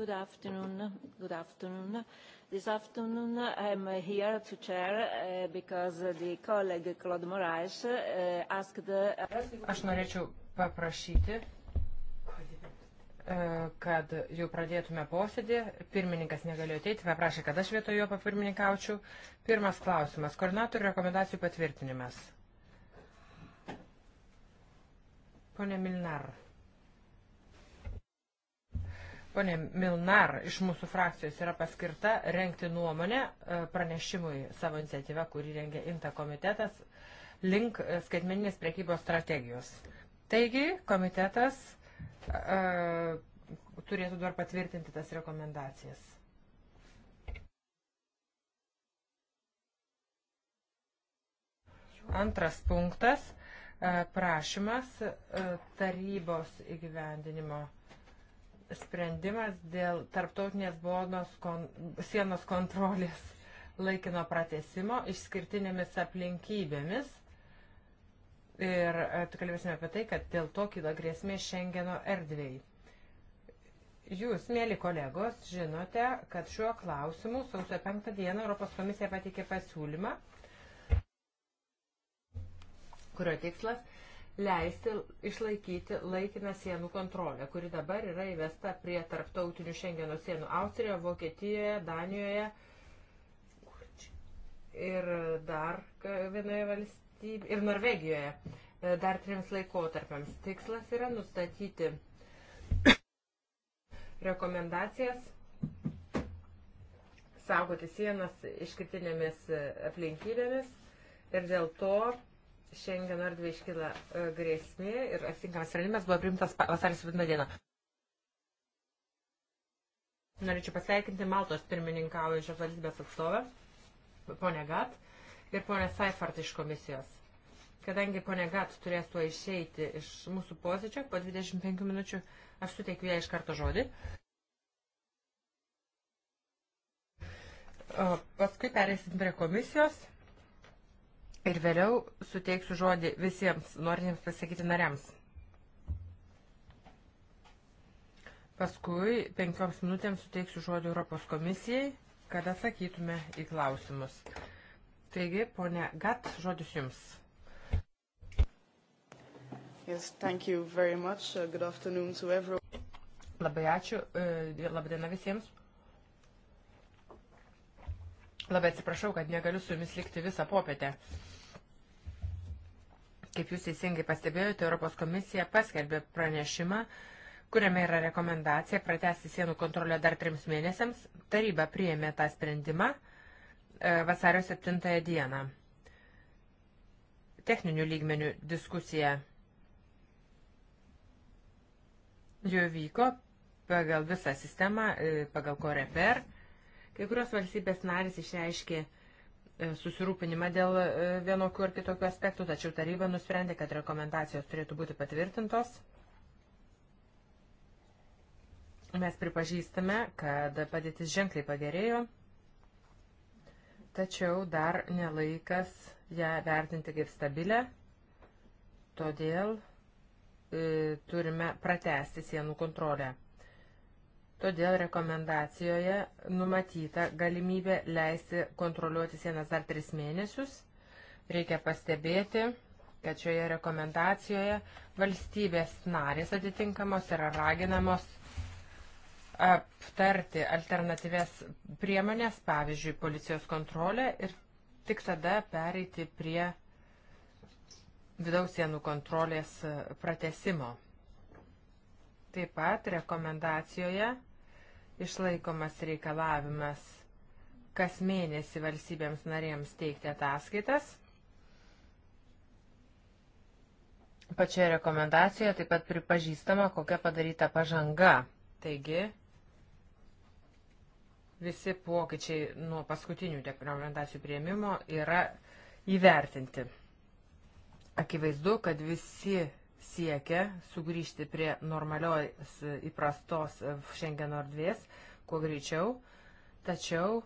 Good afternoon. Good afternoon. This afternoon I'm here to chair uh, because the colleague Claude Moraes uh, asked. Uh, Aš norėčiau paprašyti, uh, kad jau pradėtume posėdį. Pirmininkas negalėjo ateiti, paprašė, kad aš vietoj jo papirmininkaučiau. Pirmas klausimas. Koordinatorių rekomendacijų patvirtinimas. Pone Milnar. Pone Milnar iš mūsų frakcijos yra paskirta renkti nuomonę e, pranešimui savo iniciatyvą, kurį rengia INTA komitetas link e, skaitmeninės priekybos strategijos. Taigi, komitetas a, e, turėtų dar patvirtinti tas rekomendacijas. Antras punktas – prašymas tarybos įgyvendinimo sprendimas dėl tarptautinės bonos kon, sienos kontrolės laikino pratesimo išskirtinėmis aplinkybėmis. Ir e, kalbėsime apie tai, kad dėl to kyla grėsmė Šengeno erdvėjai. Jūs, mėly kolegos, žinote, kad šiuo klausimu sausio 5 dieną Europos komisija pateikė pasiūlymą, kurio tikslas leisti išlaikyti laikiną sienų kontrolę, kuri dabar yra įvesta prie tarptautinių Šengeno sienų Austrijoje, Vokietijoje, Danijoje ir dar vienoje valstybėje ir Norvegijoje e, dar trims laikotarpiams. Tikslas yra nustatyti rekomendacijas saugoti sienas iškritinėmis e, aplinkybėmis ir dėl to Šengeno erdvė iškyla e, grėsmė ir atinkamas sprendimas buvo priimtas vasaris vidurą dieną. Norėčiau pasveikinti Maltos pirmininkaujančios valstybės atstovę, ponę Gat ir ponę Saifart iš komisijos. Kadangi ponė Gat turės tuo išeiti iš mūsų posėdžio po 25 minučių, aš suteikiu ją iš karto žodį. O paskui perėsim prie komisijos Ir vėliau suteiksiu žodį visiems norintiems pasakyti nariams. Paskui penkioms minutėms suteiksiu žodį Europos komisijai, kad atsakytume į klausimus. Taigi, ponia Gat, žodis jums. Yes, thank you very much. Uh, good afternoon to everyone. Labai ačiū. E, Labdiena visiems. Labai atsiprašau, kad negaliu su jumis likti visą popietę. Kaip jūs teisingai pastebėjote, Europos komisija paskelbė pranešimą, kuriame yra rekomendacija pratesti sienų kontrolę dar trims mėnesiams. Taryba priėmė tą sprendimą e, vasario 7 dieną. Techninių lygmenių diskusija jau vyko pagal visą sistemą, e, pagal koreper. Kai kurios valstybės narys išreiškė E, susirūpinimą dėl e, vienokių ar kitokių aspektų, tačiau taryba nusprendė, kad rekomendacijos turėtų būti patvirtintos. Mes pripažįstame, kad padėtis ženkliai pagerėjo, tačiau dar nelaikas ją vertinti kaip stabilę, todėl e, turime pratesti sienų kontrolę. Todėl rekomendacijoje numatyta galimybė leisti kontroliuoti sienas dar tris mėnesius. Reikia pastebėti, kad šioje rekomendacijoje valstybės narės atitinkamos yra raginamos aptarti alternatyves priemonės, pavyzdžiui, policijos kontrolę ir tik tada pereiti prie vidaus sienų kontrolės pratesimo. Taip pat rekomendacijoje išlaikomas reikalavimas kas mėnesį valstybėms narėms teikti ataskaitas. Pačioje rekomendacijoje taip pat pripažįstama, kokia padaryta pažanga. Taigi, visi pokyčiai nuo paskutinių rekomendacijų prieimimo yra įvertinti. Akivaizdu, kad visi siekia sugrįžti prie normalios įprastos e, Schengeno erdvės kuo greičiau, tačiau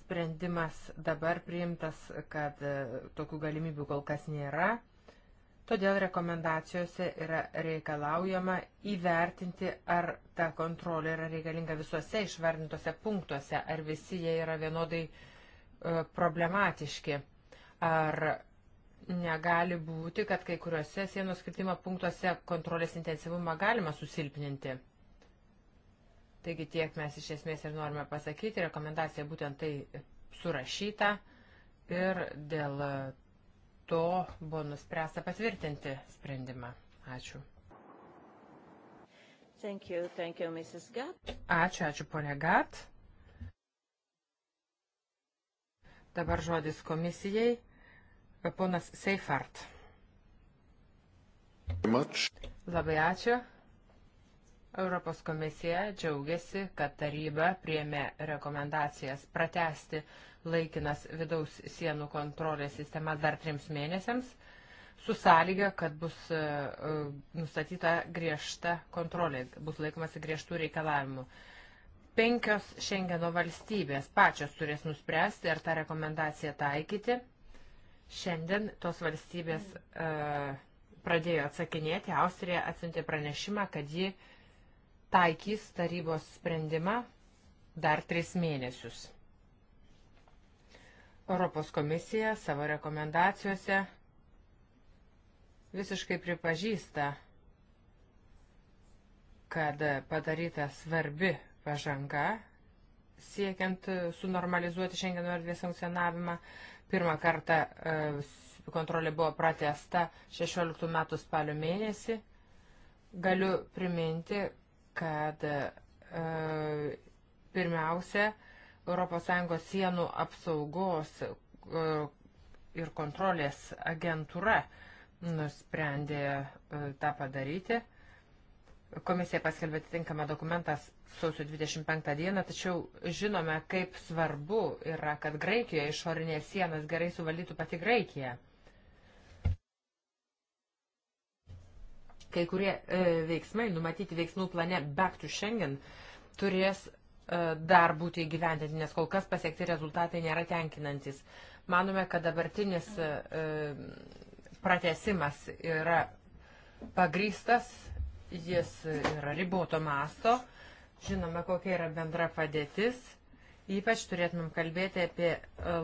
sprendimas dabar priimtas, kad e, tokių galimybių kol kas nėra. Todėl rekomendacijose yra reikalaujama įvertinti, ar ta kontrolė yra reikalinga visuose išvardintose punktuose, ar visi jie yra vienodai e, problematiški, ar Negali būti, kad kai kuriuose sienos skirtimo punktuose kontrolės intensyvumą galima susilpninti. Taigi tiek mes iš esmės ir norime pasakyti, rekomendacija būtent tai surašyta ir dėl to buvo nuspręsta patvirtinti sprendimą. Ačiū. Thank you, thank you, Mrs. Gatt. Ačiū, ačiū, ponė Gat. Dabar žodis komisijai. Ponas Seifart. Labai ačiū. Europos komisija džiaugiasi, kad taryba priemė rekomendacijas pratesti laikinas vidaus sienų kontrolės sistemas dar trims mėnesiams, su sąlyga, kad bus e, e, nustatyta griežta kontrolė, bus laikomasi griežtų reikalavimų. Penkios Šengeno valstybės pačios turės nuspręsti, ar tą rekomendaciją taikyti Šiandien tos valstybės uh, pradėjo atsakinėti, Austrija atsiuntė pranešimą, kad ji taikys tarybos sprendimą dar tris mėnesius. Europos komisija savo rekomendacijose visiškai pripažįsta, kad padaryta svarbi pažanga siekiant sunormalizuoti Šengeno erdvės funkcionavimą, Pirmą kartą e, kontrolė buvo pratesta 16 metų spalio mėnesį. Galiu priminti, kad e, pirmiausia, ES sienų apsaugos e, ir kontrolės agentūra nusprendė tą padaryti. Komisija paskelbė atitinkamą dokumentas sausio 25 dieną, tačiau žinome, kaip svarbu yra, kad Graikijoje išorinės sienas gerai suvaldytų pati Graikija. Kai kurie e, veiksmai, numatyti veiksmų plane Back to Schengen, turės e, dar būti įgyvendinti, nes kol kas pasiekti rezultatai nėra tenkinantis. Manome, kad dabartinis e, e pratesimas yra pagrystas, jis yra riboto masto. E, Žinome, kokia yra bendra padėtis. Ypač turėtumėm kalbėti apie e,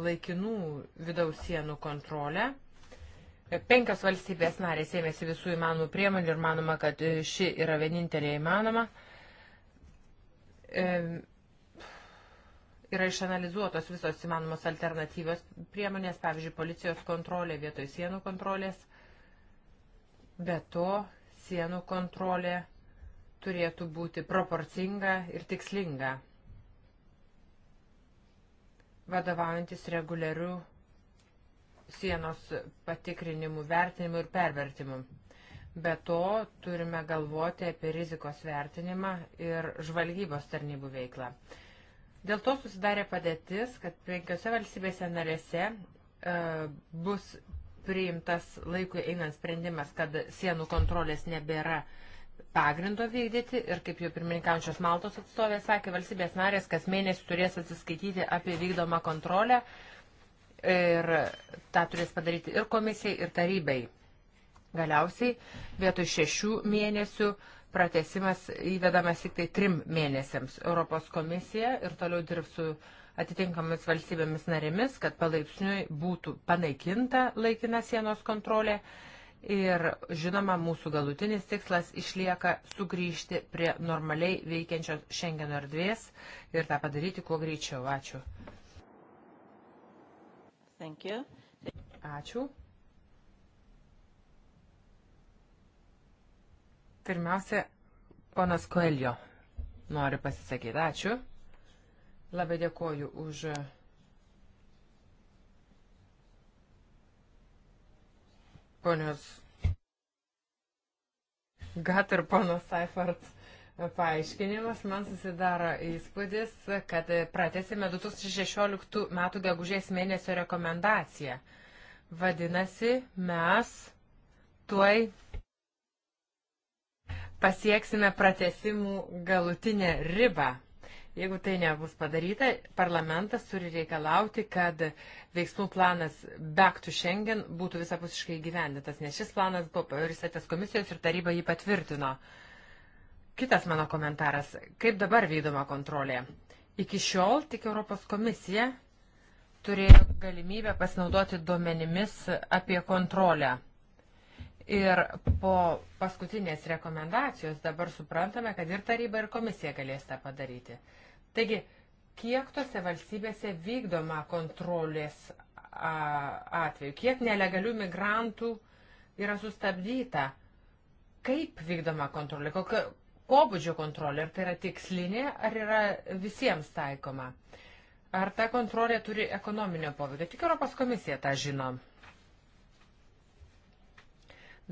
laikinų vidaus sienų kontrolę. E, penkios valstybės narės ėmėsi visų įmanomų priemonių ir manoma, kad e, ši yra vienintelė įmanoma. E, yra išanalizuotos visos įmanomos alternatyvios priemonės, pavyzdžiui, policijos kontrolė vietoj sienų kontrolės. Be to, sienų kontrolė turėtų būti proporcinga ir tikslinga, vadovaujantis reguliarių sienos patikrinimų, vertinimų ir pervertimų. Be to, turime galvoti apie rizikos vertinimą ir žvalgybos tarnybų veiklą. Dėl to susidarė padėtis, kad penkiose valstybėse narėse e, bus priimtas laikui einant sprendimas, kad sienų kontrolės nebėra pagrindo vykdyti ir, kaip jau pirmininkančios Maltos atstovė sakė, valstybės narės kas mėnesį turės atsiskaityti apie vykdomą kontrolę ir tą turės padaryti ir komisijai, ir tarybai. Galiausiai vietoj šešių mėnesių pratesimas įvedamas tik tai trim mėnesiams. Europos komisija ir toliau dirbs su atitinkamomis valstybėmis narėmis, kad palaipsniui būtų panaikinta laikina sienos kontrolė Ir žinoma, mūsų galutinis tikslas išlieka sugrįžti prie normaliai veikiančios Schengeno erdvės ir tą padaryti kuo greičiau. Ačiū. Ačiū. Pirmiausia, ponas Koelio nori pasisakyti. Ačiū. Labai dėkoju už ponios Gat ir ponas Seifert paaiškinimas, man susidaro įspūdis, kad pratesime 2016 metų gegužės mėnesio rekomendaciją. Vadinasi, mes tuoj pasieksime pratesimų galutinę ribą. Jeigu tai nebus padaryta, parlamentas turi reikalauti, kad veiksmų planas Back to Schengen būtų visapusiškai gyvendintas, nes šis planas buvo pristatytas komisijos ir taryba jį patvirtino. Kitas mano komentaras. Kaip dabar vykdoma kontrolė? Iki šiol tik Europos komisija turėjo galimybę pasinaudoti duomenimis apie kontrolę. Ir po paskutinės rekomendacijos dabar suprantame, kad ir taryba, ir komisija galės tą padaryti. Taigi, kiek tose valstybėse vykdoma kontrolės atveju, kiek nelegalių migrantų yra sustabdyta, kaip vykdoma kontrolė, kokio pobūdžio kontrolė, ar tai yra tikslinė, ar yra visiems taikoma, ar ta kontrolė turi ekonominio poveikio, tik Europos komisija tą žino.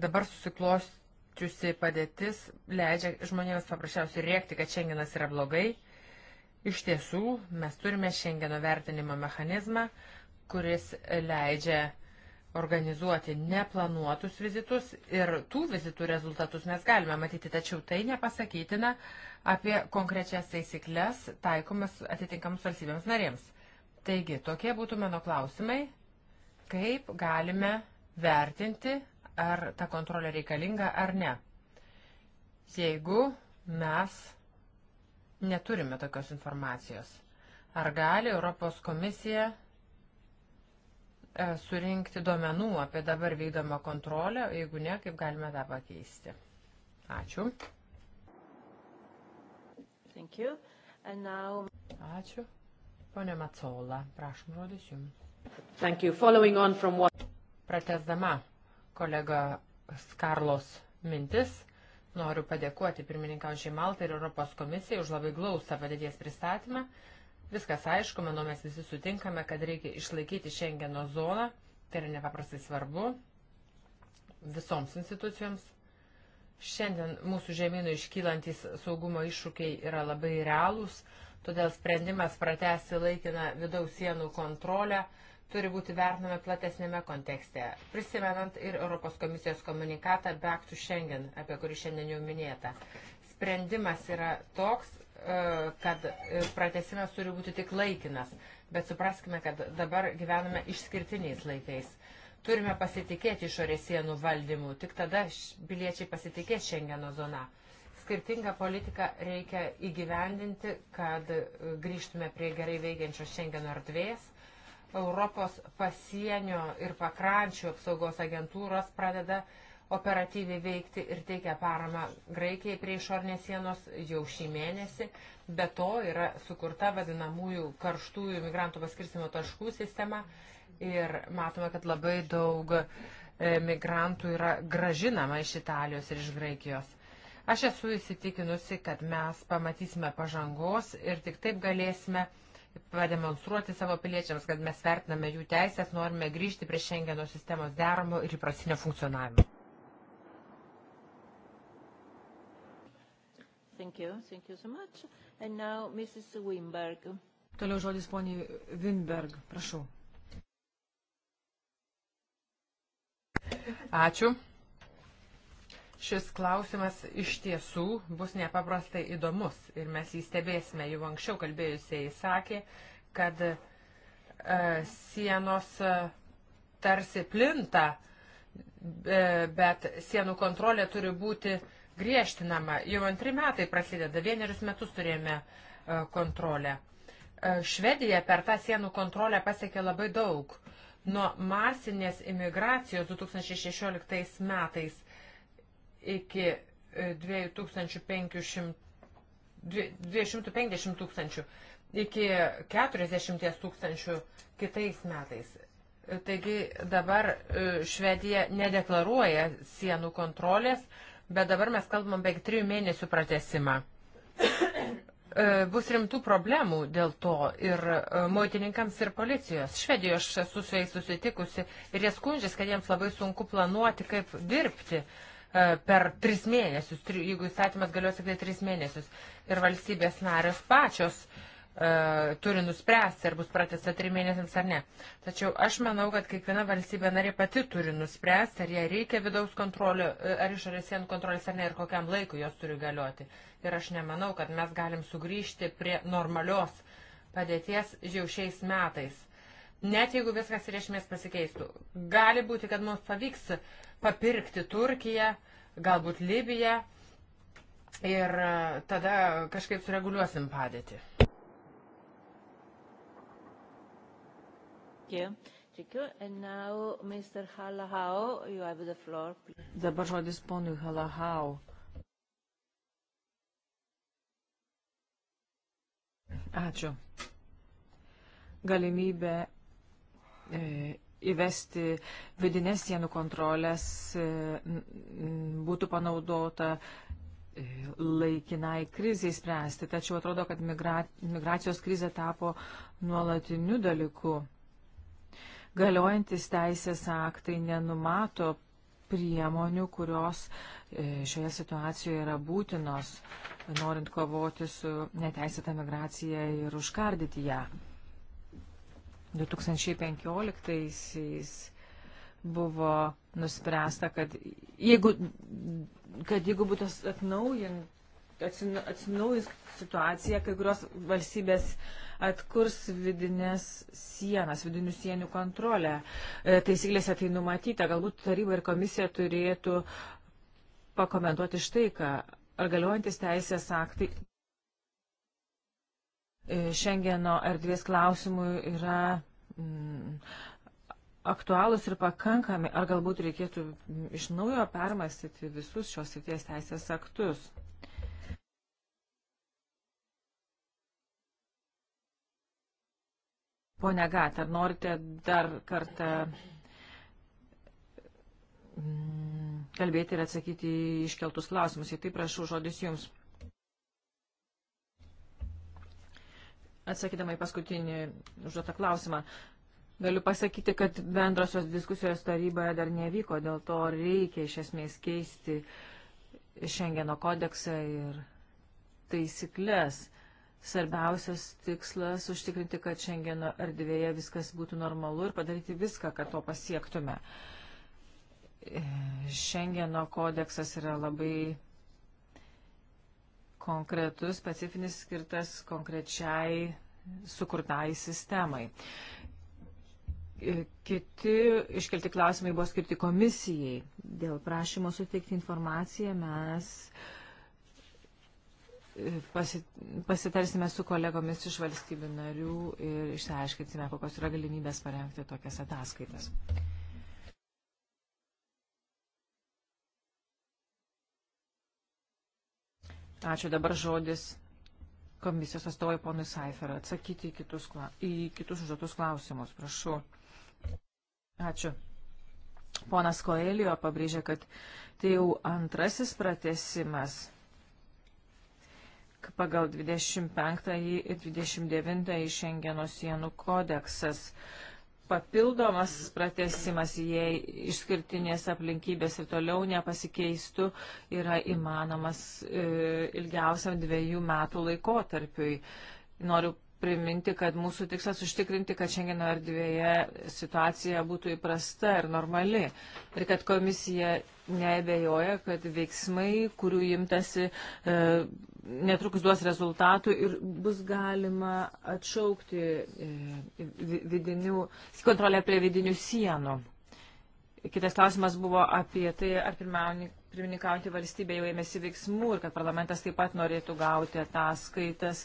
Dabar susiklostiusi padėtis leidžia žmonėms paprasčiausiai rėkti, kad šiandienas yra blogai Iš tiesų, mes turime Šengeno vertinimo mechanizmą, kuris leidžia organizuoti neplanuotus vizitus ir tų vizitų rezultatus mes galime matyti, tačiau tai nepasakytina apie konkrečias taisyklės taikomas atitinkamus valstybėms narėms. Taigi, tokie būtų mano klausimai, kaip galime vertinti, ar ta kontrolė reikalinga ar ne. Jeigu mes Neturime tokios informacijos. Ar gali Europos komisija e, surinkti duomenų apie dabar vykdomą kontrolę, jeigu ne, kaip galime tą pakeisti. Ačiū. Now... Ačiū. Pone Macola, prašom rodys jums. What... Pratesdama kolega Skarlos mintis, Noriu padėkoti pirmininkaučiai Maltai ir Europos komisijai už labai glaustą padėties pristatymą. Viskas aišku, manau, mes visi sutinkame, kad reikia išlaikyti Schengeno zoną, tai yra nepaprastai svarbu visoms institucijoms. Šiandien mūsų žemynų iškylantis saugumo iššūkiai yra labai realūs, todėl sprendimas pratesti laikiną vidaus sienų kontrolę uh, turi būti vertinami platesnėme kontekste, prisimenant ir Europos komisijos komunikatą Back to Schengen, apie kurį šiandien jau minėta. Sprendimas yra toks, e, kad e, pratesimas turi būti tik laikinas, bet supraskime, kad dabar gyvename išskirtiniais laikais. Turime pasitikėti išorės sienų valdymu, tik tada piliečiai pasitikės Schengeno zona. Skirtingą politiką reikia įgyvendinti, kad e, grįžtume prie gerai veikiančios Schengeno erdvės Europos pasienio ir pakrančių apsaugos agentūros pradeda operatyviai veikti ir teikia paramą Graikijai prie išornės sienos jau šį mėnesį. Be to yra sukurta vadinamųjų karštųjų migrantų paskirstimo taškų sistema ir matome, kad labai daug e, migrantų yra gražinama iš Italijos ir iš Graikijos. Aš esu įsitikinusi, kad mes pamatysime pažangos ir tik taip galėsime uh, pademonstruoti savo piliečiams, kad mes vertiname jų teisės, norime grįžti prie Schengeno sistemos deramo ir įprasinio funkcionavimo. Thank you. Thank you so much. And now Mrs. Wimberg. Toliau žodis poniai Winberg, prašau. Ačiū. Šis klausimas iš tiesų bus nepaprastai įdomus ir mes jį stebėsime. Jau anksčiau kalbėjusiai sakė, kad e, sienos e, tarsi plinta, e, bet sienų kontrolė turi būti griežtinama. Jau antri metai prasideda, vienerius metus turėjome e, kontrolę. E, Švedija per tą sienų kontrolę pasiekė labai daug. Nuo masinės imigracijos 2016 metais iki 2500, e, 250 tūkstančių iki 40 tūkstančių kitais metais. E, taigi dabar e, Švedija nedeklaruoja sienų kontrolės, bet dabar mes kalbam beveik trijų mėnesių pratesimą. Bus rimtų problemų dėl to ir muitininkams, ir policijos. Švedijoje aš esu su jais susitikusi ir jie skundžiasi, kad jiems labai sunku planuoti, kaip dirbti. Uh, E, per tris mėnesius, jeigu įstatymas galios tik tai tris mėnesius. Ir valstybės narės pačios e, turi nuspręsti, ar bus pratesta trim mėnesiams ar ne. Tačiau aš manau, kad kiekviena valstybė narė pati turi nuspręsti, ar jai reikia vidaus kontrolio, e, ar išorės sienų kontrolės ar ne, ir kokiam laikui jos turi galioti. Ir aš nemanau, kad mes galim sugrįžti prie normalios padėties jau šiais metais. Net jeigu viskas ir esmės pasikeistų, gali būti, kad mums pavyks uh, papirkti Turkiją, galbūt Libiją ir e, tada kažkaip sureguliuosim padėtį. Dabar žodis ponui Halahau. Ačiū. Galimybė e, įvesti vidinės sienų kontrolės e, būtų panaudota e, laikinai kriziai spręsti. Tačiau atrodo, kad migra migracijos krizė tapo nuolatiniu dalyku. Galiojantis teisės aktai nenumato priemonių, kurios e, šioje situacijoje yra būtinos, norint kovoti su neteisėta migracija ir užkardyti ją. 2015-aisiais buvo nuspręsta, kad jeigu, kad jeigu būtų atnaujinti atsinaujins situacija, kai kurios valstybės atkurs vidinės sienas, vidinių sienų kontrolę. E, taisyklėse tai numatyta, galbūt taryba ir komisija turėtų pakomentuoti štai ką. Ar galiuojantis teisės aktai E, Šengeno erdvės klausimų yra mm, aktualūs ir pakankami, ar galbūt reikėtų mm, iš naujo permastyti visus šios srities teisės aktus. Pone Gat, ar norite dar kartą mm, kalbėti ir atsakyti iškeltus klausimus? Jei taip, prašau, žodis jums. Atsakydama į paskutinį užduotą klausimą, galiu pasakyti, kad bendrosios diskusijos taryboje dar nevyko, dėl to reikia iš esmės keisti Šengeno kodeksą ir taisyklės. Svarbiausias tikslas - užtikrinti, kad Šengeno erdvėje viskas būtų normalu ir padaryti viską, kad to pasiektume. Šengeno kodeksas yra labai konkretus, specifinis skirtas konkrečiai sukurtai sistemai. Kiti iškelti klausimai buvo skirti komisijai. Dėl prašymo suteikti informaciją mes e, pasitarsime su kolegomis iš valstybių narių ir išsiaiškinsime, kokios yra galimybės parengti tokias ataskaitas. Ačiū dabar žodis komisijos atstovai ponui Saiferą atsakyti į kitus, į kitus užduotus klausimus. Prašau. Ačiū. Ponas Koelio pabrėžė, kad tai jau antrasis pratesimas pagal 25 ir 29 Šengeno sienų kodeksas papildomas pratesimas, jei išskirtinės aplinkybės ir toliau nepasikeistų, yra įmanomas e, ilgiausiam dviejų metų laikotarpiui. Noriu priminti, kad mūsų tikslas užtikrinti, kad šiandieno erdvėje situacija būtų įprasta ir normali. Ir kad komisija neabejoja, kad veiksmai, kurių imtasi, e, netrukus duos rezultatų ir bus galima atšaukti e, vidinių, kontrolę prie vidinių sienų. Kitas klausimas buvo apie tai, ar pirmiausia pirmininkaujantį valstybę jau ėmėsi veiksmų ir kad parlamentas taip pat norėtų gauti ataskaitas,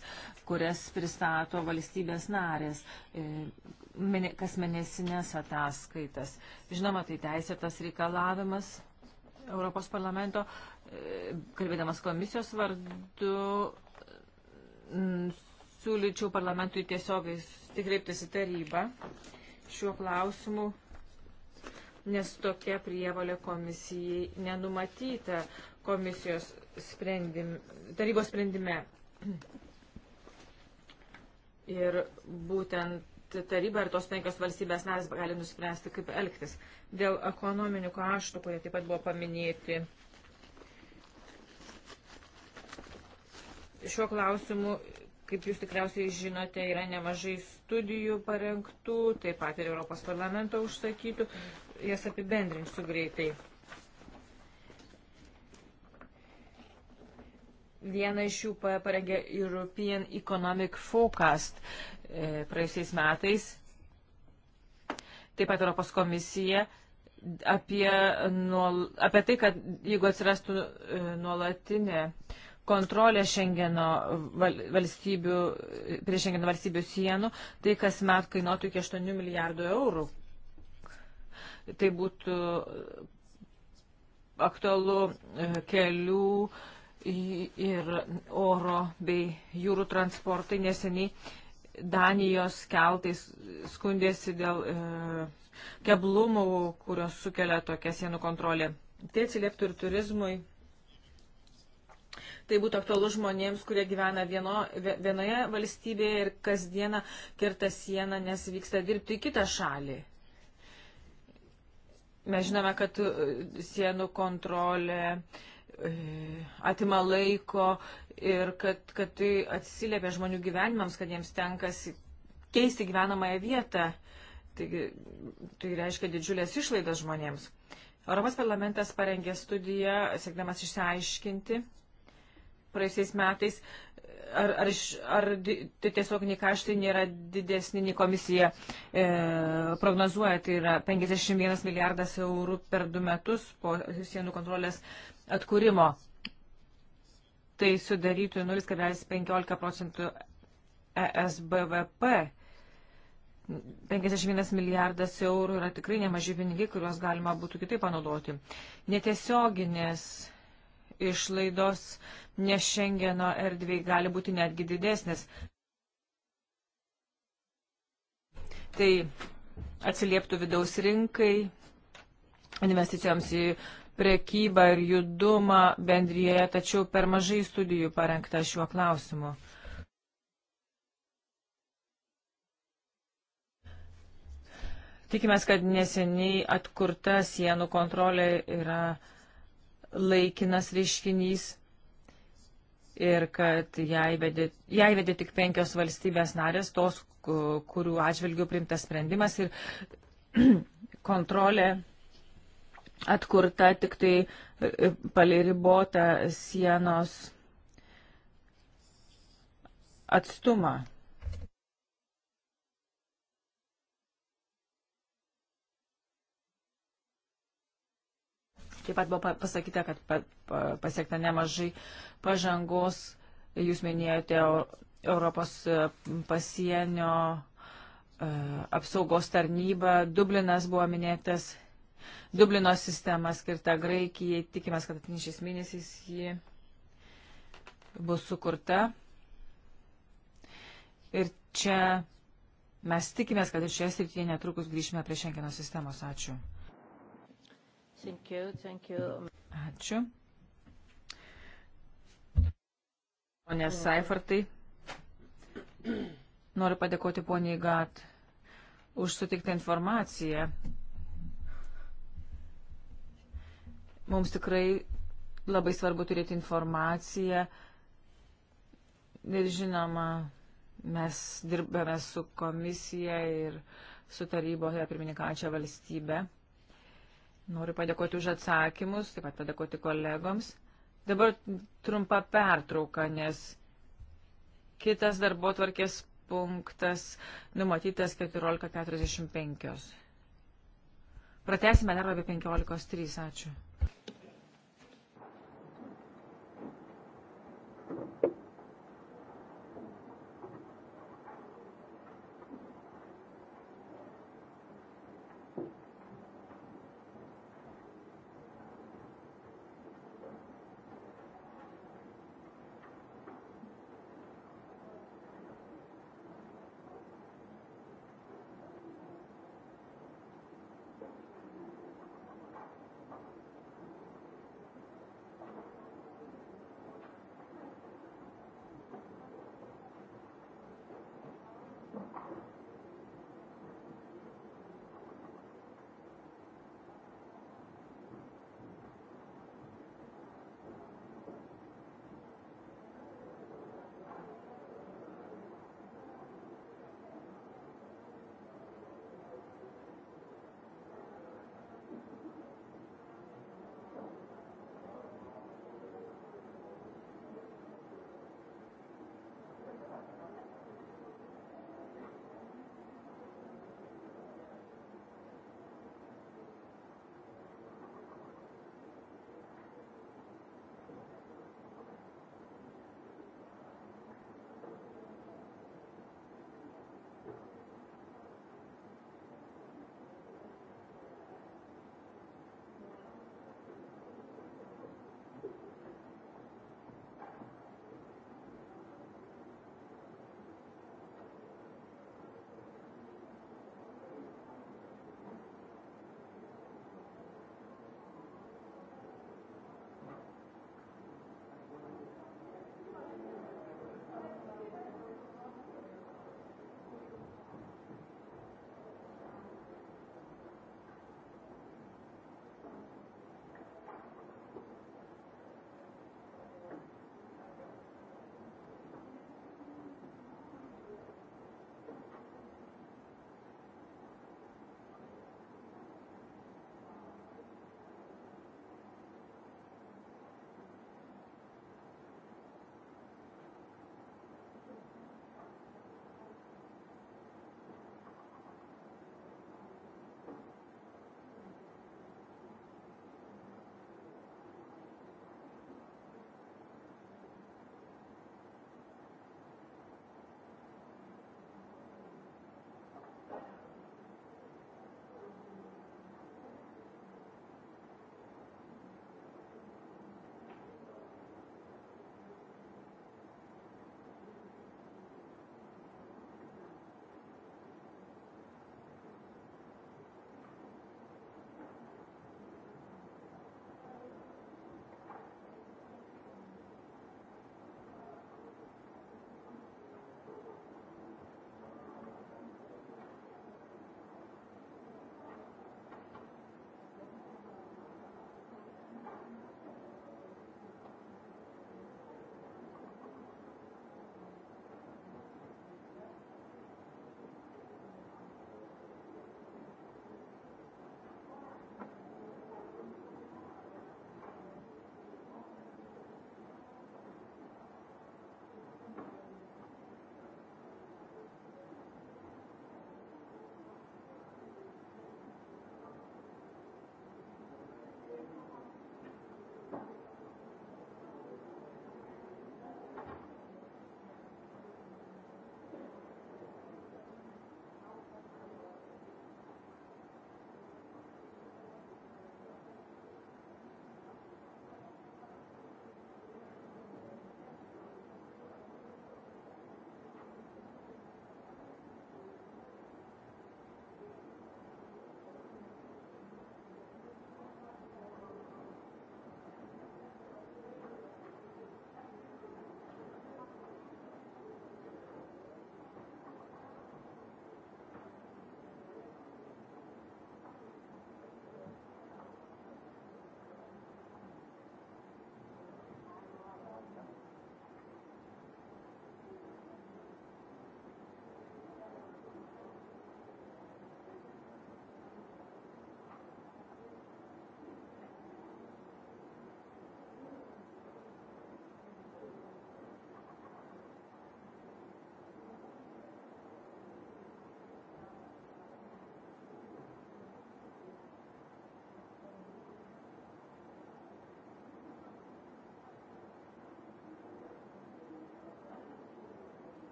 kurias pristato valstybės narės, e, kas mėnesinės ataskaitas. Žinoma, tai teisėtas reikalavimas Europos parlamento, e, kalbėdamas komisijos vardu, siūlyčiau parlamentui tiesiogiai kreiptis į tarybą šiuo klausimu nes tokia prievalė komisijai nenumatyta komisijos sprendim, tarybos sprendime. Ir būtent taryba ir tos penkios valstybės narės gali nuspręsti, kaip elgtis. Dėl ekonominių kaštų, kurie taip pat buvo paminėti, šiuo klausimu Kaip jūs tikriausiai žinote, yra nemažai studijų parengtų, taip pat ir Europos parlamento užsakytų jas apibendrinsiu greitai. Vieną iš jų parengė European Economic Forecast e, praėjusiais metais, taip pat Europos komisija, apie, nuol, apie tai, kad jeigu atsirastų e, nuolatinė kontrolė Šengeno valstybių, prie Šengeno valstybių sienų, tai kas met kainuotų iki 8 milijardų eurų tai būtų e, aktualu e, kelių ir oro bei jūrų transportai. Neseniai Danijos keltais skundėsi dėl e, keblumų, kurios sukelia tokia sienų kontrolė. Tai atsilieptų ir turizmui. Tai būtų aktualu žmonėms, kurie gyvena vieno, vienoje valstybėje ir kasdieną kirta sieną, nes vyksta dirbti į kitą šalį. Mes žinome, kad e, sienų kontrolė e, atima laiko ir kad, kad tai atsiliepia žmonių gyvenimams, kad jiems tenkas keisti gyvenamąją vietą. Taigi, tai reiškia didžiulės išlaidas žmonėms. Europos parlamentas parengė studiją, siekdamas išsiaiškinti praeisiais metais, ar, ar, ar tai tiesiog nei kaštai nėra didesni, nei komisija e, prognozuoja, tai yra 51 milijardas eurų per du metus po sienų kontrolės atkūrimo. Tai sudarytų 0,15 procentų ESBVP. 51 milijardas eurų yra tikrai nemažai pinigai, kuriuos galima būtų kitaip panaudoti. Netiesioginės išlaidos ne Šengeno erdvėj gali būti netgi didesnės. Tai atsilieptų vidaus rinkai, investicijoms į prekybą ir judumą bendryje, tačiau per mažai studijų parengta šiuo klausimu. Tikimės, kad neseniai atkurta sienų kontrolė yra laikinas reiškinys ir kad ją įvedė, ją įvedė tik penkios valstybės narės, tos, kurių atžvilgių primtas sprendimas ir kontrolė atkurta tik tai e, paliribota sienos atstumą. Taip pat buvo pasakyta, kad pasiekta nemažai pažangos, jūs minėjote Europos e, pasienio e, apsaugos tarnybą, Dublinas buvo minėtas, Dublino sistema skirta Graikijai, tikimės, kad atnešiais mėnesiais ji bus sukurta. Ir čia mes tikimės, kad ir šioje srityje netrukus grįžime prie Šengeno sistemos. Ačiū. Thank you, thank you. Ačiū. Pone Seifartai, noriu padėkoti poniai Gat už sutiktą informaciją. Mums tikrai labai svarbu turėti informaciją ir žinoma, mes dirbame su komisija ir su taryboje tai pirmininkančia valstybe. Noriu padėkoti už atsakymus, taip pat padėkoti kolegoms. Dabar trumpa pertrauka, nes kitas darbo tvarkės punktas numatytas 14.45. Pratesime darbą apie 15.03. Ačiū.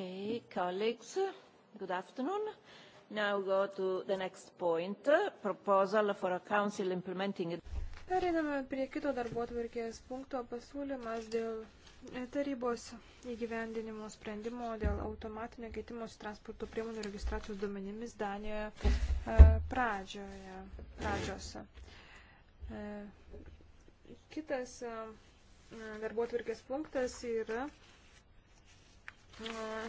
Okay, colleagues, good afternoon. Now go to the next point, proposal for a council implementing. Pereiname prie kito darbotvarkės punkto pasiūlymas dėl tarybos įgyvendinimo sprendimo dėl automatinio keitimosi transporto priemonių registracijos duomenimis Danijoje e, pradžioje, pradžios. E, kitas e, darbotvarkės punktas yra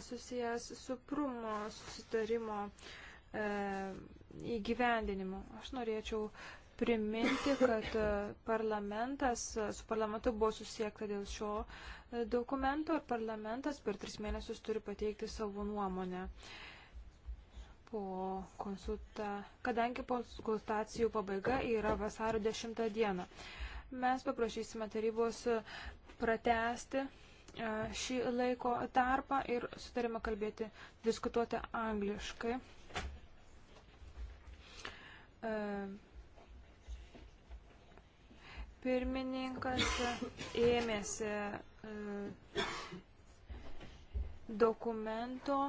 susijęs su prumo susitarimo e, įgyvendinimu. Aš norėčiau priminti, kad e, parlamentas, e, su parlamentu buvo susiekta dėl šio dokumento ir parlamentas per tris mėnesius turi pateikti savo nuomonę. Po konsulta, kadangi konsultacijų pabaiga yra vasario 10 dieną, mes paprašysime tarybos pratesti E, šį laiko tarpą ir sutarėme kalbėti, diskutuoti angliškai. E, pirmininkas ėmėsi e, dokumento.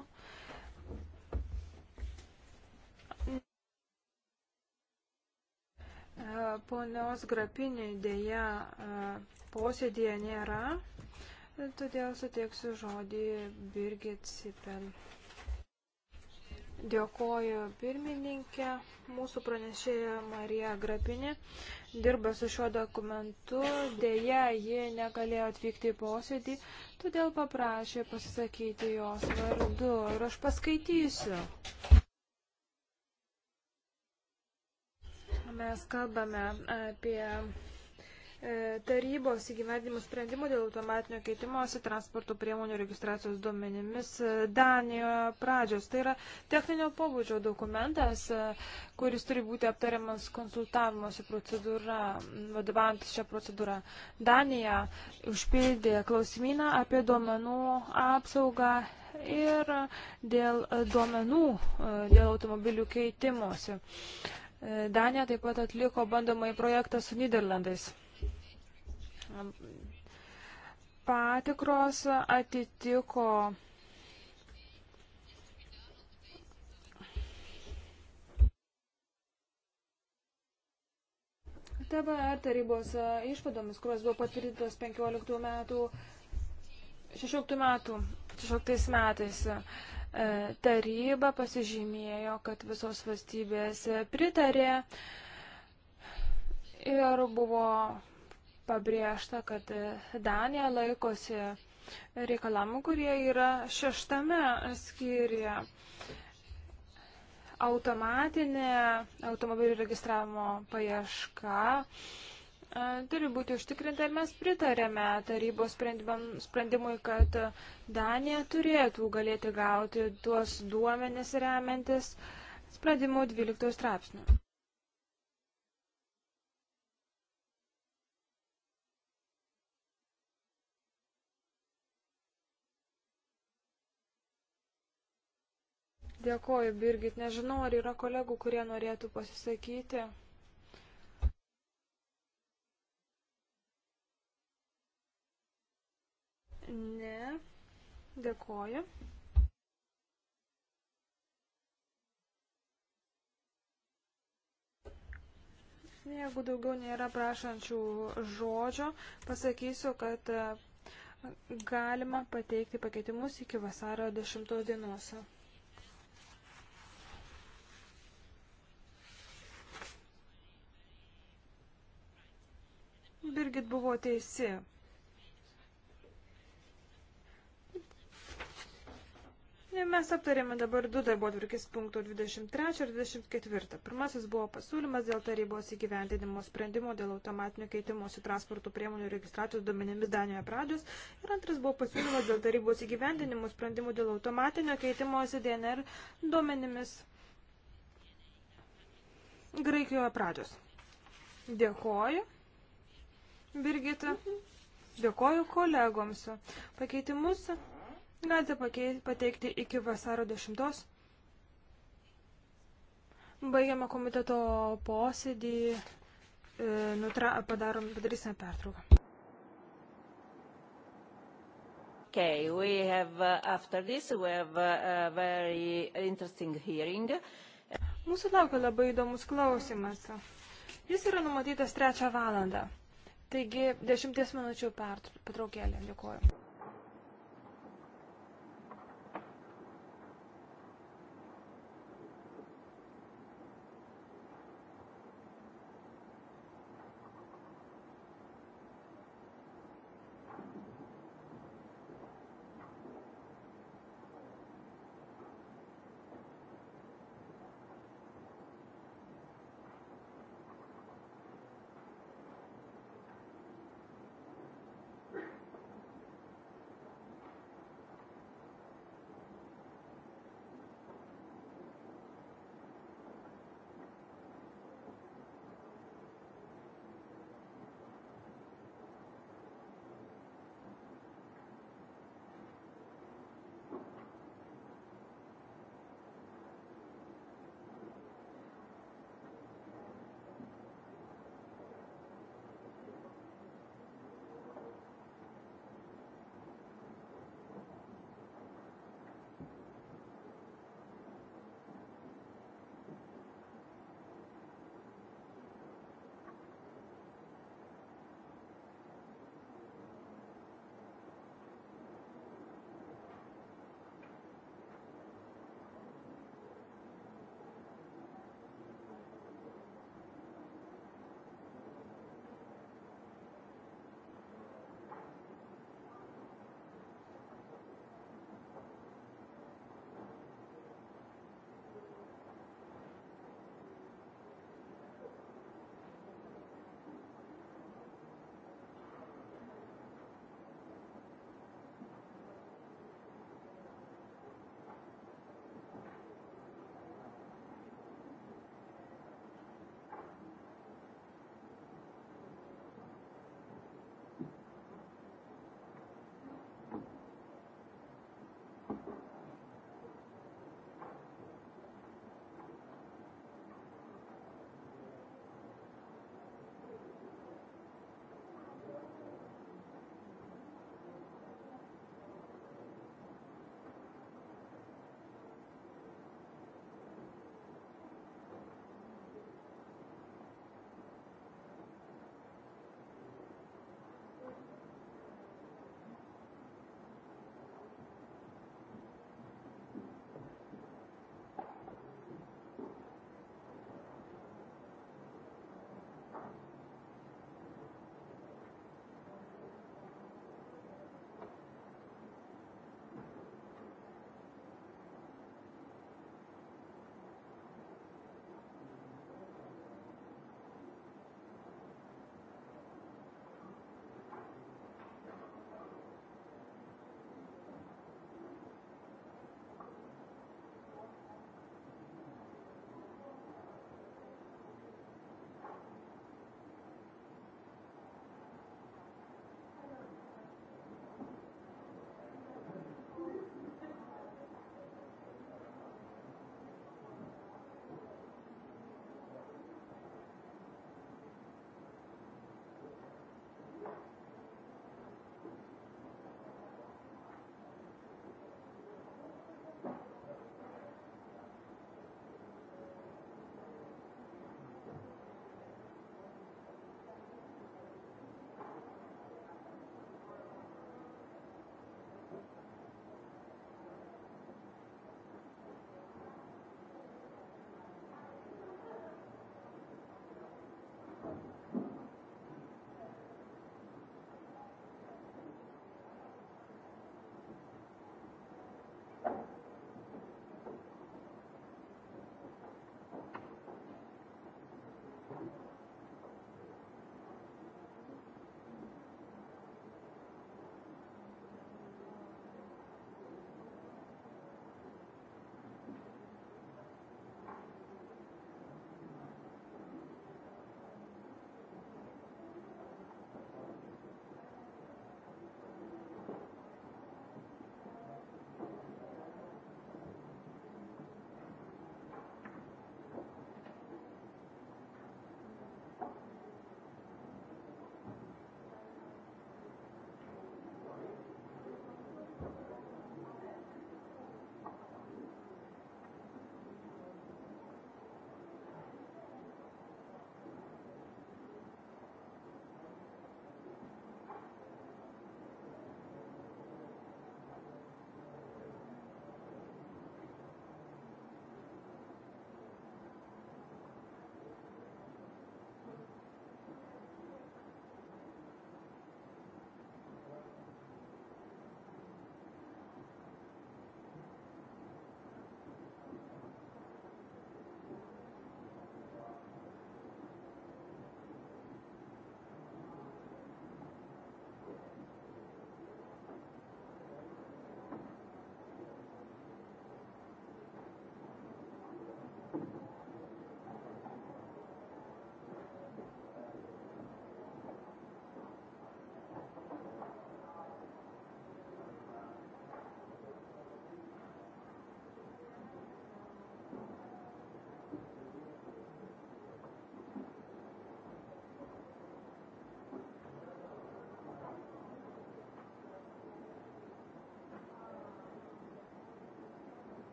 Ponios grapinį dėja posėdėje nėra. Todėl suteiksiu žodį Birgit Sipel. Dėkoju pirmininkė, mūsų pranešėja Marija Grapinė dirba su šiuo dokumentu, dėja ji negalėjo atvykti į posėdį, todėl paprašė pasisakyti jos vardu ir aš paskaitysiu. Mes kalbame apie E, tarybos įgyvendimo sprendimų dėl automatinio keitimosi transporto priemonių registracijos duomenimis e, Danijoje pradžios. Tai yra techninio pobūdžio dokumentas, e, kuris turi būti aptariamas konsultavimosi procedūra, vadovantis šią procedūrą. Danija užpildė klausimyną apie duomenų apsaugą ir dėl duomenų, dėl automobilių keitimosi. Danija taip pat atliko bandomąjį projektą su Niderlandais. Patikros atitiko TBR tarybos išvadomis, kurios buvo patvirtintos 15 metų, 16 metų, 16 metais. E, taryba pasižymėjo, kad visos valstybės pritarė ir buvo pabrėžta, kad Danija laikosi reikalavimų, kurie yra šeštame skyriuje. Automatinė automobilių registravimo paieška e, turi būti užtikrinta ir mes pritarėme tarybos sprendimui, kad Danija turėtų galėti gauti tuos duomenis remiantis sprendimu 12 straipsniu. Dėkoju, Birgit. Nežinau, ar yra kolegų, kurie norėtų pasisakyti. Ne. Dėkoju. Jeigu daugiau nėra prašančių žodžio, pasakysiu, kad e, galima pateikti pakeitimus iki vasario 10 dienos. Birgit buvo teisi. Mes aptarėme dabar du darbo atvirkis punktų 23 ir 24. Pirmasis buvo pasiūlymas dėl tarybos įgyvendinimo sprendimo dėl automatinio keitimosi transporto priemonių registracijos duomenimis Danijoje pradžios ir antras buvo pasiūlymas dėl tarybos įgyvendinimo sprendimo dėl automatinio keitimosi DNR duomenimis Graikijoje pradžios. Dėkoju. Birgita. Dėkoju kolegoms. Pakeitimus galite pakei, pateikti iki vasaro 10. Baigiame komiteto posėdį, e, nutra, padarom, padarysime pertrauką. Okay, we have, uh, after this, we have a, uh, a very interesting hearing. Mūsų laukia labai įdomus klausimas. Jis yra numatytas trečią valandą. Taigi dešimties minučių pertraukėlė. Dėkuoju.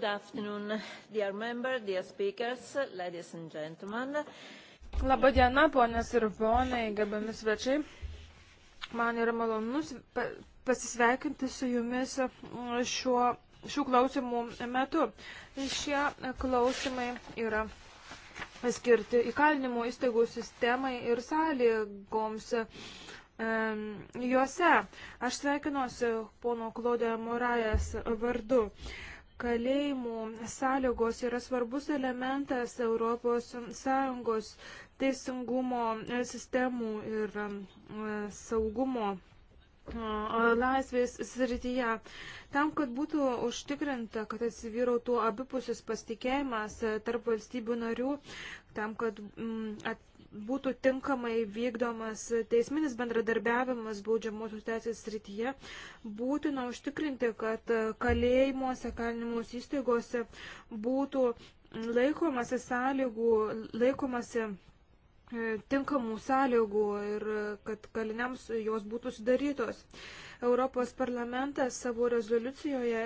Good afternoon, dear member, dear speakers, ladies and gentlemen. Labą dieną, ponės ir ponai, gabami svečiai. Man yra malonus pasisveikinti su jumis mm, šiuo, šių klausimų metu. Šie klausimai yra skirti įkalinimo įstaigų sistemai ir sąlygoms e, juose. Aš sveikinuosi pono Klodė Morajas vardu kalėjimų sąlygos yra svarbus elementas ES teisingumo sistemų ir um, saugumo uh, laisvės srityje. Tam, kad būtų užtikrinta, kad atsivyrautų abipusis pasitikėjimas uh, tarp valstybių narių, tam, kad um, būtų tinkamai vykdomas teisminis bendradarbiavimas baudžiamosios teisės srityje, būtina užtikrinti, kad kalėjimuose, kalinimus įstaigose būtų laikomasi sąlygų, laikomasi e, tinkamų sąlygų ir e, kad kaliniams jos būtų sudarytos. Europos parlamentas savo rezoliucijoje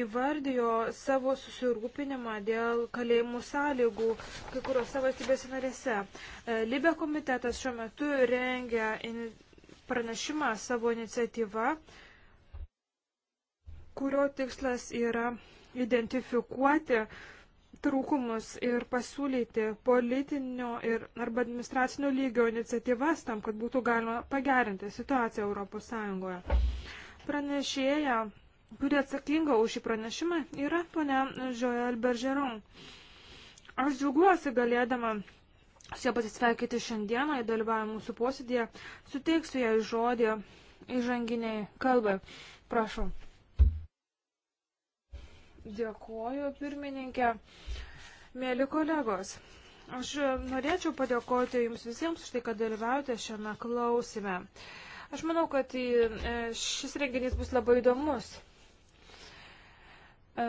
įvardijo savo susirūpinimą dėl kalėjimų sąlygų kai kuriuose valstybėse narėse. E, Libė komitetas šiuo metu rengia pranešimą savo iniciatyvą, kurio tikslas yra identifikuoti uh, trūkumus ir pasiūlyti politinio ir arba administracinio lygio iniciatyvas tam, kad būtų galima pagerinti situaciją Europos Sąjungoje. Pranešėja, kuri atsakinga už šį pranešimą, yra ponia Joel Bergeron. Aš džiaugiuosi galėdama su ją pasisveikyti šiandieną, jį dalyvauja mūsų posėdėje, suteiksiu ją žodį įžanginiai kalbai. Prašau. Dėkuoju, pirmininkė. Mėly kolegos, aš norėčiau padėkoti Jums visiems už tai, kad dalyvaujate šiame klausime. Aš manau, kad e, šis renginys bus labai įdomus. E,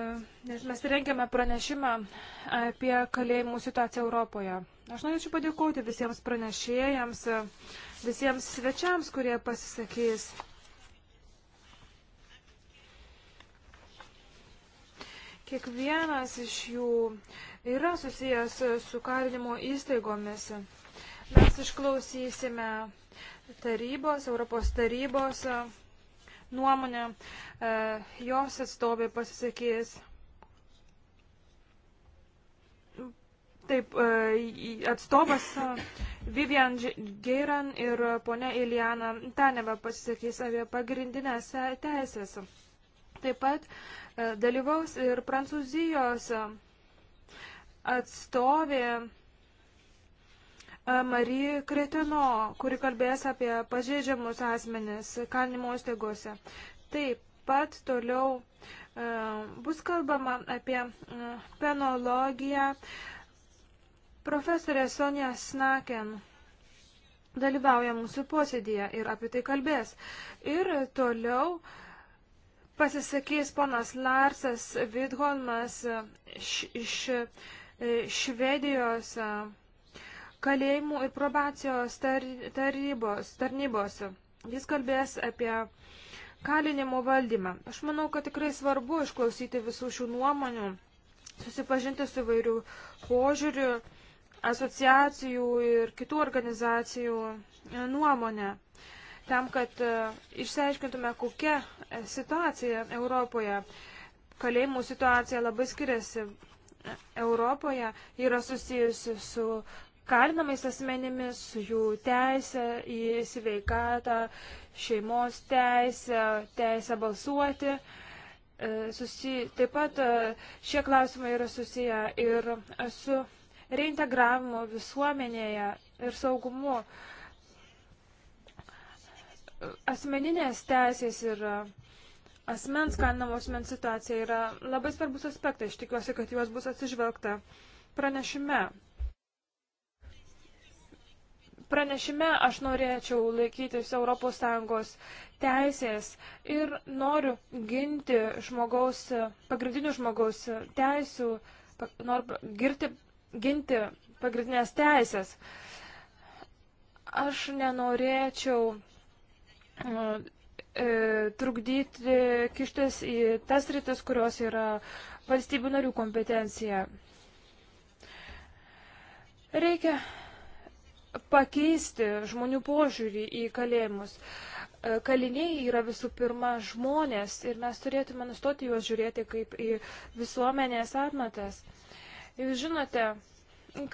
nes mes rengiame pranešimą apie kalėjimų situaciją Europoje. Aš norėčiau padėkoti visiems pranešėjams, visiems svečiams, kurie pasisakys. Kiekvienas iš jų yra susijęs su kalinimo įstaigomis. Mes išklausysime tarybos, Europos tarybos nuomonę, e, jos atstovė pasisakys. Taip, e, atstovas Vivian Geiran ir ponia Iliana Taneva pasisakys apie pagrindinės teisės. Taip pat Dalyvaus ir Prancūzijos atstovė Marie Kretino, kuri kalbės apie pažeidžiamus asmenis kalinimo įstaigose. Taip pat toliau bus kalbama apie penologiją. Profesorė Sonja Snaken dalyvauja mūsų posėdėje ir apie tai kalbės. Ir toliau uh, Pasisakys ponas Larsas Vidholmas iš e, Švedijos e, kalėjimų ir probacijos tarybos, tarnybos. Jis kalbės apie kalinimo valdymą. Aš manau, kad tikrai svarbu išklausyti visų šių nuomonių, susipažinti su vairių požiūrių, asociacijų ir kitų organizacijų e, nuomonę tam, kad e, išsiaiškintume, kokia e, situacija Europoje. Kalėjimų situacija labai skiriasi. Europoje yra susijusi su kalinamais asmenimis, su jų teisė į sveikatą, šeimos teisę, teisę balsuoti. E, susi... Taip pat šie klausimai yra susiję ir su reintegravimu visuomenėje ir saugumu. Uh, asmeninės teisės ir e, asmens kalinamo asmens situacija yra labai svarbus aspektas. Aš tikiuosi, kad juos bus atsižvelgta pranešime. Pranešime aš norėčiau laikytis ES teisės ir noriu ginti žmogaus, pagrindinių žmogaus teisų, noriu girti, ginti pagrindinės teisės. Aš nenorėčiau E, trukdyti, kištis į tas rytis, kurios yra valstybių narių kompetencija. Reikia pakeisti žmonių požiūrį į kalėjimus. E, kaliniai yra visų pirma žmonės ir mes turėtume nustoti juos žiūrėti kaip į visuomenės atmatas. Jūs žinote,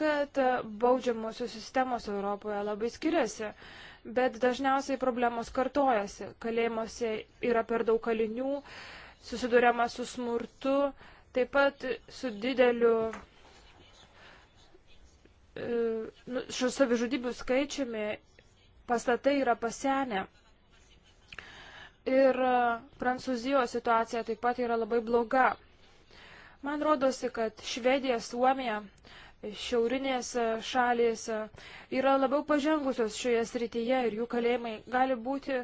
kad baudžiamosios sistemos Europoje labai skiriasi. Uh, bet dažniausiai problemos kartojasi. Kalėjimuose yra per daug kalinių, susidurėma su smurtu, taip pat su dideliu šių e, nu, savižudybių skaičiumi pastatai yra pasenę. Ir e, Prancūzijos situacija taip pat yra labai bloga. Man rodosi, kad Švedija, Suomija, uh, šiaurinės e, šalys e, yra labiau pažengusios šioje srityje ir jų kalėjimai gali būti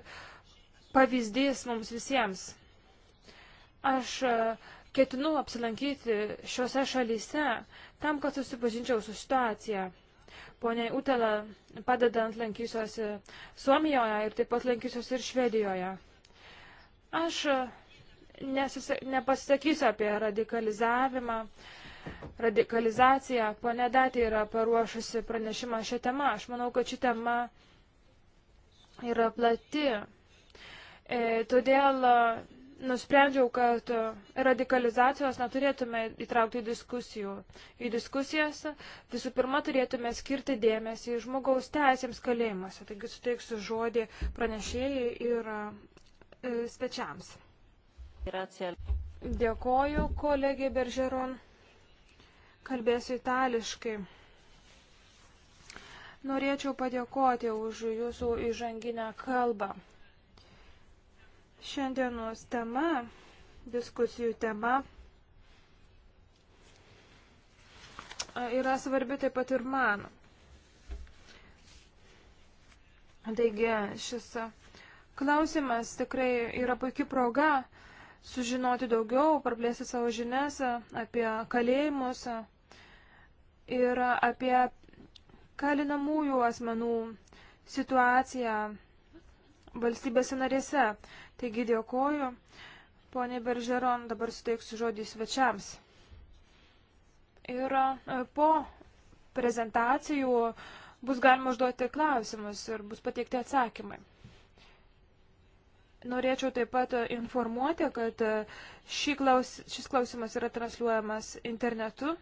pavyzdys mums visiems. Aš e, ketinu apsilankyti šiuose šalyse tam, kad susipažinčiau su situacija. Pone Utela padedant lankysiuosi Suomijoje ir taip pat lankysiuosi ir Švedijoje. Aš nepasakysiu apie radikalizavimą, uh, radikalizaciją. Pone Datė yra paruošusi pranešimą šią temą. Aš manau, kad ši tema yra plati. E, todėl e, nusprendžiau, kad radikalizacijos neturėtume įtraukti į diskusijų. Į diskusijas visų pirma turėtume skirti dėmesį žmogaus teisėms kalėjimuose. Taigi suteiksiu žodį pranešėjai ir e, svečiams. Dėkoju kolegė Beržeron. Kalbėsiu itališkai. Norėčiau padėkoti už jūsų įžanginę kalbą. Šiandienos tema, diskusijų tema, yra svarbi taip pat ir man. Taigi šis klausimas tikrai yra puikia proga sužinoti daugiau, praplėsti savo žinias apie kalėjimus, ir apie kalinamųjų asmenų situaciją valstybėse narėse. Taigi dėkoju. Pone Beržeron, dabar suteiksiu žodį svečiams. Ir e, po prezentacijų bus galima užduoti klausimus ir bus pateikti atsakymai. Norėčiau taip pat informuoti, kad e, klaus, šis klausimas yra transliuojamas internetu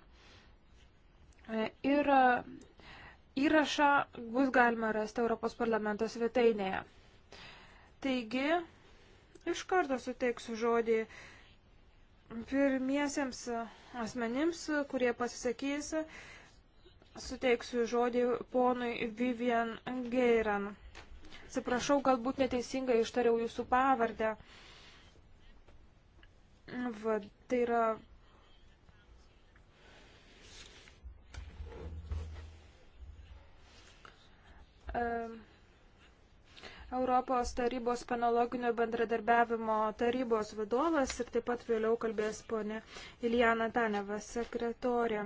Ir e, įrašą bus galima rasti Europos parlamento svetainėje. Taigi, iš karto suteiksiu žodį pirmiesiems asmenims, kurie pasisakys, suteiksiu žodį ponui Vivian Geiran. Atsiprašau, galbūt neteisingai ištariau jūsų pavardę. Va, tai yra Europos tarybos penologinio bendradarbiavimo tarybos vadovas ir taip pat vėliau kalbės ponė Ilijana Taneva, sekretorė.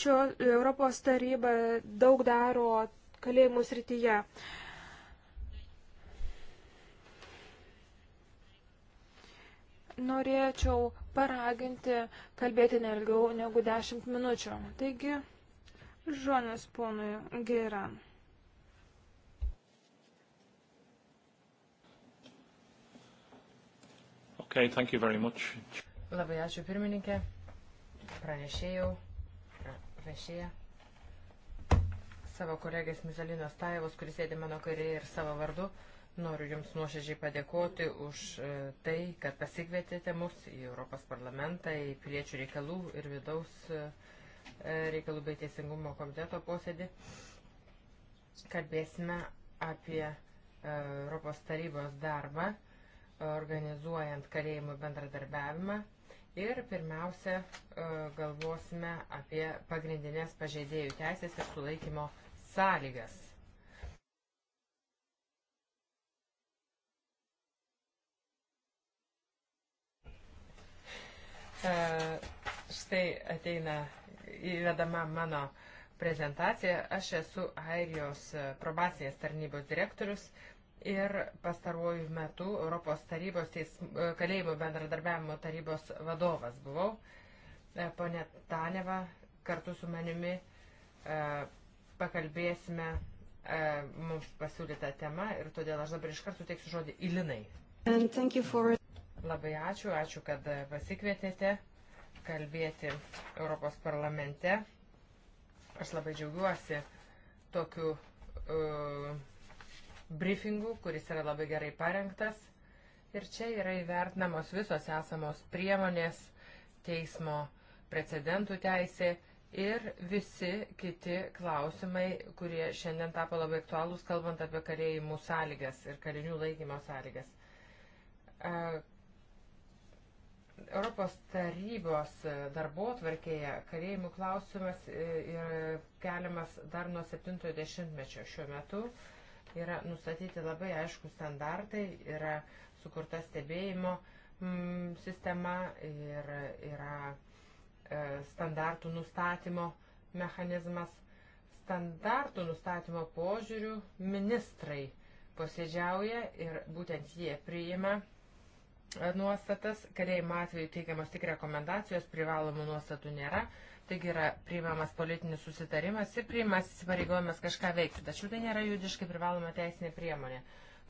Šio Europos taryba daug daro kalėjimų srityje. Norėčiau paraginti kalbėti nelgiau negu 10 minučių. Taigi, žodis ponui Geiran. Okay, thank you very much. Labai ačiū pirmininkė, pranešėjau, pranešėja savo kolegės Mizalinos Taivos, kuris sėdi mano kairėje ir savo vardu. Noriu Jums nuoširdžiai padėkoti už e, tai, kad pasikvietėte mus į Europos parlamentą, į piliečių reikalų ir vidaus uh, E, reikalų bei teisingumo komiteto posėdį. Kalbėsime apie e, Europos tarybos darbą, organizuojant kalėjimų bendradarbiavimą ir pirmiausia e, galvosime apie pagrindinės pažeidėjų teisės ir sulaikymo sąlygas. Štai ateina įvedama mano prezentacija. Aš esu Airijos probacinės tarnybos direktorius ir pastaruoju metu Europos tarybos teis, kalėjimų bendradarbiavimo tarybos vadovas buvau. E, Pone Taneva, kartu su manimi e, pakalbėsime e, mums pasiūlytą temą ir todėl aš dabar iškart suteiksiu žodį Ilinai. For... Labai ačiū, ačiū, kad pasikvietėte kalbėti Europos parlamente. Aš labai džiaugiuosi tokiu uh, briefingu, kuris yra labai gerai parengtas. Ir čia yra įvertinamos visos esamos priemonės, teismo precedentų teisė ir visi kiti klausimai, kurie šiandien tapo labai aktualūs, kalbant apie kalėjimų sąlygas ir kalinių laikymo sąlygas. E, Europos tarybos darbo tvarkėje kalėjimų klausimas e, yra keliamas dar nuo 70-mečio. Šiuo metu yra nustatyti labai aiškus standartai, yra sukurta stebėjimo mm, sistema ir yra e, standartų nustatymo mechanizmas. Standartų nustatymo požiūrių ministrai posėdžiauja ir būtent jie priima nuostatas, kalėjimo atveju teikiamas tik rekomendacijos, privalomų nuostatų nėra, taigi yra priimamas politinis susitarimas ir priimamas įsipareigojimas kažką veikti, tačiau tai nėra judiškai privaloma teisinė priemonė.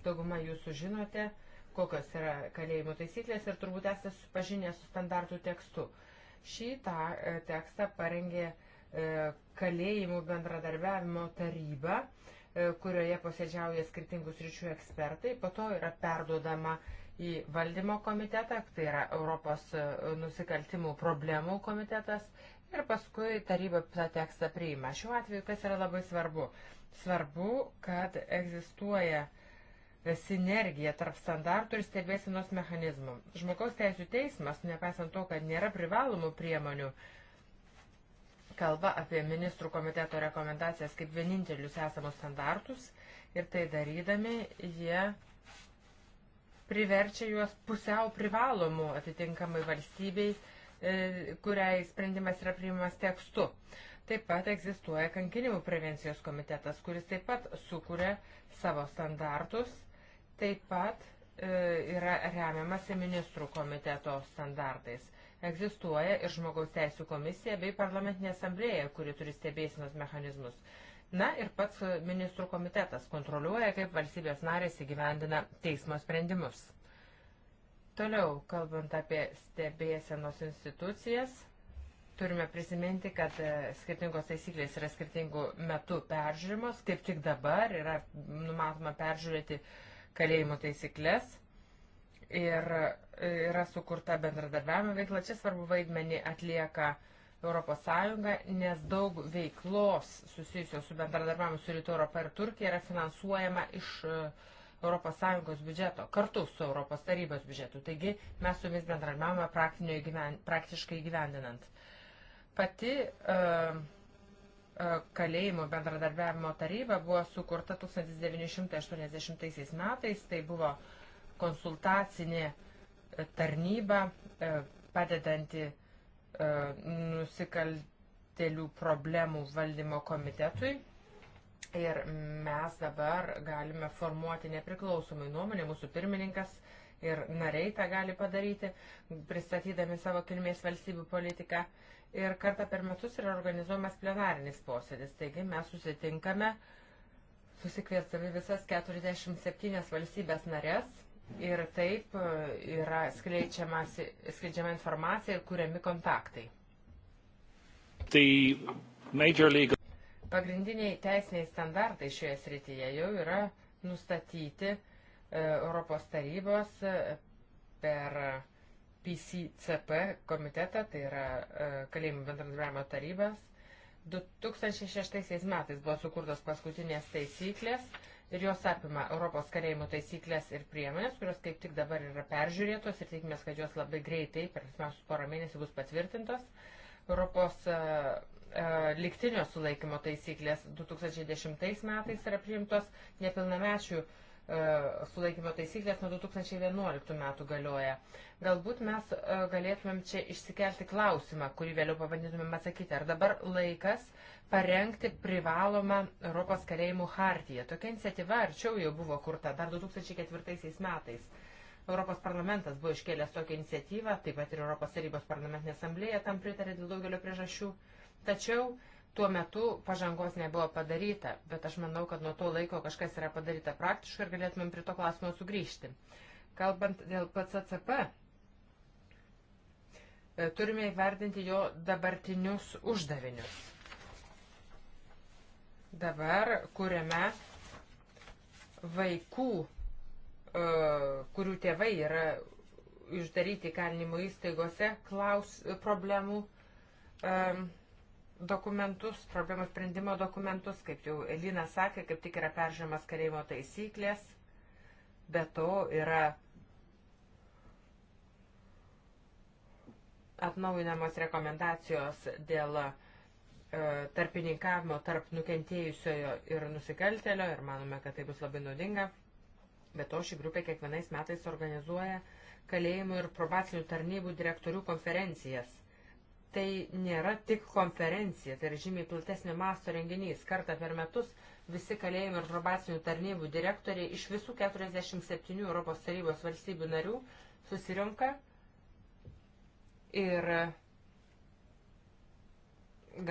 Dauguma jūsų žinote, kokios yra kalėjimo taisyklės ir turbūt esate susipažinę su standartų tekstu. Šitą e, tekstą parengė e, kalėjimų bendradarbiavimo taryba, e, kurioje posėdžiauja skirtingus ryčių ekspertai, po to yra perduodama uh, į valdymo komitetą, tai yra Europos e, nusikaltimų problemų komitetas ir paskui taryba tą tekstą priima. Šiuo atveju kas yra labai svarbu? Svarbu, kad egzistuoja sinergija tarp standartų ir stebėsinos mechanizmų. Žmogaus teisų teismas, nepaisant to, kad nėra privalomų priemonių, kalba apie ministrų komiteto rekomendacijas kaip vienintelius esamus standartus ir tai darydami jie priverčia juos pusiau privalomų atitinkamai valstybei, e, kuriai sprendimas yra priimamas tekstu. Taip pat egzistuoja kankinimų prevencijos komitetas, kuris taip pat sukuria savo standartus, taip pat e, yra remiamas ministrų komiteto standartais. Egzistuoja ir žmogaus teisų komisija bei parlamentinė asamblėja, kuri turi stebėsinos mechanizmus. Na ir pats ministrų komitetas kontroliuoja, kaip valstybės narės įgyvendina teismo sprendimus. Toliau, kalbant apie stebėsenos institucijas, turime prisiminti, kad e, skirtingos taisyklės yra skirtingų metų peržiūrimos, kaip tik dabar yra numatoma peržiūrėti kalėjimo taisyklės ir e, yra sukurta bendradarbiavimo veikla. Čia svarbu vaidmenį atlieka uh, ES, nes daug veiklos susijusios su bendradarbiavimu su Rytų Europa ir Turkija yra finansuojama iš ES biudžeto, kartu su ES tarybos biudžetu. Taigi mes su jumis bendradarbiavome gyven, praktiškai gyvendinant. Pati uh, kalėjimo bendradarbiavimo taryba buvo sukurta 1980 metais. Tai buvo konsultacinė e, tarnyba padedanti E, nusikaltelių problemų valdymo komitetui. Ir mes dabar galime formuoti nepriklausomai nuomonę, mūsų pirmininkas ir nariai tą gali padaryti, pristatydami savo kilmės valstybių politiką. Ir kartą per metus yra organizuojamas plenarinis posėdis. Taigi mes susitinkame, susikviesdami visas 47 valstybės narės ir taip e, yra skleidžiama informacija ir kuriami kontaktai. League... Pagrindiniai teisiniai standartai šioje srityje jau yra nustatyti e, Europos tarybos e, per PCCP komitetą, tai yra kalėjimų bendradarbiavimo tarybas. 2006 metais buvo sukurtos paskutinės taisyklės ir jos apima Europos karėjimų taisyklės ir priemonės, kurios kaip tik dabar yra peržiūrėtos ir tikimės, kad jos labai greitai, per pirmiausius porą mėnesių bus patvirtintos. Europos uh, e, e, liktinio sulaikymo taisyklės 2010 metais yra priimtos nepilnamečių uh, E, sulaikymo taisyklės nuo 2011 metų galioja. Galbūt mes e, galėtumėm čia išsikelti klausimą, kurį vėliau pabandytumėm atsakyti. Ar dabar laikas parengti privalomą Europos kalėjimų hartiją? Tokia iniciatyva arčiau jau buvo kurta dar 2004 metais. Europos parlamentas buvo iškėlęs tokią iniciatyvą, taip pat ir Europos tarybos parlamentinė asamblėja tam pritarė dėl daugelio priežasčių. Tačiau Tuo metu pažangos nebuvo padaryta, bet aš manau, kad nuo to laiko kažkas yra padaryta praktiškai ir galėtumėm prie to klausimo sugrįžti. Kalbant dėl PCCP, e, turime įvertinti jo dabartinius uždavinius. Dabar kuriame vaikų, e, kurių tėvai yra uždaryti kalinimo įstaigose, klaus problemų. Um, dokumentus, problemų sprendimo dokumentus, kaip jau Elina sakė, kaip tik yra peržiūrimas kalėjimo taisyklės, bet to yra atnaujinamos rekomendacijos dėl e, tarpininkavimo tarp nukentėjusiojo ir nusikaltelio ir manome, kad tai bus labai naudinga. Be to, ši grupė kiekvienais metais organizuoja kalėjimų ir probacinių tarnybų direktorių konferencijas tai nėra tik konferencija, tai yra žymiai platesnio masto renginys. Kartą per metus visi kalėjimų ir probacinių tarnybų direktoriai iš visų 47 Europos tarybos valstybių narių susirinka ir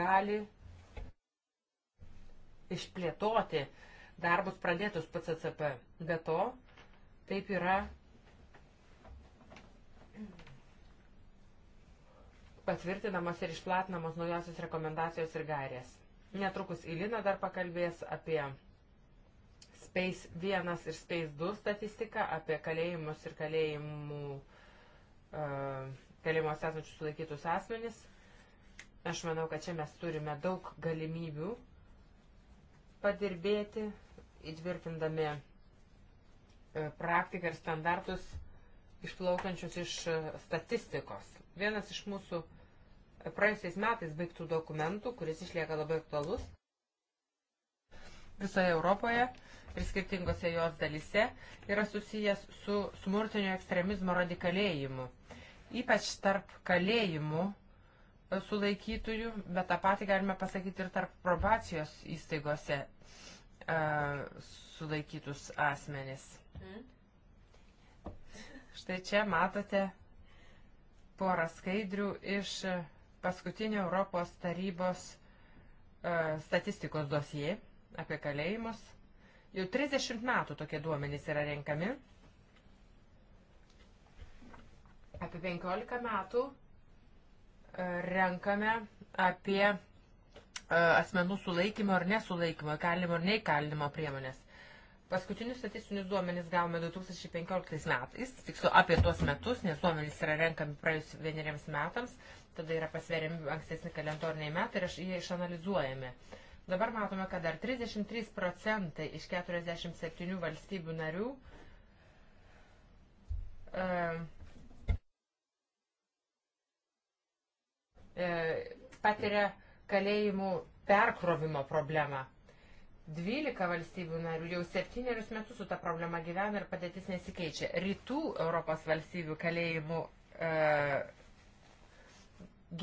gali išplėtoti darbus pradėtus PCCP. Be to, taip yra patvirtinamos ir išplatinamos naujausios rekomendacijos ir gairės. Netrukus Ilina dar pakalbės apie Space 1 ir Space 2 statistiką, apie kalėjimus ir kalėjimų, e, kalėjimuose esančius sulaikytus asmenis. Aš manau, kad čia mes turime daug galimybių padirbėti, įtvirtindami e, praktiką ir standartus išplaukiančius iš e, statistikos. Vienas iš mūsų e, praėjusiais metais baigtų dokumentų, kuris išlieka labai aktualus visoje Europoje ir skirtingose jos dalise, yra susijęs su smurtinio ekstremizmo radikalėjimu. Ypač tarp kalėjimų e, sulaikytųjų, bet tą patį galime pasakyti ir tarp probacijos įstaigose sulaikytus asmenis. Mm. Štai čia matote porą skaidrių iš paskutinio Europos tarybos e, statistikos dosie apie kalėjimus. Jau 30 metų tokie duomenys yra renkami. Apie 15 metų e, renkame apie e, asmenų sulaikymo ar nesulaikymo, įkalinimo ar neįkalinimo priemonės. Paskutinius statistinius duomenys gavome 2015 metais, tiksliau apie tuos metus, nes duomenys yra renkami praėjus vieneriems metams, tada yra pasveriami ankstesni kalendoriniai metai ir jie išanalizuojami. Dabar matome, kad dar 33 procentai iš 47 valstybių narių e, e, patiria kalėjimų perkrovimo problemą. 12 valstybių narių jau septynerius metus su ta problema gyvena ir padėtis nesikeičia. Rytų Europos valstybių kalėjimų e,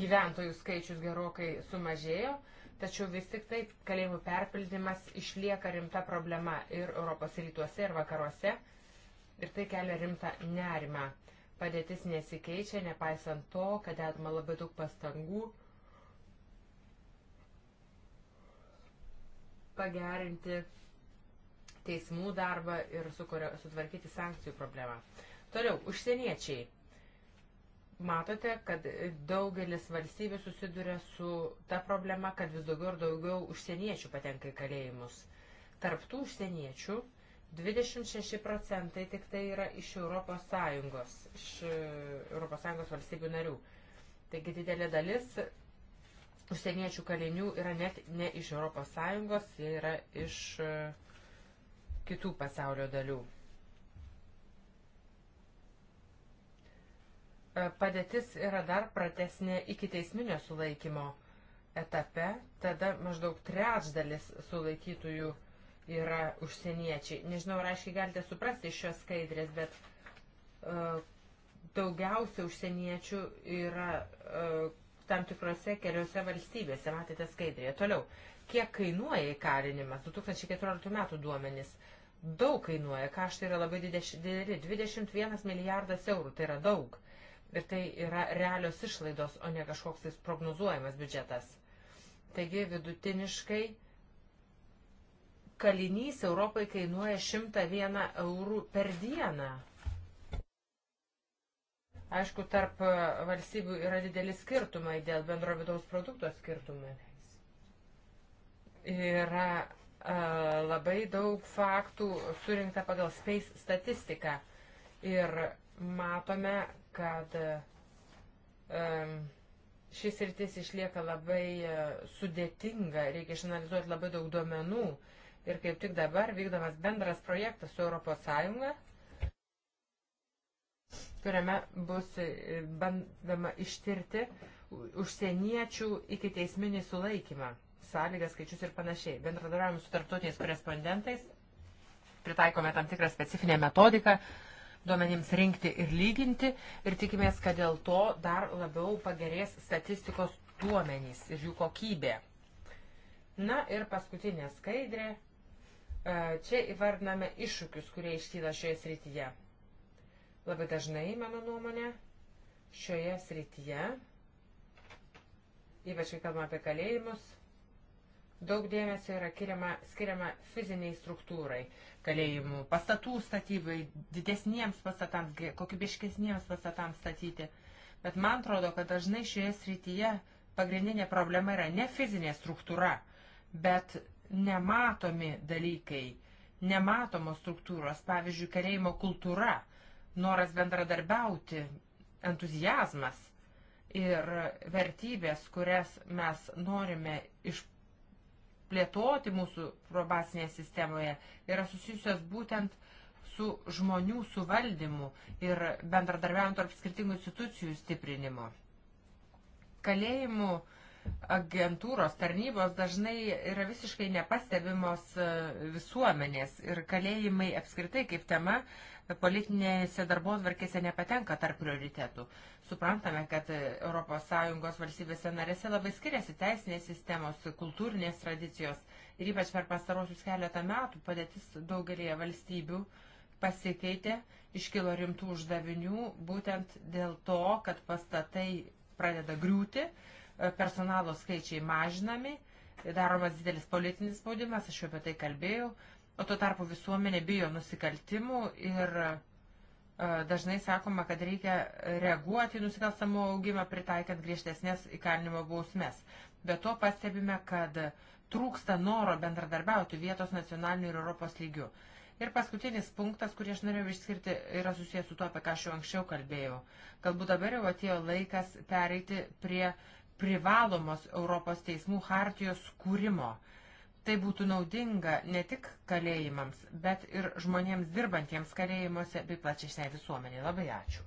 gyventojų skaičius gerokai sumažėjo, tačiau vis tik tai kalėjimų perpildymas išlieka rimta problema ir Europos rytuose, ir vakaruose. Ir tai kelia rimtą nerimą. Padėtis nesikeičia, nepaisant to, kad dedama labai daug pastangų pagerinti teismų darbą ir sutvarkyti sankcijų problemą. Toliau, užsieniečiai. Matote, kad daugelis valstybių susiduria su ta problema, kad vis daugiau ir daugiau užsieniečių patenka į kalėjimus. Tarptų užsieniečių 26 procentai tik tai yra iš ES, iš ES valstybių narių. Taigi didelė dalis užsieniečių kalinių yra net ne iš ES, jie yra iš e, kitų pasaulio dalių. E, padėtis yra dar pratesnė iki teisminio sulaikymo etape, tada maždaug trečdalis sulaikytųjų yra užsieniečiai. Nežinau, ar aiškiai galite suprasti iš šios skaidrės, bet uh, daugiausia užsieniečių yra uh, tam tikrose keliose valstybėse, matėte skaidrėje. Toliau, kiek kainuoja įkalinimas, 2014 metų duomenys, daug kainuoja, kaštai yra labai dideli, 21 milijardas eurų, tai yra daug. Ir tai yra realios išlaidos, o ne kažkoks tais prognozuojamas biudžetas. Taigi vidutiniškai kalinys Europai kainuoja 101 eurų per dieną. Aišku, tarp e, valstybių yra dideli skirtumai dėl bendro vidaus produkto skirtumai. Yra a, e, labai daug faktų surinkta pagal space statistiką ir matome, kad um, šis rytis išlieka labai sudėtinga, reikia išanalizuoti labai daug duomenų. Ir kaip tik dabar vykdomas bendras projektas su ES kuriame bus e, bandama ištirti užsieniečių iki teisminį sulaikymą, sąlygas, skaičius ir panašiai. Bendradarbiavame su tarptautiniais korespondentais, pritaikome tam tikrą specifinę metodiką duomenims rinkti ir lyginti ir tikimės, kad dėl to dar labiau pagerės statistikos duomenys ir jų kokybė. Na ir paskutinė skaidrė. E, čia įvardiname iššūkius, kurie iškyla šioje srityje. Labai dažnai, mano nuomonė, šioje srityje, ypač kai kalbame apie kalėjimus, daug dėmesio yra skiriama, skiriama fiziniai struktūrai kalėjimų, pastatų statybai, didesniems pastatams, kokybiškesniems pastatams statyti. Bet man atrodo, kad dažnai šioje srityje pagrindinė problema yra ne fizinė struktūra, bet nematomi dalykai, nematomos struktūros, pavyzdžiui, kalėjimo kultūra – noras bendradarbiauti, entuzijazmas ir vertybės, kurias mes norime išplėtoti mūsų probacinėje sistemoje, yra susijusios būtent su žmonių suvaldymu ir bendradarbiaujant tarp skirtingų institucijų stiprinimu. Kalėjimų agentūros tarnybos dažnai yra visiškai nepastebimos e, visuomenės ir kalėjimai apskritai kaip tema politinėse darbotvarkėse nepatenka tarp prioritetų. Suprantame, kad ES valstybėse narėse labai skiriasi teisinės sistemos, kultūrinės tradicijos ir ypač per pastarosius keletą metų padėtis daugelėje valstybių pasikeitė, iškilo rimtų uždavinių būtent dėl to, kad pastatai pradeda griūti, personalo skaičiai mažinami, daromas didelis politinis spaudimas, aš jau apie tai kalbėjau, o tuo tarpu visuomenė bijo nusikaltimų ir e, dažnai sakoma, kad reikia reaguoti į nusikalstamų augimą, pritaikant griežtesnės įkalinimo bausmės. Be to pastebime, kad trūksta noro bendradarbiauti vietos nacionaliniu ir Europos lygiu. Ir paskutinis punktas, kurį aš norėjau išskirti, yra susijęs su to, apie ką aš jau anksčiau kalbėjau. Galbūt dabar jau atėjo laikas pereiti prie privalomos Europos teismų hartijos kūrimo. Tai būtų naudinga ne tik kalėjimams, bet ir žmonėms dirbantiems kalėjimuose bei plačiai visuomeniai. Labai ačiū.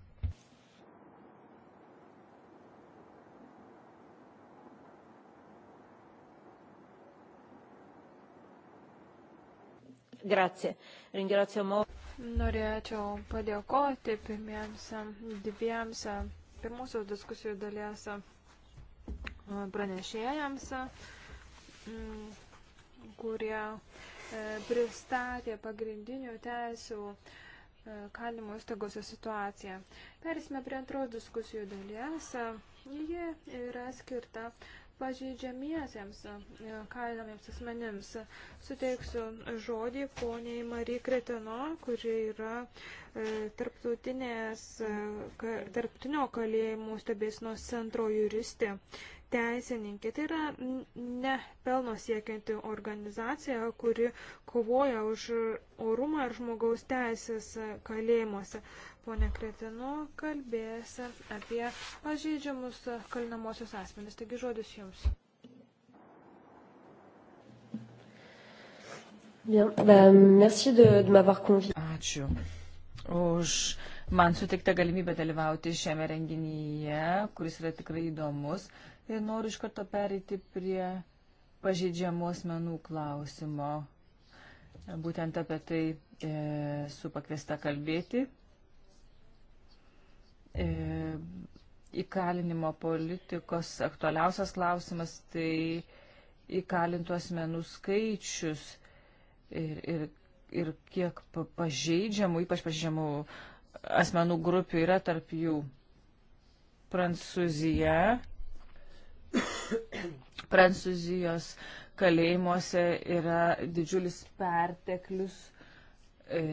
Grazie. Ringrazio molto. Norėčiau padėkoti pirmiems dviems pirmosios diskusijų dalies pranešėjams kurie e, pristatė pagrindinių teisų e, kalinimo įstaigose situaciją. Persime prie antros diskusijų dalies. Ji yra skirta pažeidžiamiesiems e, kalinamiems asmenims. Suteiksiu žodį poniai Marie Kretino, kuri yra e, e, tarptautinio kalėjimų stebėsinos centro juristė. Teisininkė. Tai yra ne pelno siekianti organizacija, kuri kovoja už orumą ir žmogaus teisės kalėjimuose ponė Kretinu kalbės apie pažeidžiamus kalinamosius asmenis. Taigi žodis jums. Bien, bah, merci de, de m'avoir convié. Ačiū už man sutikta galimybę dalyvauti šiame renginyje, kuris yra tikrai įdomus. Ir noriu iš karto pereiti prie pažeidžiamų asmenų klausimo. Būtent apie tai e, su pakviesta kalbėti E, įkalinimo politikos aktualiausias klausimas tai įkalintų asmenų skaičius ir, ir, ir kiek pažeidžiamų, ypač pažeidžiamų asmenų grupių yra tarp jų Prancūzija. Prancūzijos kalėjimuose yra didžiulis perteklius e,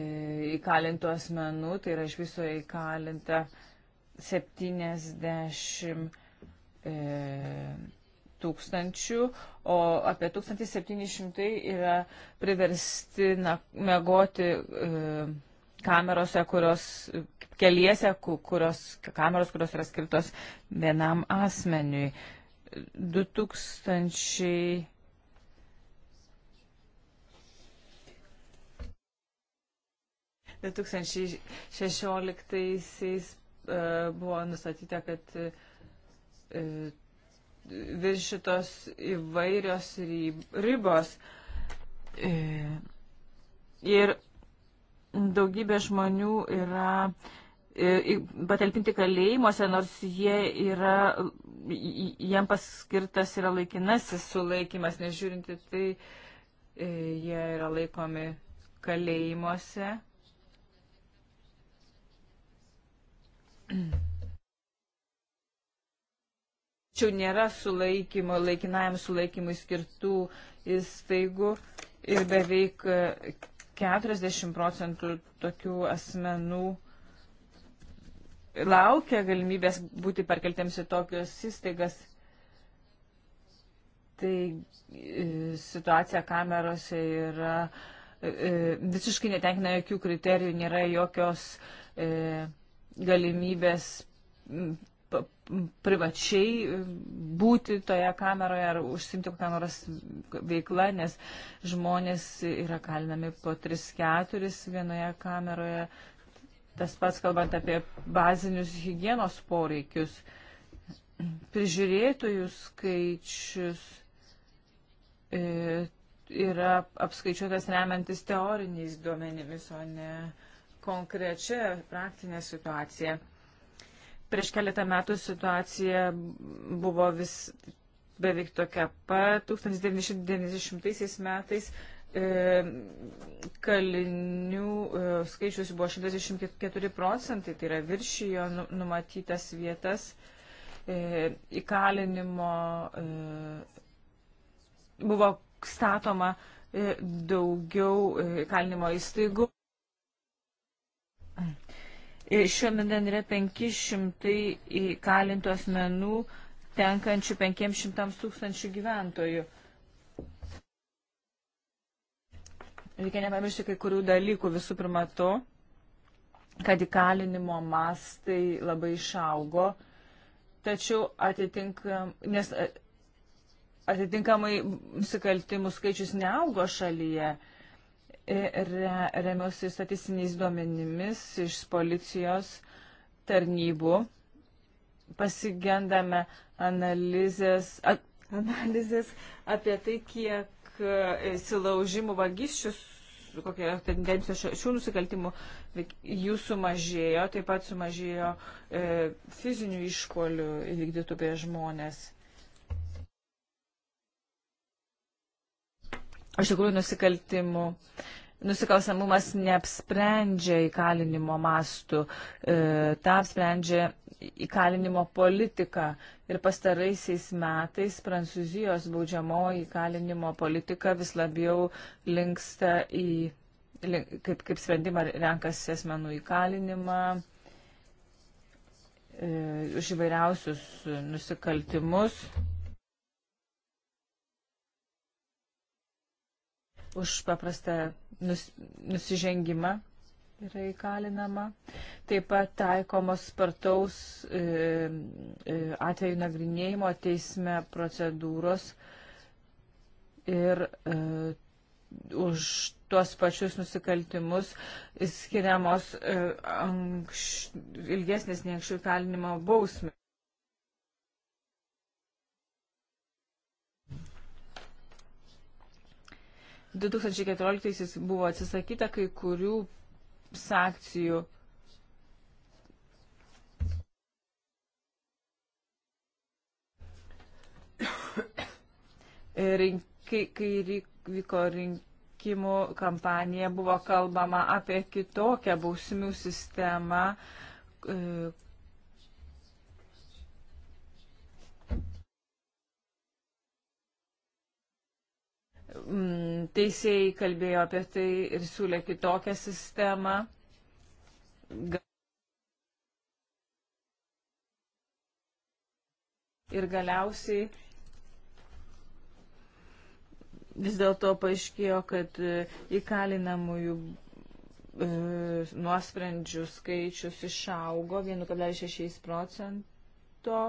įkalintų asmenų, tai yra iš viso įkalinta e, 70 e, tūkstančių, o apie 1700 yra priversti na, megoti e, kamerose, kurios keliese, kurios, kameros, kurios yra skirtos vienam asmeniui. 2000 2016 E, buvo nustatyta, kad e, virš šitos įvairios ribos. E, ir daugybė žmonių yra patalpinti kalėjimuose, nors jie yra, jiem paskirtas yra laikinasis sulaikimas, nežiūrinti tai, jie yra laikomi kalėjimuose. Tačiau nėra sulaikymo, laikinajam sulaikymui skirtų įstaigų ir beveik 40 e, procentų tokių asmenų laukia galimybės būti perkeltiems į tokius įstaigas. Tai e, situacija kamerose yra e, visiškai netenkina jokių kriterijų, nėra jokios e, galimybės privačiai e, būti toje kameroje ar užsimti kokią nors veiklą, nes žmonės yra kalinami po 3-4 vienoje kameroje. Tas pats kalbant apie bazinius hygienos poreikius, prižiūrėtojų skaičius e, yra apskaičiuotas remiantis teoriniais duomenimis, o ne konkrečią praktinę situaciją. Prieš keletą metų situacija buvo vis beveik tokia pat. 1990 metais e, kalinių e, skaičius buvo 64 procentai, tai yra viršijo nu, numatytas vietas e, įkalinimo. E, buvo statoma e, daugiau e, kalinimo įstaigų. Šiuo metu yra 500 įkalintų asmenų, tenkančių 500 tūkstančių gyventojų. Reikia nepamiršti kai kurių dalykų. Visų pirma, to, kad įkalinimo mastai labai išaugo, tačiau atitinkam, nes atitinkamai nusikaltimų skaičius neaugo šalyje. E, remiuosi statistiniais duomenimis iš policijos tarnybų. Pasigendame analizės, at, analizės apie tai, kiek e, įsilaužimų vagysčių kokia tendencija šių nusikaltimų, jų sumažėjo, taip pat sumažėjo e, fizinių išpolių įvykdytų prie žmonės. Iš tikrųjų, nusikaltimų nusikalstamumas neapsprendžia įkalinimo mastų, e, tą apsprendžia įkalinimo politika. Ir pastaraisiais metais Prancūzijos baudžiamoji įkalinimo politika vis labiau linksta į, link, kaip, kaip sprendimą renkasi asmenų įkalinimą e, už įvairiausius nusikaltimus. už paprastą nus, nusižengimą yra įkalinama. Taip pat taikomos spartaus e, e, atveju nagrinėjimo teisme procedūros ir e, už tuos pačius nusikaltimus skiriamos e, anks, ilgesnės nei anksčiau kalinimo bausmės. 2014 buvo atsisakyta kai kurių sankcijų. Rink, kai, kai vyko rinkimų kampanija, buvo kalbama apie kitokią bausmių sistemą, e, mm, teisėjai kalbėjo apie tai ir siūlė kitokią sistemą. Ir galiausiai vis dėlto paaiškėjo, kad e, įkalinamųjų e, nuosprendžių skaičius išaugo 1,6 procento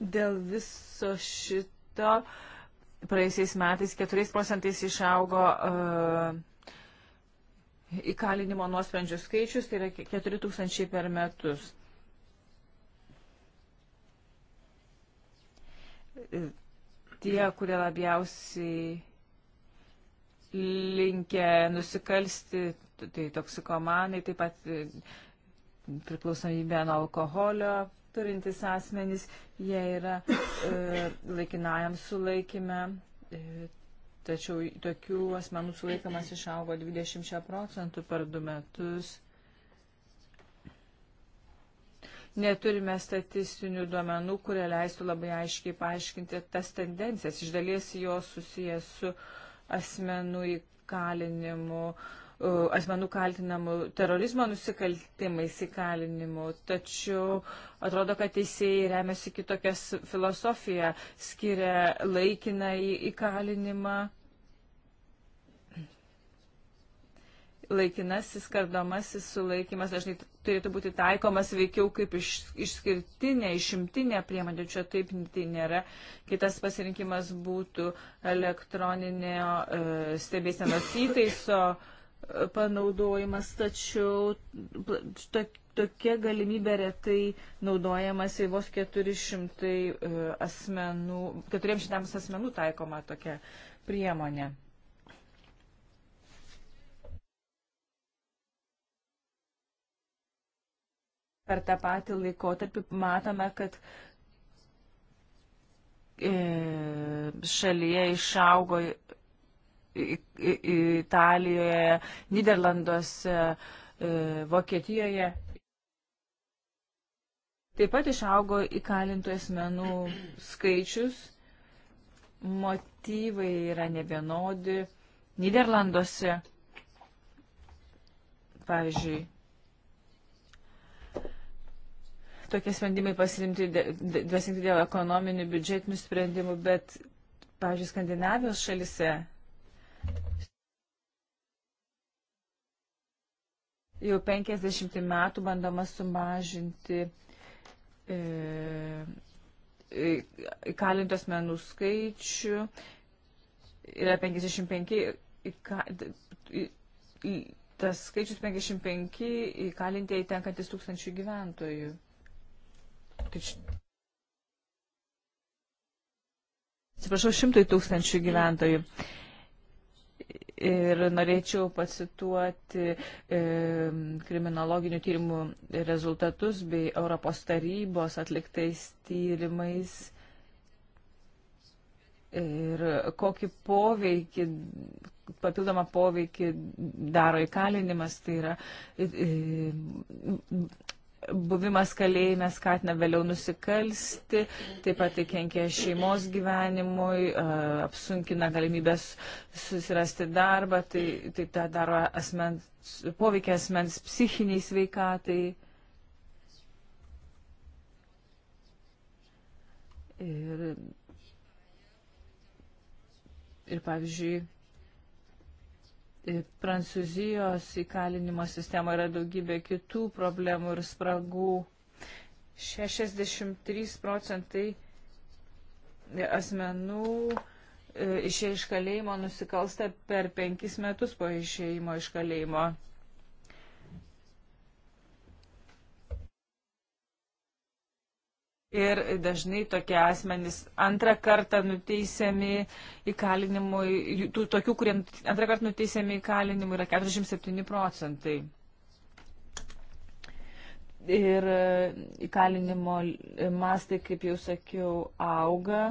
Dėl viso šito praeisiais metais 4 procentais išaugo uh, įkalinimo nuosprendžių skaičius, tai yra 4 tūkstančiai per metus. E, tie, kurie labiausiai linkę nusikalsti, tai toksikomanai, taip pat e, priklausomybė nuo alkoholio, turintys asmenys, jie yra e, laikinajam sulaikime, e, tačiau tokių asmenų sulaikimas išaugo 20 procentų per du metus. Neturime statistinių duomenų, kurie leistų labai aiškiai paaiškinti tas tendencijas. Iš dalies jos susijęs su asmenų įkalinimu, e, Uh, asmenų kaltinamų terorizmo nusikaltimais įkalinimu, tačiau atrodo, kad teisėjai remiasi kitokią filosofiją, skiria laikiną įkalinimą, laikinasis kardomasis sulaikimas dažnai turėtų būti taikomas veikiau kaip iš, išskirtinė, išimtinė priemonė, čia taip tai nėra. Kitas pasirinkimas būtų elektroninio e, stebėsenos įtaiso. E, panaudojimas, tačiau tokia galimybė retai naudojamas į vos 400 e, asmenų, 400 asmenų taikoma tokia priemonė. Per tą patį laikotarpį matome, kad e, šalyje išaugo Italijoje, Niderlanduose, e, Vokietijoje. Taip pat išaugo įkalintų asmenų skaičius, motyvai yra nevienodi. Niderlanduose, pavyzdžiui, tokie sprendimai pasirimti dėl ekonominių biudžetinių sprendimų, bet, pavyzdžiui, Skandinavijos šalise Jau 50 metų bandoma sumažinti įkalintos e, e menų skaičių. Yra 55, įka, tas skaičius 55 įkalintieji tenkantis tūkstančių gyventojų. Tai Atsiprašau, šimtai tūkstančių gyventojų. E, Ir norėčiau pacituoti e, kriminologinių tyrimų rezultatus bei Europos tarybos atliktais tyrimais. Ir kokį poveikį, papildomą poveikį daro įkalinimas, tai yra e, buvimas kalėjime skatina vėliau nusikalsti, taip pat tai kenkia šeimos gyvenimui, apsunkina galimybės susirasti darbą, tai, tai tą daro asmens, poveikia asmens psichiniai sveikatai. Ir, ir pavyzdžiui, Prancūzijos įkalinimo sistemoje yra daugybė kitų problemų ir spragų. 63 procentai asmenų e, išėję iš kalėjimo nusikalsta per penkis metus po išėjimo iš kalėjimo. Ir dažnai tokie asmenys antrą kartą nuteisiami įkalinimui, tų tokių, kurie antrą kartą nuteisiami įkalinimui yra 47 procentai. Ir e, įkalinimo mastai, kaip jau sakiau, auga.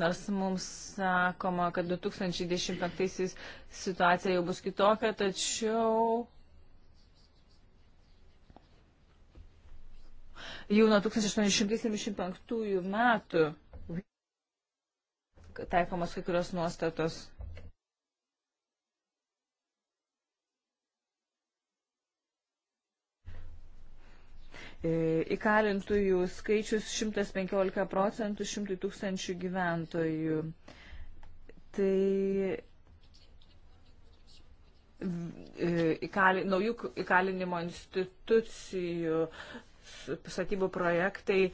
Nors mums sakoma, kad 2015 situacija jau bus kitokia, tačiau jau nuo 1875 metų taikomas kai kurios nuostatos. E, Įkalintųjų skaičius 115 procentų 100 tūkstančių gyventojų. Tai e, įkali, naujų įkalinimo institucijų statybų projektai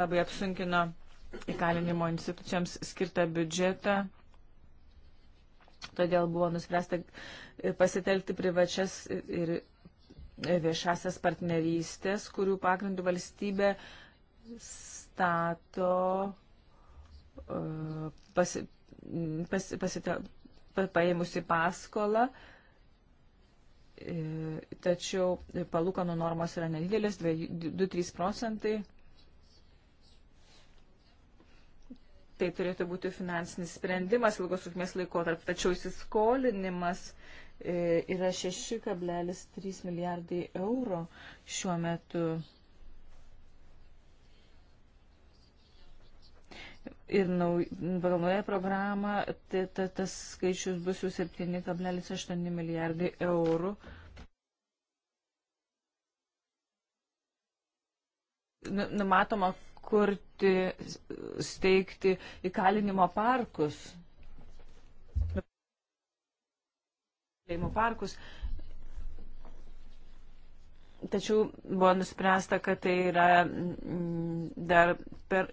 labai apsunkino įkalinimo institucijoms skirtą biudžetą. Todėl buvo nuspręsta e, pasitelkti privačias ir viešasias partnerystės, kurių pagrindų valstybė stato e, pasi, pas, pasite, paėmusi paskolą uh, E, tačiau palūkanų normos yra nedidelės, 2-3 procentai. Tai turėtų būti finansinis sprendimas ilgos trukmės laikotarp, tačiau įsiskolinimas e, yra 6,3 milijardai eurų šiuo metu. ir pagal naują programą tai, ta, tas skaičius bus jau 7,8 milijardai eurų. Nu, numatoma kurti, steigti įkalinimo parkus. parkus. Tačiau buvo nuspręsta, kad tai yra mm, dar per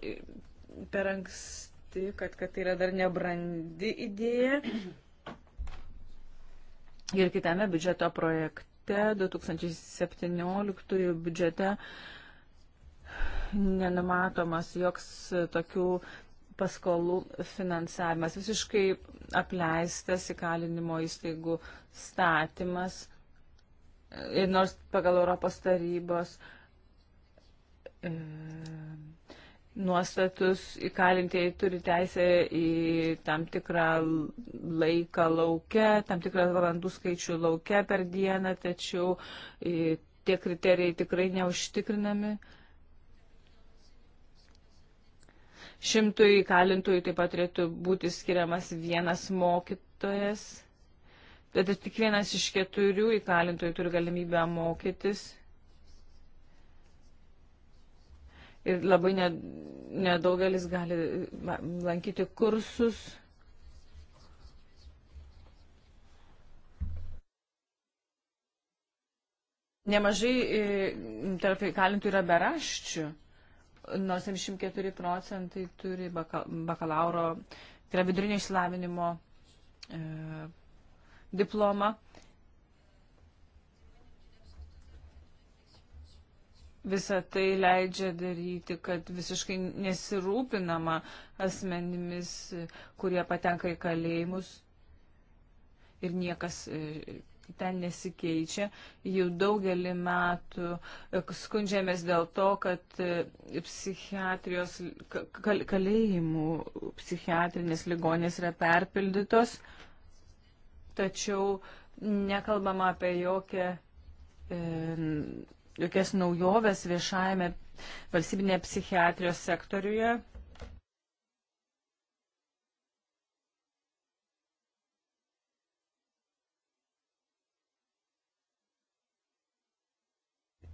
per anksti, kad, kad tai yra dar nebrandi idėja. Ir kitame biudžeto projekte, 2017 biudžete, nenumatomas joks tokių paskolų finansavimas, visiškai apleistas įkalinimo įstaigų statymas. Ir nors pagal Europos tarybos. E, nuostatus įkalintieji turi teisę į tam tikrą laiką laukia, tam tikrą valandų skaičių laukia per dieną, tačiau e, tie kriterijai tikrai neužtikrinami. Šimtui įkalintųjų taip pat turėtų būti skiriamas vienas mokytojas, bet tik vienas iš keturių įkalintųjų turi galimybę mokytis ir labai nedaugelis gali lankyti kursus. Nemažai e, tarp įkalintų yra beraščių, nors 74 procentai turi bakalauro, tai yra vidurinio išsilavinimo e, diplomą. visą tai leidžia daryti, kad visiškai nesirūpinama asmenimis, kurie patenka į kalėjimus ir niekas e, ten nesikeičia. Jau daugelį metų e, skundžiamės dėl to, kad e, psichiatrijos, kalėjimų psichiatrinės ligonės yra perpildytos, tačiau nekalbama apie jokią jokias naujoves viešajame valstybinėje psichiatrijos sektoriuje.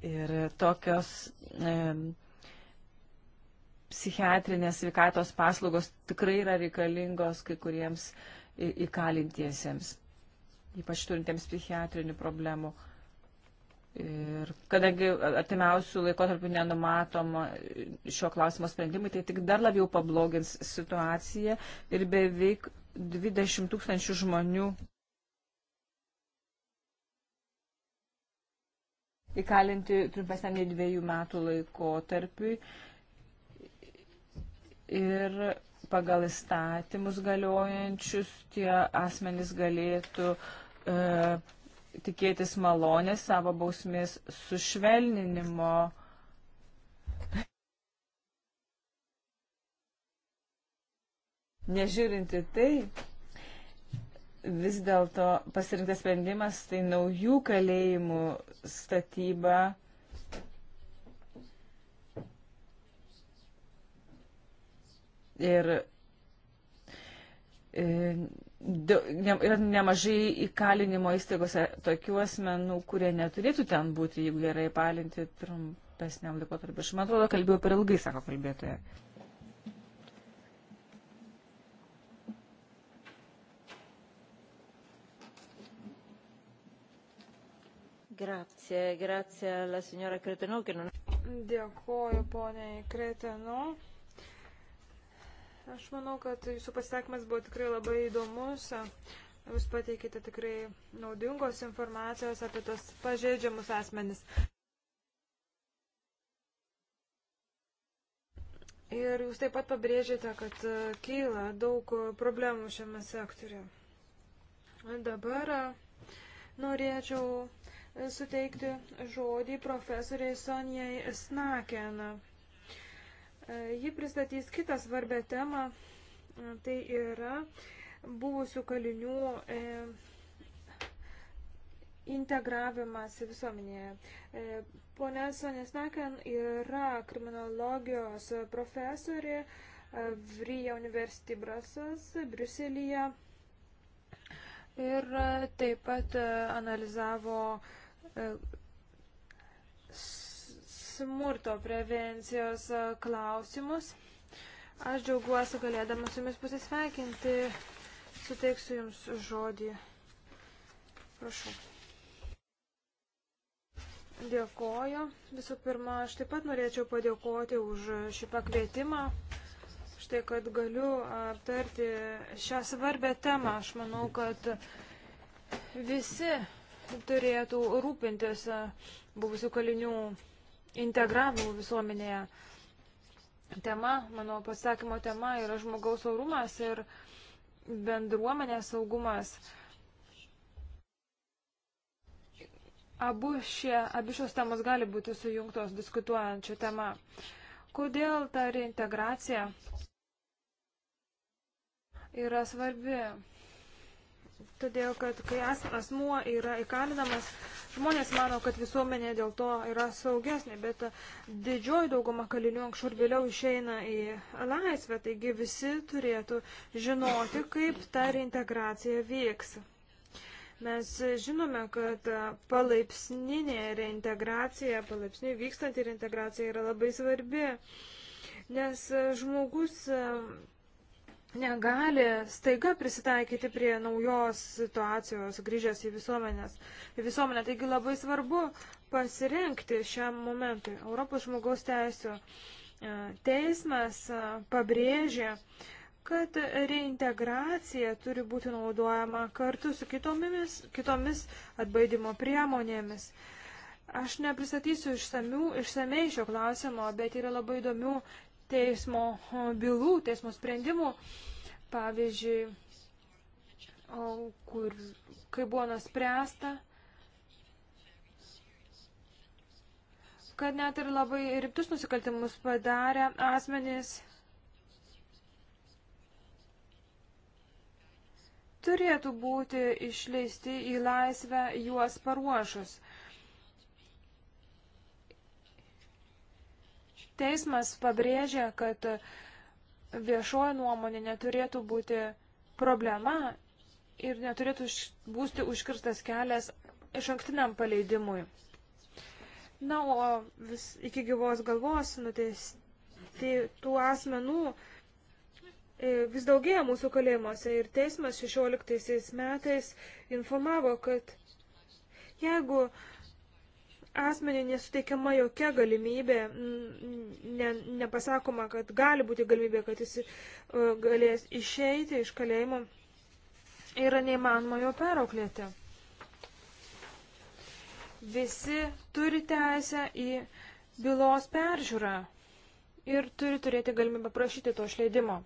Ir tokios e, psichiatrinės sveikatos paslaugos tikrai yra reikalingos kai kuriems įkalintiesiems, ypač turintiems psichiatrinių problemų. E, Ir kadangi artimiausių laikotarpių nenumatoma šio klausimo sprendimai, tai tik dar labiau pablogins situaciją ir beveik 20 tūkstančių žmonių įkalinti trumpesniam nei dviejų metų laikotarpiui. Ir pagal įstatymus galiojančius tie asmenys galėtų e, tikėtis malonės savo bausmės sušvelninimo. Nežiūrinti tai, vis dėlto pasirinktas sprendimas tai naujų kalėjimų statyba. Ir e, yra nemažai įkalinimo įstaigose tokių asmenų, kurie neturėtų ten būti, jeigu gerai palinti trumpesniam laikotarpiu. Aš man atrodo, kalbėjau per ilgai, sako kalbėtoja. Grazie, grazie alla signora Cretenau. Non... Dėkuoju poniai Cretenau. Aš manau, kad jūsų pasisakymas buvo tikrai labai įdomus. Jūs pateikite tikrai naudingos informacijos apie tos pažeidžiamus asmenis. Ir jūs taip pat pabrėžėte, kad e, kyla daug problemų šiame sektoriu. Dabar e, norėčiau e, suteikti žodį profesoriai Sonijai Snaken. E, ji pristatys kitą svarbę temą, e, tai yra buvusių kalinių e, integravimas visuomenėje. Pone Sonisnaken yra kriminologijos profesorė Vryja University Brasas, Briuselyje. Ir taip pat analizavo smurto prevencijos e, klausimus. Aš džiaugiuosi galėdama su jumis pasisveikinti. Suteiksiu jums žodį. Prašau. Dėkoju. Visų pirma, aš taip pat norėčiau padėkoti už šį pakvietimą. Štai, kad galiu aptarti šią svarbę temą. Aš manau, kad visi turėtų rūpintis buvusių kalinių integravimų visuomenėje. Tema, mano pasakymo tema yra žmogaus orumas ir bendruomenės saugumas. Abu šie, abi šios temos gali būti sujungtos diskutuojant šią temą. Kodėl ta reintegracija yra svarbi? todėl kad kai asmuo yra įkalinamas, žmonės mano, kad visuomenė dėl to yra saugesnė, bet didžioji dauguma kalinių anksčiau ir vėliau išeina į laisvę, taigi visi turėtų žinoti, kaip ta reintegracija vyks. Mes žinome, kad palaipsninė reintegracija, palaipsniui vykstanti reintegracija yra labai svarbi, nes žmogus negali staiga prisitaikyti prie naujos situacijos, grįžęs į, į visuomenę. Taigi labai svarbu pasirinkti šiam momentui. Europos žmogaus teisų e, teismas e, pabrėžė, kad reintegracija turi būti naudojama kartu su kitomis, kitomis atbaidimo priemonėmis. Aš nepristatysiu išsamių, išsamei šio klausimo, bet yra labai įdomių teismo bylų, teismo sprendimų, pavyzdžiui, kur, kai buvo nuspręsta, kad net ir labai rimtus nusikaltimus padarę asmenys turėtų būti išleisti į laisvę juos paruošus. Teismas pabrėžia, kad viešoji nuomonė neturėtų būti problema ir neturėtų būti užkirstas kelias iš anktiniam paleidimui. Na, o vis iki gyvos galvos nuteisti tų asmenų e, vis daugėja mūsų kalėjimuose ir teismas 16 metais informavo, kad jeigu uh, asmenį nesuteikiama jokia galimybė, ne, nepasakoma, kad gali būti galimybė, kad jis e, galės išeiti iš kalėjimo, yra neįmanoma jo perauklėti. Visi turi teisę į bylos peržiūrą ir turi turėti galimybę prašyti to išleidimo.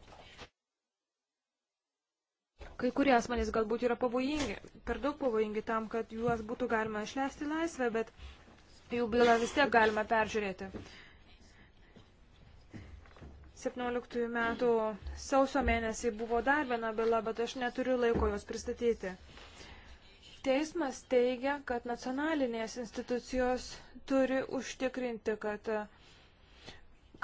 Kai kurie asmenys galbūt yra pavojingi, per daug pavojingi tam, kad juos būtų galima išleisti laisvę, bet uh, jų bylą vis tiek galima peržiūrėti. 17 metų sausio mėnesį buvo dar viena byla, bet aš neturiu laiko jos pristatyti. Teismas teigia, kad nacionalinės institucijos turi užtikrinti, kad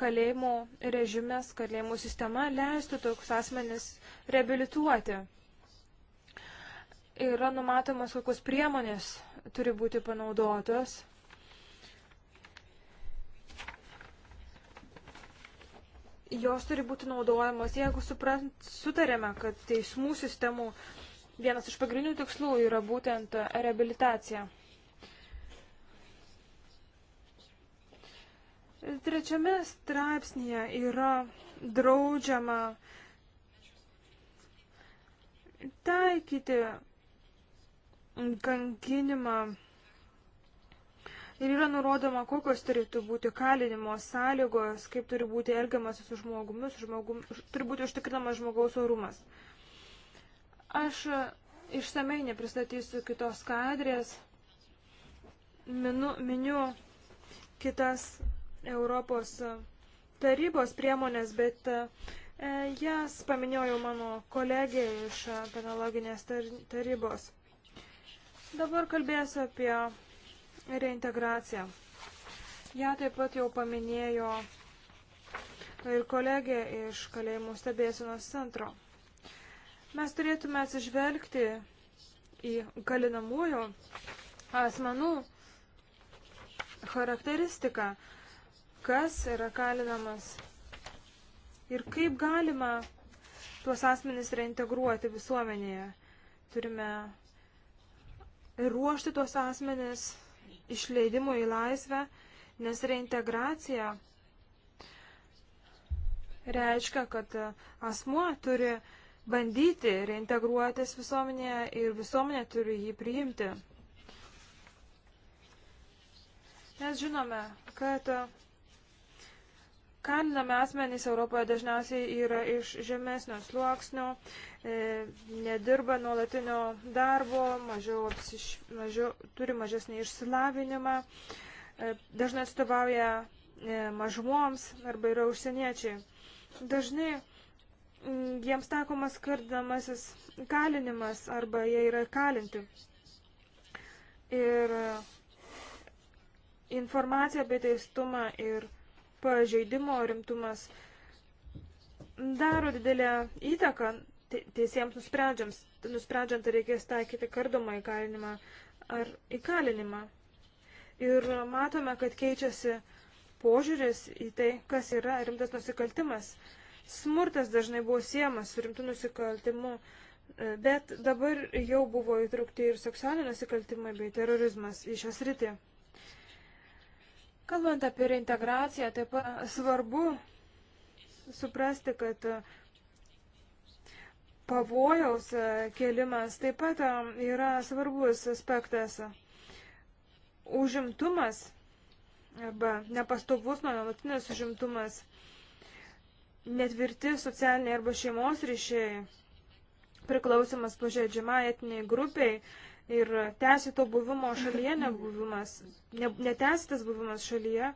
kalėjimų režimės, kalėjimų sistema leistų tokius asmenis reabilituoti. Yra numatomas, kokios priemonės turi būti panaudotos jos turi būti naudojamos, jeigu suprant, sutarėme, kad teismų sistemų vienas iš pagrindinių tikslų yra būtent e, rehabilitacija. Trečiame straipsnėje yra draudžiama taikyti kankinimą ir yra nurodoma, kokios turėtų būti kalinimo sąlygos, kaip turi būti elgiamasi su žmogumi, su žmogum, turi būti užtikrinamas žmogaus orumas. Aš e, išsamei nepristatysiu kitos kadrės, minu, miniu kitas Europos e, tarybos priemonės, bet e, jas paminėjau mano kolegė iš penologinės tarybos. Dabar kalbėsiu apie reintegraciją. Ja taip pat jau paminėjo ir kolegė iš kalėjimų stebėsinos centro. Mes turėtume atsižvelgti į kalinamųjų asmenų charakteristiką, kas yra kalinamas ir kaip galima tuos asmenys reintegruoti visuomenėje. Turime ruošti tuos asmenys išleidimo į laisvę, nes reintegracija reiškia, kad asmuo turi bandyti reintegruotis visuomenėje ir visuomenė turi jį priimti. Mes žinome, kad Kalinami asmenys Europoje dažniausiai yra iš žemesnio sluoksnio, e, nedirba nuolatinio darbo, mažiau apsiš, mažiau, turi mažesnį išsilavinimą, e, dažnai atstovauja e, mažumoms arba yra užsieniečiai. Dažnai jiems takomas skardamasis kalinimas arba jie yra kalinti. Ir e, informacija apie teistumą ir pažeidimo rimtumas daro didelę įtaką teisėjams nusprendžiant, nusprendžiant ar reikės taikyti kardomą įkalinimą ar įkalinimą. Ir matome, kad keičiasi požiūris į tai, kas yra rimtas nusikaltimas. Smurtas dažnai buvo siejamas su rimtu nusikaltimu, e, bet dabar jau buvo įtraukti ir seksualiniai nusikaltimai bei terorizmas į šią sritį. Kalbant apie reintegraciją, taip pat svarbu suprasti, kad pavojaus kelimas taip pat um, yra svarbus aspektas. Užimtumas arba nepastovus nuolatinis užimtumas, netvirti socialiniai arba šeimos ryšiai, priklausimas pažeidžiamai etiniai grupiai, ir tęsito buvimo šalyje nebuvimas, ne, netęsitas buvimas šalyje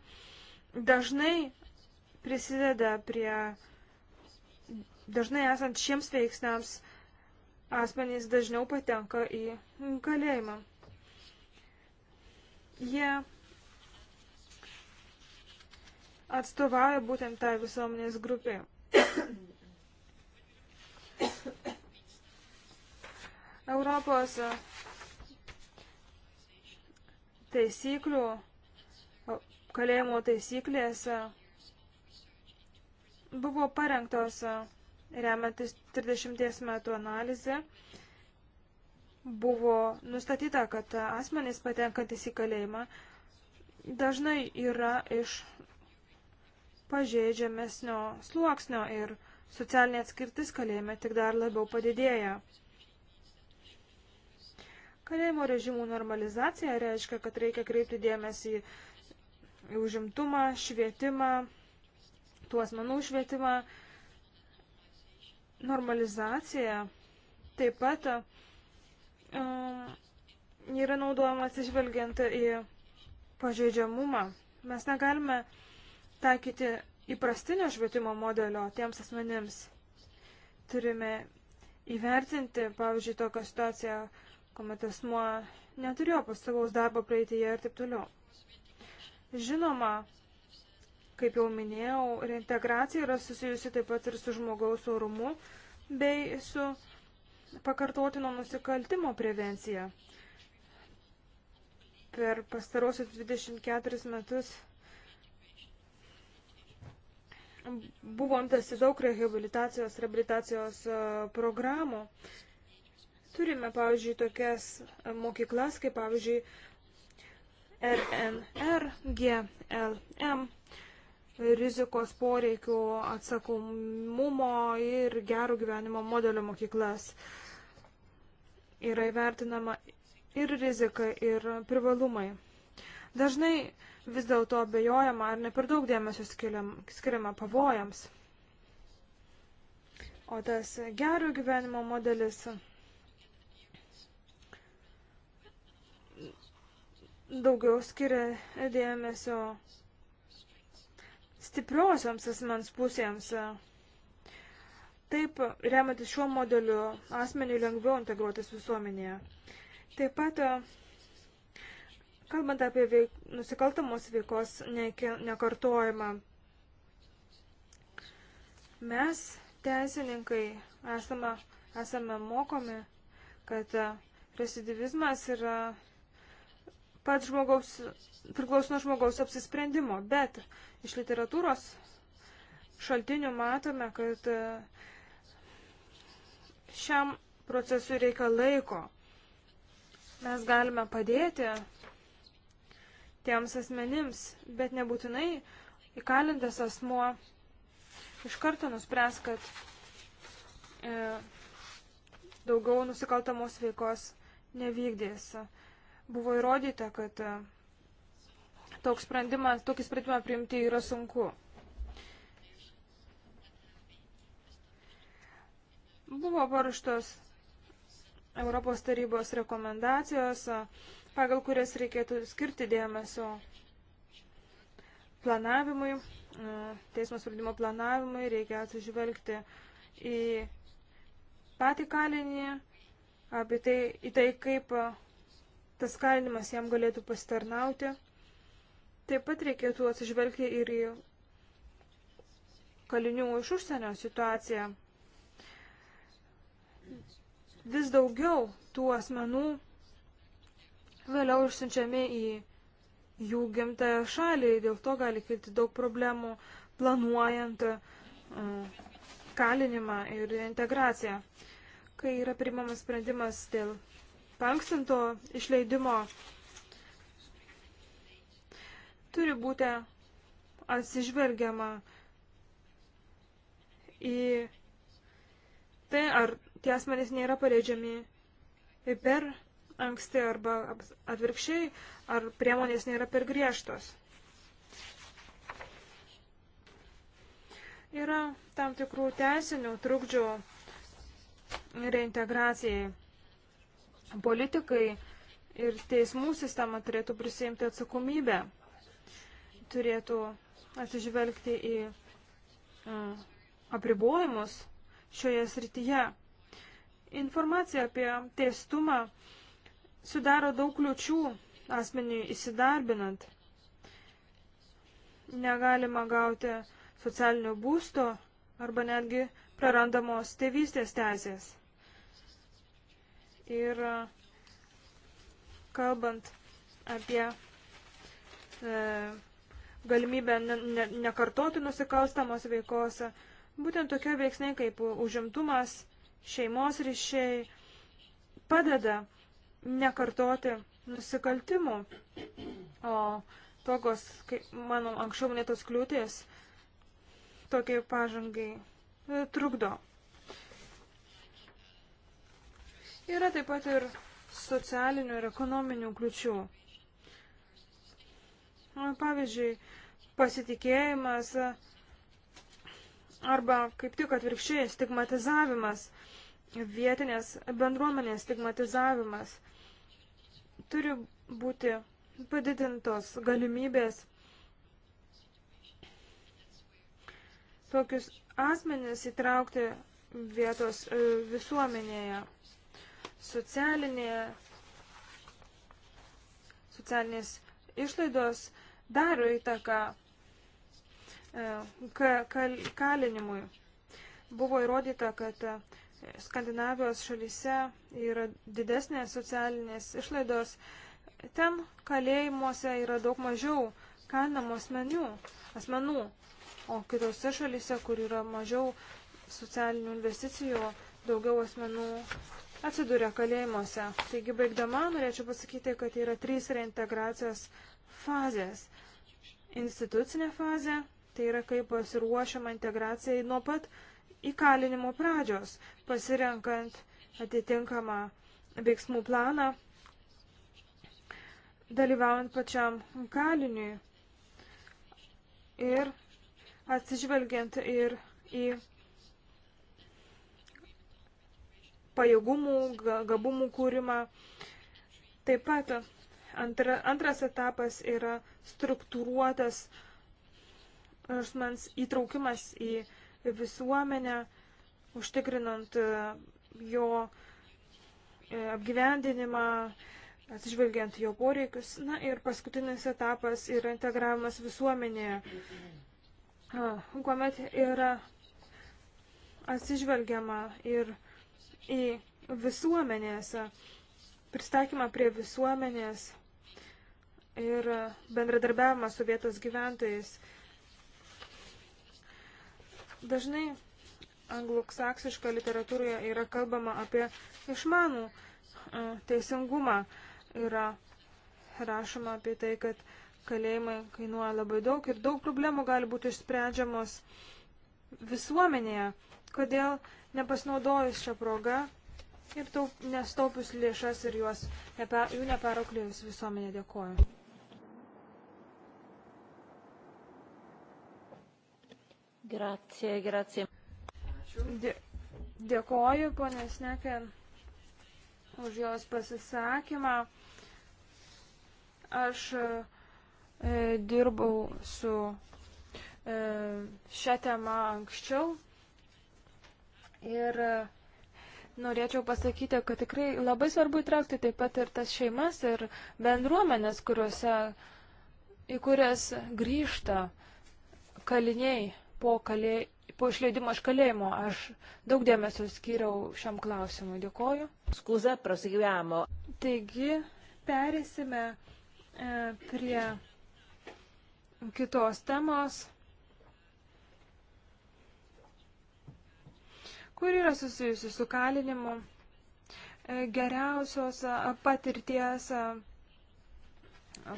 dažnai prisideda prie dažnai esant šiems veiksniams asmenys dažniau patenka į kalėjimą. Jie atstovauja būtent tai visuomenės grupiai. Europos taisyklių, kalėjimo taisyklėse buvo parengtos remiantis 30 metų analizė. Buvo nustatyta, kad asmenys patenkantis į kalėjimą dažnai yra iš pažeidžiamesnio sluoksnio ir socialinė atskirtis kalėjime tik dar labiau padidėja. Kalėjimo režimų normalizacija reiškia, kad reikia kreipti dėmesį į užimtumą, švietimą, tų asmenų švietimą. Normalizacija taip pat um, yra naudojamas išvelgiant į pažeidžiamumą. Mes negalime taikyti įprastinio švietimo modelio tiems asmenims. Turime įvertinti, pavyzdžiui, tokią situaciją, kuomet asmuo neturėjo pastovaus darbo praeitėje ir taip toliau. Žinoma, kaip jau minėjau, reintegracija yra susijusi taip pat ir su žmogaus orumu bei su pakartotino nusikaltimo prevencija. Per pastarosius 24 metus buvo imtasi daug rehabilitacijos, rehabilitacijos e, programų. Uh, Turime, pavyzdžiui, tokias e, mokyklas, kaip, pavyzdžiui, RNR, GLM, rizikos poreikių atsakomumo ir gerų gyvenimo modelio mokyklas. Yra įvertinama ir rizika, ir privalumai. Dažnai vis dėlto abejojama ar ne per daug dėmesio skiriam, skiriama pavojams. O tas gerų gyvenimo modelis daugiau skiria dėmesio stipriosioms asmens pusėms. Taip, remiantis šiuo modeliu, asmeniui lengviau integruotis visuomenėje. Taip pat, kalbant apie veik, nusikaltamos veikos nekartojimą, mes, teisininkai, esame, esame mokomi, kad recidivizmas yra pat žmogaus, priklauso nuo žmogaus apsisprendimo, bet iš literatūros šaltinių matome, kad e, šiam procesui reikia laiko. Mes galime padėti tiems asmenims, bet nebūtinai įkalintas asmuo iš karto nuspręs, kad e, daugiau nusikaltamos veikos nevykdės. E, Buvo įrodyta, kad e, toks sprendimas, tokį sprendimą priimti yra sunku. Buvo paruštos Europos tarybos rekomendacijos, e, pagal kurias reikėtų skirti dėmesio planavimui, e, teismo sprendimo planavimui, reikia atsižvelgti į patį kalinį, apie tai, į tai, kaip tas kalinimas jam galėtų pasitarnauti. Taip pat reikėtų atsižvelgti ir į kalinių iš užsienio situaciją. Vis daugiau tų asmenų vėliau išsiunčiami į jų gimtąją šalį, dėl to gali kilti daug problemų planuojant e, kalinimą ir integraciją. Kai yra primamas sprendimas dėl pankstinto išleidimo turi būti atsižvelgiama į tai, ar tie asmenys nėra paleidžiami per anksti arba atvirkščiai, ar priemonės nėra per griežtos. Yra tam tikrų teisinių trukdžių reintegracijai politikai ir teismų sistema turėtų prisijimti atsakomybę, turėtų atsižvelgti į e, apribojimus šioje srityje. Informacija apie teistumą sudaro daug kliučių asmeniui įsidarbinant. Negalima gauti socialinio būsto arba netgi prarandamos tėvystės teisės ir e, kalbant apie e, galimybę ne, ne, nekartoti nusikalstamos veikos, būtent tokie veiksniai kaip užimtumas, šeimos ryšiai padeda nekartoti nusikaltimų. O tokios, kaip mano anksčiau minėtos kliūtis, tokiai pažangai e, trukdo. Yra taip pat ir socialinių ir ekonominių kliučių. Pavyzdžiui, pasitikėjimas arba kaip tik atvirkščiai stigmatizavimas, vietinės bendruomenės stigmatizavimas. Turi būti padidintos galimybės tokius asmenis įtraukti vietos e, visuomenėje socialinė, socialinės išlaidos daro įtaką e, kalinimui. Buvo įrodyta, kad e, Skandinavijos šalyse yra didesnės socialinės išlaidos. Ten kalėjimuose yra daug mažiau kalinamų asmenių, asmenų, o kitose šalyse, kur yra mažiau socialinių investicijų, daugiau asmenų atsiduria kalėjimuose. Taigi baigdama norėčiau pasakyti, kad yra trys reintegracijos fazės. Institucinė fazė, tai yra kaip pasiruošiama integracijai nuo pat įkalinimo pradžios, pasirenkant atitinkamą veiksmų planą, dalyvaujant pačiam kaliniui ir atsižvelgiant ir į pajėgumų, gabumų kūrimą. Taip pat antra, antras etapas yra struktūruotas asmens įtraukimas į visuomenę, užtikrinant e, jo e, apgyvendinimą, atsižvelgiant jo poreikius. Na ir paskutinis etapas yra integravimas visuomenėje, kuomet yra atsižvelgiama ir į visuomenės, pristatymą prie visuomenės ir bendradarbiavimą su vietos gyventojais. Dažnai anglosaksiška literatūroje yra kalbama apie išmanų e, teisingumą. Yra rašoma apie tai, kad kalėjimai kainuoja labai daug ir daug problemų gali būti išsprendžiamos visuomenėje. Kodėl nepasinaudojus šią progą ir taup, nestaupius lėšas ir juos, nepe, jų neperauklėjus visuomenė dėkoju. Grazie, grazie. Dė, dėkoju, ponė Snekė, už jos pasisakymą. Aš e, dirbau su e, šią temą anksčiau Ir e, norėčiau pasakyti, kad tikrai labai svarbu įtraukti taip pat ir tas šeimas ir bendruomenės, kuriuose, į kurias grįžta kaliniai po, kalė, po išleidimo iš kalėjimo. Aš daug dėmesio skyriau šiam klausimui. Dėkoju. Skuza, prasigyvėjamo. Taigi, perėsime e, prie kitos temos. kuri yra susijusi su kalinimu e, geriausios e, patirties e,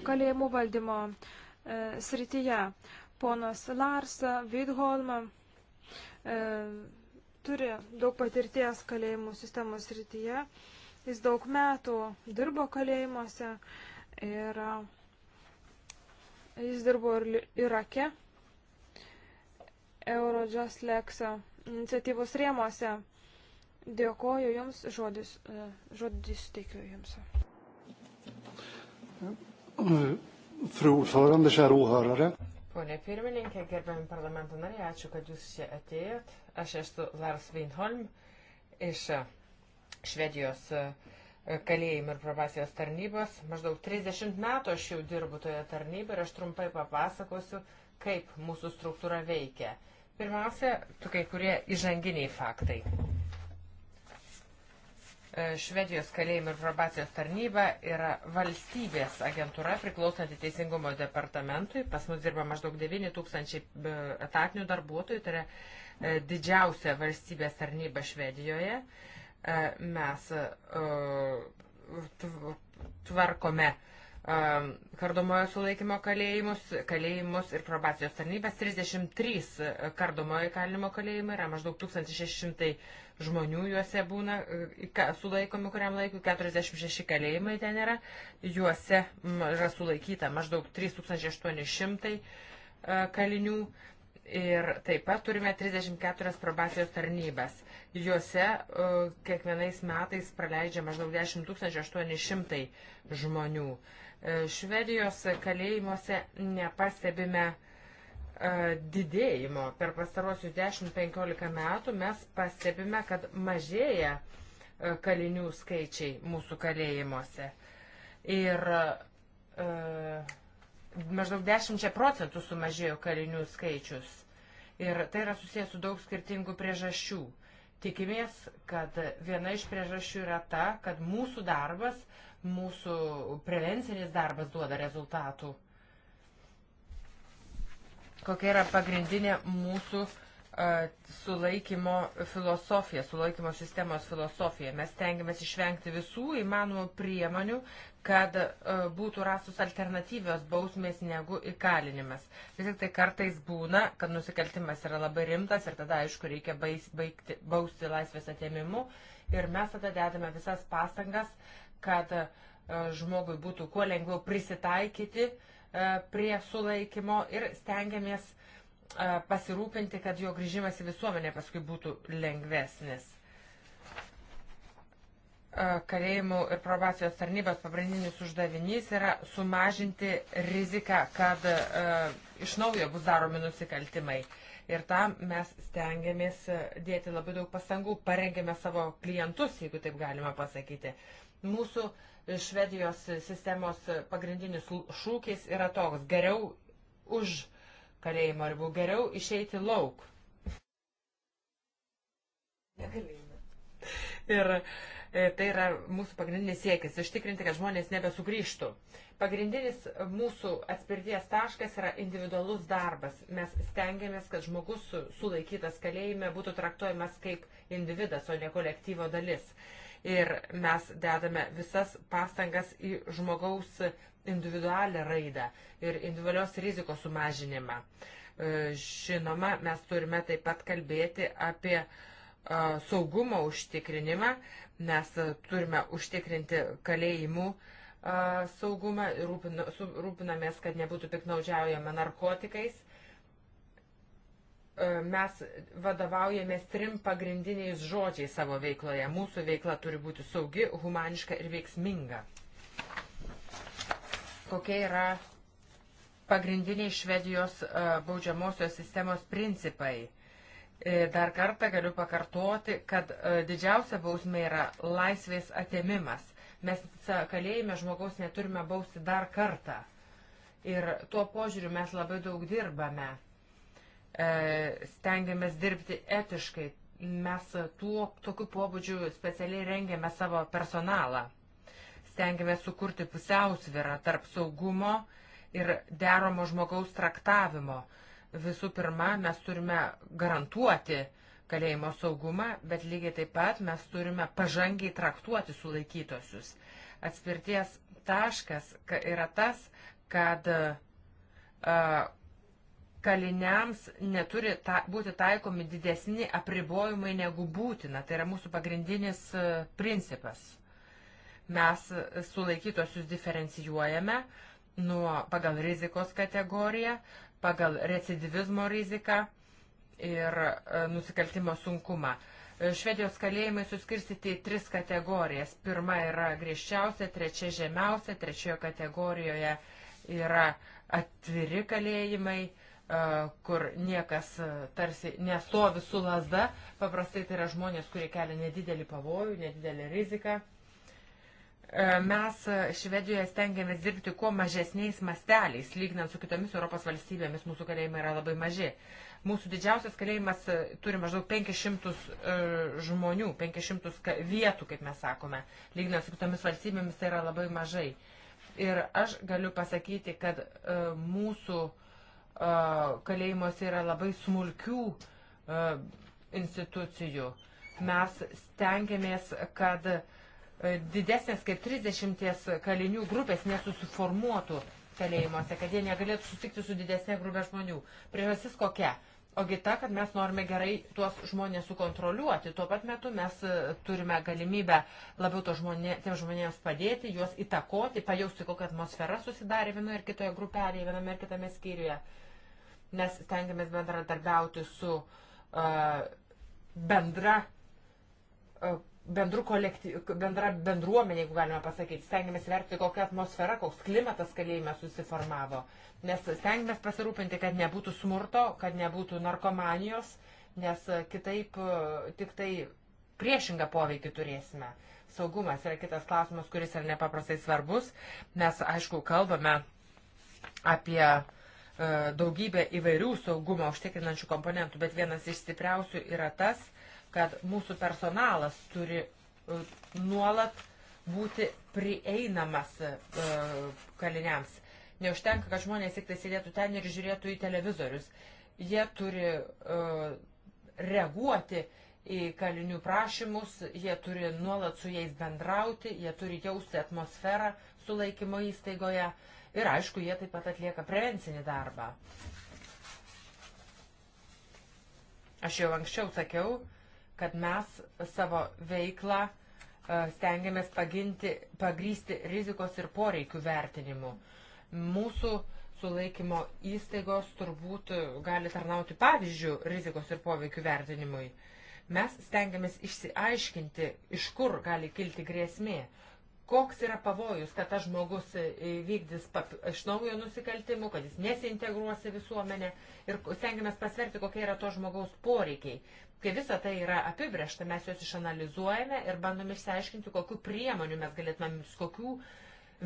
kalėjimų valdymo srityje. Ponas Lars Vidholm turi daug patirties kalėjimų sistemos srityje. Jis daug metų dirbo kalėjimuose ir jis dirbo ir Irake. Ir Eurodžios Lekso iniciatyvos rėmose. Dėkoju Jums, žodis, e, žodis teikiu Jums. Fru ordförande, kära åhörare. Pone pirmininkė, gerbiami parlamento nariai, ačiū, kad jūs čia atėjot. Aš esu Lars Weinholm iš Švedijos e, kalėjimų ir probacijos tarnybos. Maždaug 30 metų aš jau dirbu toje tarnyboje ir aš trumpai papasakosiu, kaip mūsų struktūra veikia. Pirmiausia, tokie kurie įžanginiai faktai. E, Švedijos kalėjimų ir probacijos tarnyba yra valstybės agentūra priklausanti Teisingumo departamentui. Pas mus dirba maždaug 9 tūkstančiai etatinių darbuotojų, tai yra e, didžiausia valstybės tarnyba Švedijoje. E, mes tvarkome uh, Um, kardomojo sulaikymo kalėjimus, kalėjimus ir probacijos tarnybas. 33 uh, kardomojo įkalinimo kalėjimai yra maždaug 1600 žmonių juose būna uh, sulaikomi kuriam laikui, 46 kalėjimai ten yra, juose yra sulaikyta maždaug 3800 uh, kalinių. Ir taip pat turime 34 probacijos tarnybas. Juose kiekvienais metais praleidžia maždaug 10 800 žmonių. Uh, E, Švedijos kalėjimuose nepastebime e, didėjimo. Per pastarosius 10-15 metų mes pastebime, kad mažėja e, kalinių skaičiai mūsų kalėjimuose. Ir e, maždaug 10 procentų sumažėjo kalinių skaičius. Ir tai yra susijęs su daug skirtingų priežasčių. Tikimės, kad viena iš priežasčių yra ta, kad mūsų darbas uh, mūsų prevencinis darbas duoda rezultatų. Kokia yra pagrindinė mūsų e, sulaikymo filosofija, sulaikymo sistemos filosofija. Mes tengiamės išvengti visų įmanomų priemonių, kad e, būtų rastus alternatyvios bausmės negu įkalinimas. Vis tik tai kartais būna, kad nusikaltimas yra labai rimtas ir tada, aišku, reikia baigti, bausti laisvės atėmimu ir mes tada dedame visas pastangas, kad e, žmogui būtų kuo lengviau prisitaikyti e, prie sulaikymo ir stengiamės e, pasirūpinti, kad jo grįžimas į visuomenę paskui būtų lengvesnis. Kalėjimų ir probacijos tarnybos pagrindinis uždavinys yra sumažinti riziką, kad iš naujo bus daromi nusikaltimai. Ir tam mes stengiamės dėti labai daug pasangų, parengėme savo klientus, jeigu taip galima pasakyti. Mūsų Švedijos sistemos pagrindinis šūkis yra toks - geriau už kalėjimo ribų, geriau išeiti lauk. Negalėjime. Ir e, tai yra mūsų pagrindinis siekis - ištikrinti, kad žmonės nebesugrįžtų. Pagrindinis mūsų atspirties taškas yra individualus darbas. Mes stengiamės, kad žmogus sulaikytas kalėjime būtų traktuojamas kaip individas, o ne kolektyvo dalis. Uh, ir mes dedame visas pastangas į žmogaus individualią raidą ir individualios rizikos sumažinimą. E, žinoma, mes turime taip pat kalbėti apie e, saugumo užtikrinimą, mes turime užtikrinti kalėjimų e, saugumą, rūpinamės, kad nebūtų piknaudžiaujama narkotikais E, mes vadovaujamės trim pagrindiniais žodžiais savo veikloje. Mūsų veikla turi būti saugi, humaniška ir veiksminga. Kokie yra pagrindiniai Švedijos e, baudžiamosios sistemos principai? E, dar kartą galiu pakartoti, kad didžiausia bausmė yra laisvės atėmimas. Mes kalėjime žmogaus neturime bausti dar kartą. Ir tuo požiūriu mes labai daug dirbame E, stengiamės dirbti etiškai. Mes tuo, tokiu pobūdžiu specialiai rengiame savo personalą. Stengiamės sukurti pusiausvyrą tarp saugumo ir deromo žmogaus traktavimo. Visų pirma, mes turime garantuoti kalėjimo saugumą, bet lygiai taip pat mes turime pažangiai traktuoti sulaikytosius. Atspirties taškas yra tas, kad uh, kaliniams neturi ta, būti taikomi didesni apribojimai negu būtina. Tai yra mūsų pagrindinis e, principas. Mes e, sulaikytosius diferencijuojame nuo, pagal rizikos kategoriją, pagal recidivizmo riziką ir e, nusikaltimo sunkumą. Švedijos kalėjimai suskirstyti į tris kategorijas. Pirma yra griežčiausia, trečia žemiausia, trečiojo kategorijoje yra atviri kalėjimai, kur niekas tarsi nestovi su lasda. Paprastai tai yra žmonės, kurie kelia nedidelį pavojų, nedidelį riziką. Mes Švedijoje stengiamės dirbti kuo mažesniais masteliais, lygnant su kitomis Europos valstybėmis, mūsų kalėjimai yra labai maži. Mūsų didžiausias kalėjimas turi maždaug 500 žmonių, 500 vietų, kaip mes sakome. Lygnant su kitomis valstybėmis tai yra labai mažai. Ir aš galiu pasakyti, kad mūsų kalėjimuose yra labai smulkių institucijų. Mes stengiamės, kad didesnės kaip 30 kalinių grupės nesusiformuotų kalėjimuose, kad jie negalėtų susitikti su didesnė grupė žmonių. Priežastis kokia? Ogi ta, kad mes norime gerai tuos žmonės sukontroliuoti. Tuo pat metu mes e, turime galimybę labiau žmonė, tiem žmonėms padėti, juos įtakoti, pajausti, kokią atmosferą susidarė vienoje ir kitoje grupelėje, viename ir kitame skyriuje. Uh, Mes stengiamės bendradarbiauti su uh, bendra, uh, bendru kolektyv, bendra bendruomenė, jeigu galima pasakyti. Stengiamės verti, kokia atmosfera, koks klimatas kalėjime susiformavo. Nes stengiamės pasirūpinti, kad nebūtų smurto, kad nebūtų narkomanijos, nes kitaip uh, tik tai priešingą poveikį turėsime. Saugumas yra kitas klausimas, kuris yra nepaprastai svarbus. Mes, aišku, kalbame apie uh, E, daugybę įvairių saugumą užtikrinančių komponentų, bet vienas iš stipriausių yra tas, kad mūsų personalas turi e, nuolat būti prieinamas e, kaliniams. Neužtenka, kad žmonės tik tai sėdėtų ten ir žiūrėtų į televizorius. Jie turi reaguoti į kalinių prašymus, jie turi nuolat su jais bendrauti, jie turi jausti atmosferą sulaikymo įstaigoje. Uh, Ir aišku, jie taip pat atlieka prevencinį darbą. Aš jau anksčiau sakiau, kad mes savo veiklą e, stengiamės paginti, pagrysti rizikos ir poreikių vertinimu. Mūsų sulaikymo įstaigos turbūt gali tarnauti pavyzdžių rizikos ir poveikių vertinimui. Mes stengiamės išsiaiškinti, iš kur gali kilti grėsmė koks yra pavojus, kad tas žmogus e, e, vykdys pap, iš naujo nusikaltimų, kad jis nesintegruos į visuomenę ir stengiamės pasverti, kokie yra to žmogaus poreikiai. Kai visa tai yra apibriešta, mes juos išanalizuojame ir bandome išsiaiškinti, kokiu priemoniu mes galėtumėm, kokių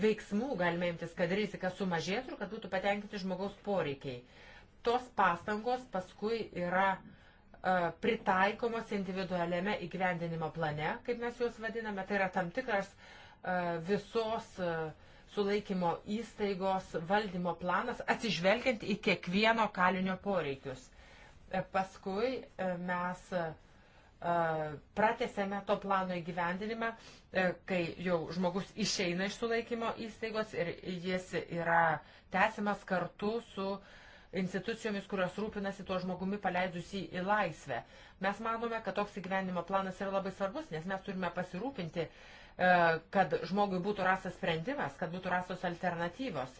veiksmų galime imtis, kad rizika sumažėtų ir kad būtų patenkinti žmogaus poreikiai. Tos pastangos paskui yra e, pritaikomos individualiame įgyvendinimo plane, kaip mes juos vadiname, tai yra tam tikras uh, E, visos e, sulaikymo įstaigos valdymo planas, atsižvelgiant į kiekvieno kalinio poreikius. E, paskui mes pratesėme to plano įgyvendinimą, kai jau žmogus išeina iš sulaikymo įstaigos ir jis yra tęsiamas kartu su institucijomis, kurios rūpinasi tuo žmogumi paleidus jį į laisvę. Mes manome, kad toks įgyvenimo planas yra labai svarbus, nes mes turime pasirūpinti uh, E, kad žmogui būtų rastas sprendimas, kad būtų rastos alternatyvos.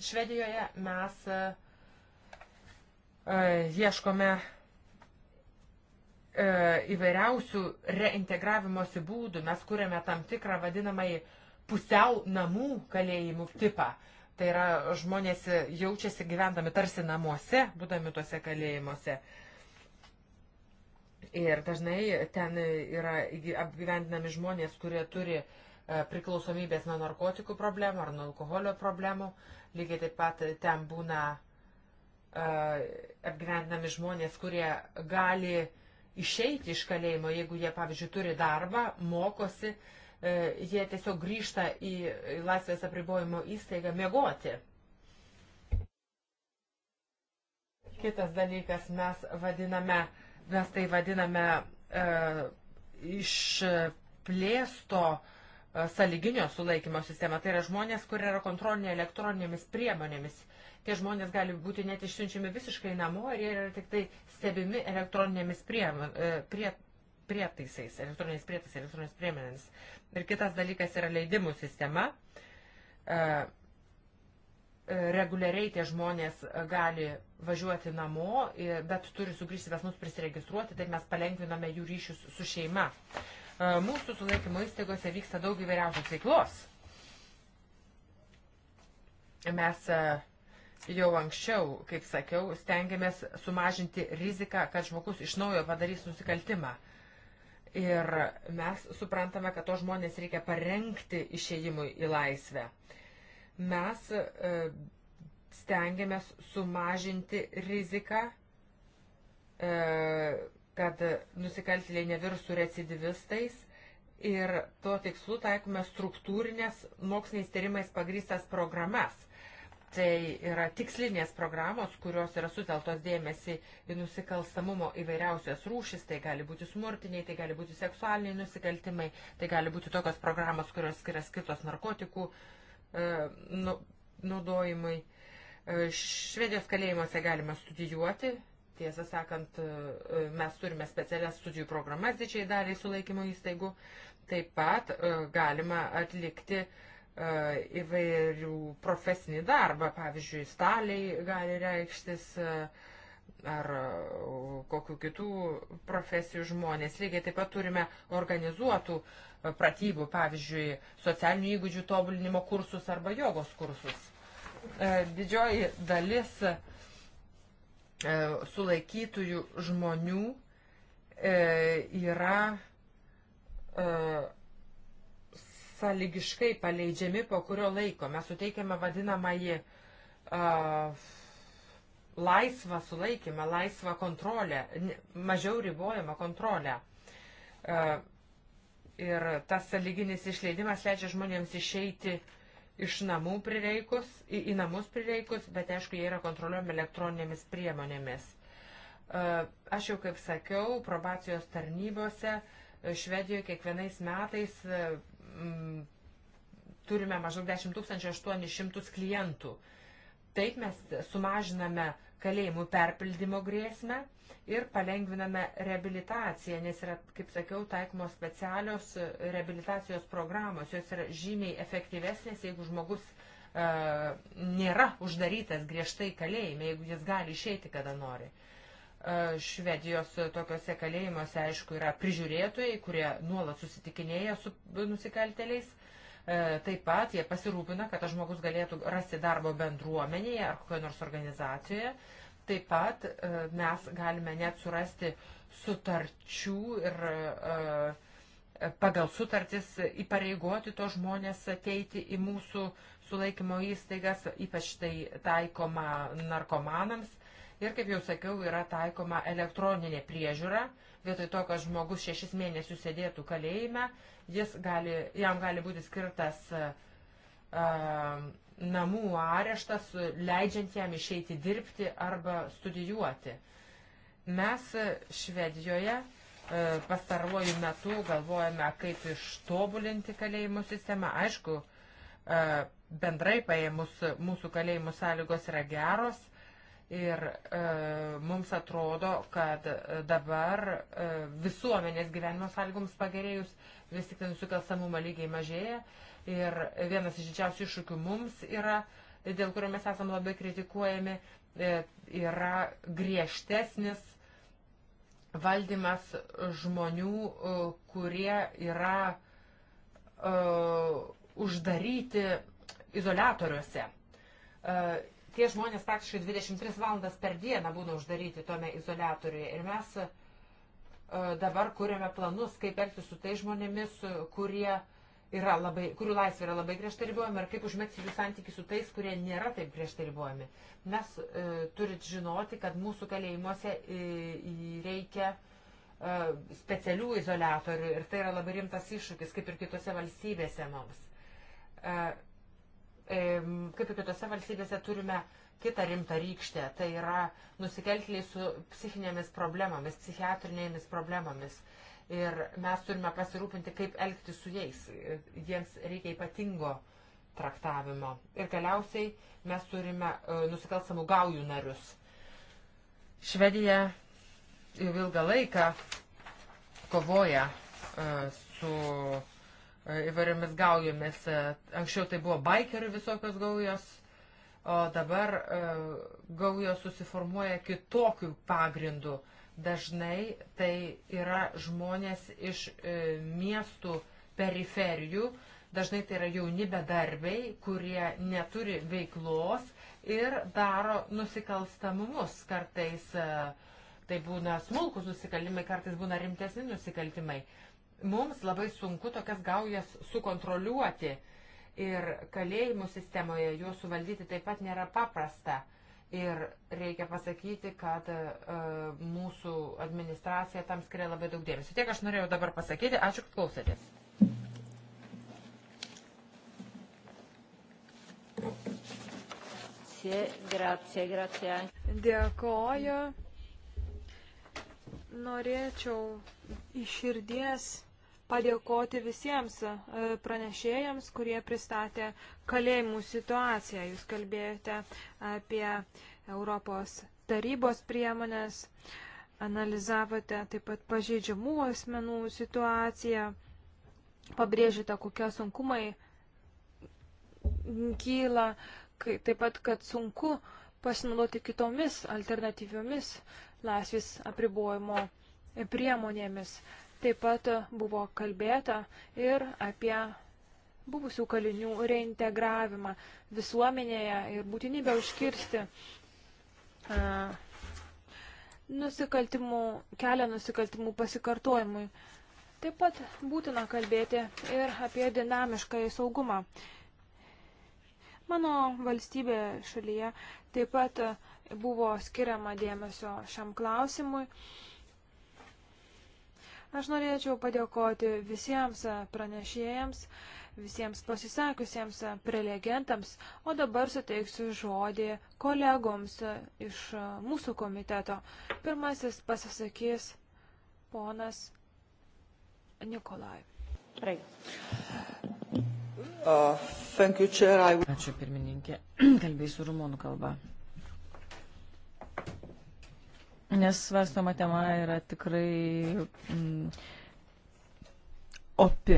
Švedijoje mes e, e, ieškome įvairiausių reintegravimosi būdų, mes kūrėme tam tikrą vadinamąjį pusiau namų kalėjimų tipą. Tai yra žmonės jaučiasi gyvendami tarsi namuose, būdami tuose kalėjimuose. Uh, Ir dažnai ten yra apgyvendinami žmonės, kurie turi e, priklausomybės nuo narkotikų problemų ar nuo alkoholio problemų. Lygiai taip pat ten būna e, apgyvendinami žmonės, kurie gali išeiti iš kalėjimo, jeigu jie, pavyzdžiui, turi darbą, mokosi, e, jie tiesiog grįžta į laisvės apribojimo įstaigą miegoti. Kitas dalykas mes vadiname uh, mes tai vadiname e, išplėsto e, saliginio sulaikymo sistema. Tai yra žmonės, kurie yra kontrolinė elektroninėmis priemonėmis. Tie žmonės gali būti net išsiunčiami visiškai namo ir jie yra tik tai stebimi elektroninėmis priemonėmis. E, prie, prietaisais, elektroniniais prietaisais, elektroninės priemonėmis. Ir kitas dalykas yra leidimų sistema. Uh, e, reguliariai tie žmonės e, gali važiuoti namo, bet turi sugrįžti pas mus prisiregistruoti, tai mes palengviname jų ryšius su šeima. E, mūsų sulaikymo įstaigose vyksta daug įvairiausios veiklos. Mes e, jau anksčiau, kaip sakiau, stengiamės sumažinti riziką, kad žmogus iš naujo padarys nusikaltimą. Ir mes suprantame, kad to žmonės reikia parengti išėjimui į laisvę. Uh, Mes e, stengiamės sumažinti riziką, e, kad nusikaltėliai nevirsų recidivistais ir tuo tikslu taikome struktūrinės moksliniais tyrimais pagrystas programas. Tai yra tikslinės programos, kurios yra suteltos dėmesį į nusikalstamumo įvairiausias rūšis, tai gali būti smurtiniai, tai gali būti seksualiniai nusikaltimai, tai gali būti tokios programos, kurios yra skirtos narkotikų uh, E, nu, naudojimui. E, Švedijos kalėjimuose galima studijuoti. Tiesą sakant, e, mes turime specialias studijų programas didžiai daliai sulaikymo įstaigų. Taip pat galima atlikti įvairių profesinį darbą. Pavyzdžiui, staliai gali reikštis ar e, kokių kitų profesijų žmonės. Lygiai taip pat turime organizuotų e, pratybų, pavyzdžiui, socialinių įgūdžių tobulinimo kursus arba jogos kursus. E, didžioji dalis sulaikytųjų žmonių yra sąlygiškai paleidžiami po kurio laiko. Mes suteikiame vadinamąjį uh, laisvą sulaikymą, laisvą kontrolę, mažiau ribojamą kontrolę. E, ir tas saliginis išleidimas leidžia žmonėms išeiti iš namų prireikus, į, į namus prireikus, bet aišku, jie yra kontroliuojami elektroninėmis priemonėmis. E, aš jau kaip sakiau, probacijos tarnybose e, Švedijoje kiekvienais metais m, turime maždaug 10 800 klientų. Uh, Taip mes sumažiname kalėjimų perpildymo grėsmę ir palengviname reabilitaciją, nes yra, kaip sakiau, taikomos specialios reabilitacijos programos, jos yra žymiai efektyvesnės, jeigu žmogus e, nėra uždarytas griežtai kalėjime, jeigu jis gali išeiti kada nori. E, švedijos tokiuose kalėjimuose, aišku, yra prižiūrėtojai, kurie nuolat susitikinėja su nusikalteliais E, taip pat jie pasirūpina, kad tas žmogus galėtų rasti darbo bendruomenėje ar kokioje nors organizacijoje. Taip pat e, mes galime net surasti sutarčių ir e, pagal sutartis įpareigoti to žmonės ateiti į mūsų sulaikymo įstaigas, ypač tai taikoma narkomanams. Ir, kaip jau sakiau, yra taikoma elektroninė priežiūra. Vietoj to, kad žmogus šešis mėnesius sėdėtų kalėjime, jis gali, jam gali būti skirtas uh, namų areštas, leidžiant jam išeiti dirbti arba studijuoti. Mes Švedijoje uh, pastaruoju metu galvojame, kaip ištobulinti kalėjimų sistemą. Aišku, uh, bendrai paėmus mūsų kalėjimų sąlygos yra geros, Ir e, mums atrodo, kad dabar e, visuomenės gyvenimo sąlygoms pagerėjus vis tik tai nusikalstamumą lygiai mažėja. Ir vienas iš didžiausių iššūkių mums yra, dėl kurio mes esam labai kritikuojami, e, yra griežtesnis valdymas žmonių, e, kurie yra uh, uždaryti izolatoriuose. Uh, tie žmonės praktiškai 23 valandas per dieną būna uždaryti tome izolatoriuje. Ir mes uh, E, dabar kuriame planus, kaip elgtis su tai žmonėmis, kurie yra labai, kurių laisvė yra labai griežtai ribojama ir kaip užmėgti jų santykių su tais, kurie nėra taip griežtai ribojami. Mes e, turit žinoti, kad mūsų kalėjimuose e, reikia e, specialių izolatorių ir tai yra labai rimtas iššūkis, kaip ir kitose valstybėse mums. E, e, kaip ir kitose valstybėse turime e, kitą rimtą rykštę, tai yra nusikeltėliai su psichinėmis problemomis, psichiatrinėmis problemomis. Ir mes turime pasirūpinti, kaip elgti su jais. Jiems reikia ypatingo traktavimo. Ir galiausiai mes turime e, nusikalstamų gaujų narius. Švedija jau ilgą laiką kovoja e, su e, įvairiomis gaujomis. Anksčiau tai buvo baikerių visokios gaujos o dabar e, gaujos susiformuoja kitokių pagrindų. Dažnai tai yra žmonės iš e, miestų periferijų, dažnai tai yra jauni bedarbiai, kurie neturi veiklos ir daro nusikalstamumus. Kartais e, tai būna smulkus nusikaltimai, kartais būna rimtesni nusikaltimai. Mums labai sunku tokias gaujas sukontroliuoti ir kalėjimų sistemoje juos suvaldyti taip pat nėra paprasta. Ir reikia pasakyti, kad e, mūsų administracija tam skiria labai daug dėmesio. Tiek aš norėjau dabar pasakyti. Ačiū, kad klausėtės. Grazie, grazie. Dėkoju. Norėčiau iš širdies padėkoti visiems e, pranešėjams, kurie pristatė kalėjimų situaciją. Jūs kalbėjote apie Europos tarybos priemonės, analizavote taip pat pažeidžiamų asmenų situaciją, pabrėžėte, kokie sunkumai kyla, taip pat, kad sunku pasinaudoti kitomis alternatyviomis laisvės apribojimo priemonėmis. Taip pat buvo kalbėta ir apie buvusių kalinių reintegravimą visuomenėje ir būtinybę užkirsti nusikaltimų, kelią nusikaltimų pasikartojimui. Taip pat būtina kalbėti ir apie dinamišką saugumą. Mano valstybė šalyje taip pat buvo skiriama dėmesio šiam klausimui. Uh, Aš norėčiau padėkoti visiems pranešėjams, visiems pasisakiusiems prelegentams, o dabar suteiksiu žodį kolegoms iš mūsų komiteto. Pirmasis pasisakys ponas Nikolai. Uh, Ačiū pirmininkė, kalbėsiu rumonų kalbą nes svarstama tema yra tikrai mm, opi.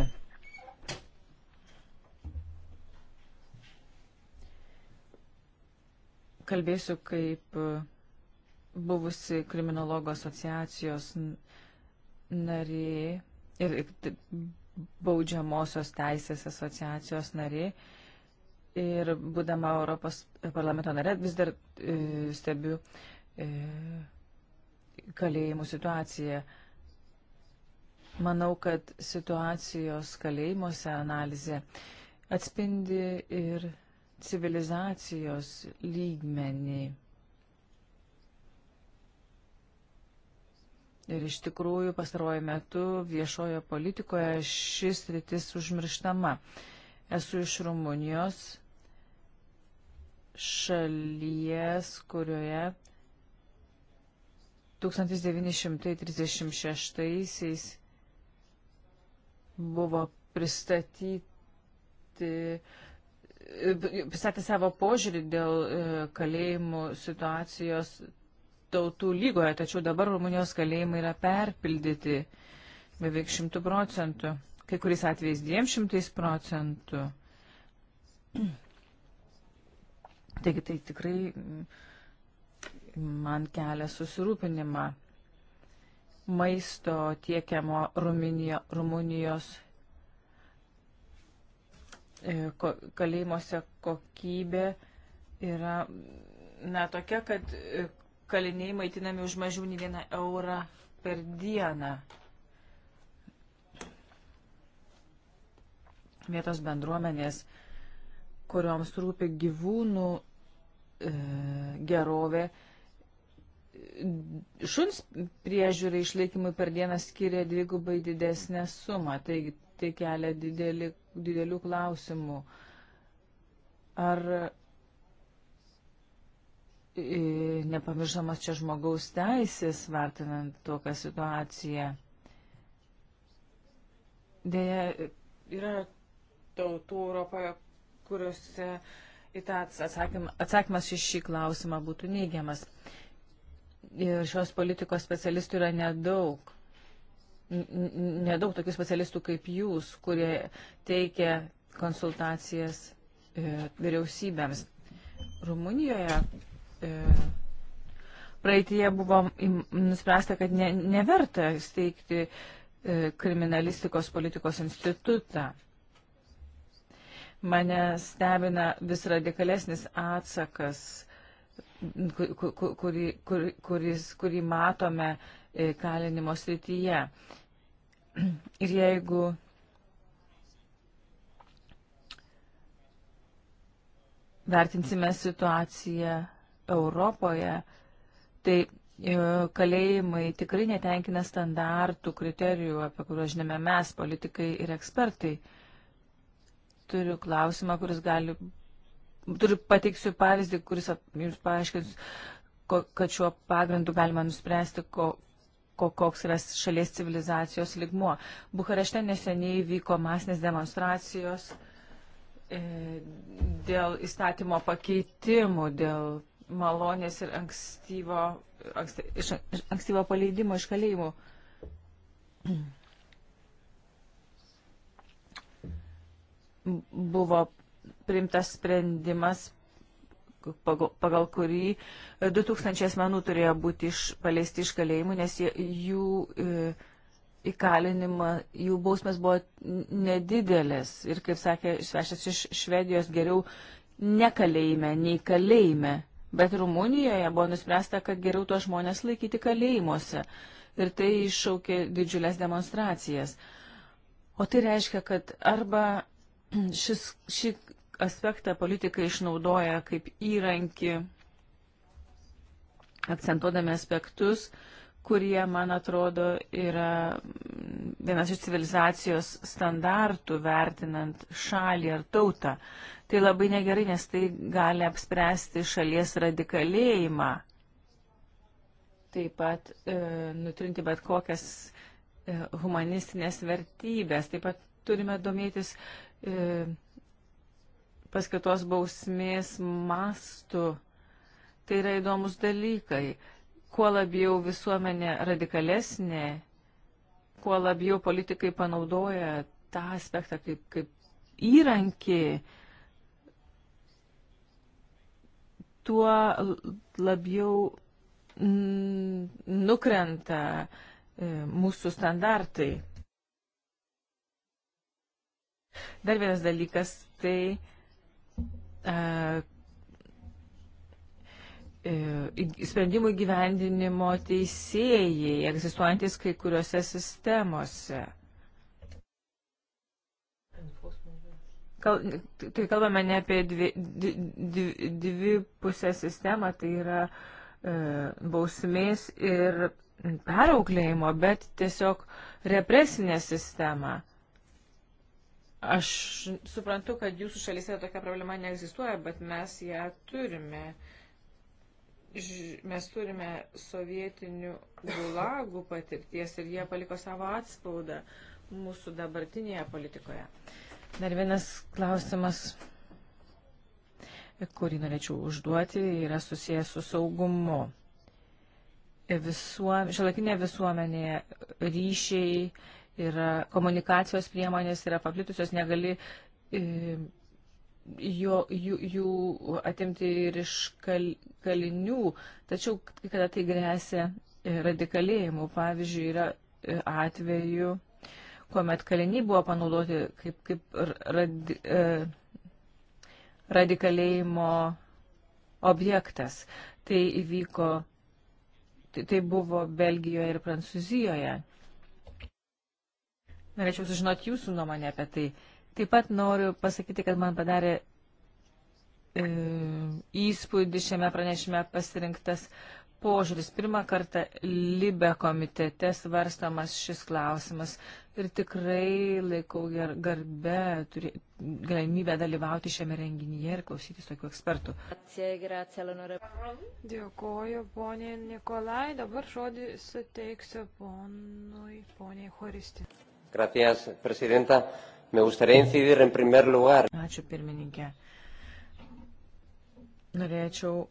Kalbėsiu kaip e, buvusi kriminologų asociacijos narė ir baudžiamosios teisės asociacijos narė. Ir būdama Europos parlamento narė vis dar e, stebiu e, kalėjimų situaciją. Manau, kad situacijos kalėjimuose analizė atspindi ir civilizacijos lygmenį. Ir iš tikrųjų pastaruoju metu viešojo politikoje šis rytis užmirštama. Esu iš Rumunijos šalies, kurioje 1936-aisiais buvo pristatyti, pristatė savo požiūrį dėl e, kalėjimų situacijos tautų lygoje, tačiau dabar Rumunijos kalėjimai yra perpildyti beveik šimtų procentų, kai kuriais atvejais dviem šimtais procentų. Taigi tai tikrai man kelia susirūpinimą. Maisto tiekiamo Ruminijo, Rumunijos e, kalėjimuose kokybė yra na, tokia, kad e, kaliniai maitinami už mažiau nei vieną eurą per dieną. Vietos bendruomenės, kurioms rūpi gyvūnų e, gerovė, e, šuns priežiūrai išlaikymui per dieną skiria dvigubai didesnę sumą, taigi tai kelia didelį, didelių klausimų. Ar e, nepamiršamas čia žmogaus teisės, vertinant tokią situaciją? Deja, yra tautų Europoje, kuriuose į tą atsakymą, atsakymas į šį klausimą būtų neigiamas. Uh, ir šios politikos specialistų yra nedaug. Nedaug tokių specialistų kaip jūs, kurie teikia konsultacijas e, vyriausybėms. Rumunijoje e, praeitie buvo nuspręsta, kad ne, neverta steigti e, kriminalistikos politikos institutą. Mane stebina vis radikalesnis atsakas kurį, kur, kuris, kurį matome e, kalinimo srityje. Ir jeigu vertinsime situaciją Europoje, tai e, kalėjimai tikrai netenkina standartų, kriterijų, apie kuriuos žinome mes, politikai ir ekspertai. Turiu klausimą, kuris gali turiu pateiksiu pavyzdį, kuris jums paaiškins, kad šiuo pagrindu galima nuspręsti, ko, ko, koks yra šalies civilizacijos ligmuo. Bukarešte neseniai vyko masinės demonstracijos e, dėl įstatymo pakeitimų, dėl malonės ir ankstyvo, anksti, iš, iš, ankstyvo paleidimo iš kalėjimų. Buvo primtas sprendimas, pagal, pagal kurį 2000 e, asmenų turėjo būti iš, paleisti iš kalėjimų, nes jie, jų e, įkalinimą, jų bausmės buvo nedidelės. Ir kaip sakė svečias iš Švedijos, geriau ne kalėjime, nei kalėjime. Bet Rumunijoje buvo nuspręsta, kad geriau tuos žmonės laikyti kalėjimuose. Ir tai iššaukė didžiulės demonstracijas. O tai reiškia, kad arba šis, ši aspektą politikai išnaudoja kaip įrankį, akcentuodami aspektus, kurie, man atrodo, yra vienas iš civilizacijos standartų vertinant šalį ar tautą. Tai labai negerai, nes tai gali apspręsti šalies radikalėjimą. Taip pat e, nutrinti bet kokias e, humanistinės vertybės. Taip pat turime domėtis e, paskirtos bausmės mastu. Tai yra įdomus dalykai. Kuo labiau visuomenė radikalesnė, kuo labiau politikai panaudoja tą aspektą kaip, kaip įrankį, tuo labiau nukrenta e, mūsų standartai. Dar vienas dalykas tai E, sprendimų gyvendinimo teisėjai, egzistuojantis kai kuriuose sistemose. Kal, tai kalbame ne apie dvi, dvi, dvi pusę sistemą, tai yra e, bausmės ir perauklėjimo, bet tiesiog represinę sistemą. E, Aš suprantu, kad jūsų šalyse tokia problema neegzistuoja, bet mes ją turime. Mes turime sovietinių gulagų patirties ir jie paliko savo atspaudą mūsų dabartinėje politikoje. Dar vienas klausimas, kurį norėčiau užduoti, yra susijęs su saugumu. Visuom, šiolakinė visuomenė ryšiai yra komunikacijos priemonės, yra paplitusios, negali e, jo, jų, jų atimti ir iš kal, kalinių, tačiau kada tai grėsia e, radikalėjimu. Pavyzdžiui, yra e, atveju, kuomet kaliniai buvo panaudoti kaip, kaip radi, radikalėjimo objektas. Tai įvyko, tai, tai buvo Belgijoje ir Prancūzijoje. Norėčiau sužinoti jūsų nuomonę apie tai. Taip pat noriu pasakyti, kad man padarė e, įspūdį šiame pranešime pasirinktas požiūris. Pirmą kartą Libe komitete svarstamas šis klausimas ir tikrai laikau garbę turi, galimybę dalyvauti šiame renginyje ir klausytis tokių ekspertų. Dėkoju, ponė Nikolai. Dabar žodį suteiksiu ponui, poniai Horistė. Gracias, presidenta. Me gustaría incidir en primer lugar. Ačiū pirmininkė. Norėčiau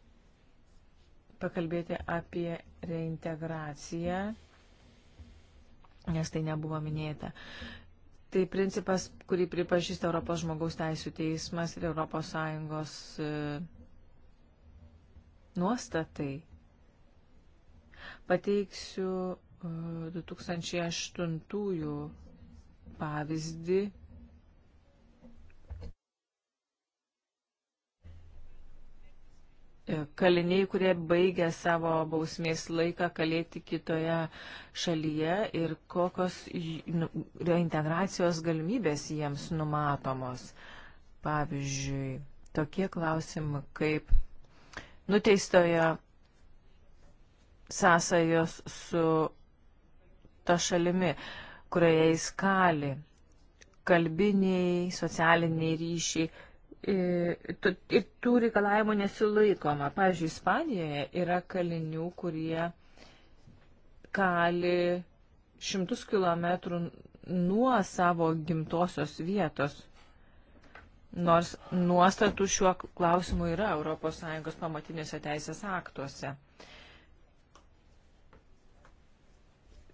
pakalbėti apie reintegraciją, nes tai nebuvo minėta. Tai principas, kurį pripažįsta Europos žmogaus teisų teismas ir Europos Sąjungos e, nuostatai. Pateiksiu 2008 e, pavyzdį. E, kaliniai, kurie baigia savo bausmės laiką kalėti kitoje šalyje ir kokios nu, reintegracijos galimybės jiems numatomos. Pavyzdžiui, tokie klausimai kaip nuteistojo sąsajos su ta šalimi. Uh, kurioje jis kali. Kalbiniai, socialiniai ryšiai. E, ir tų reikalavimų nesilaikoma. Pavyzdžiui, Ispanijoje yra kalinių, kurie kali šimtus kilometrų nuo savo gimtosios vietos. Nors nuostatų šiuo klausimu yra ES pamatinėse teisės aktuose.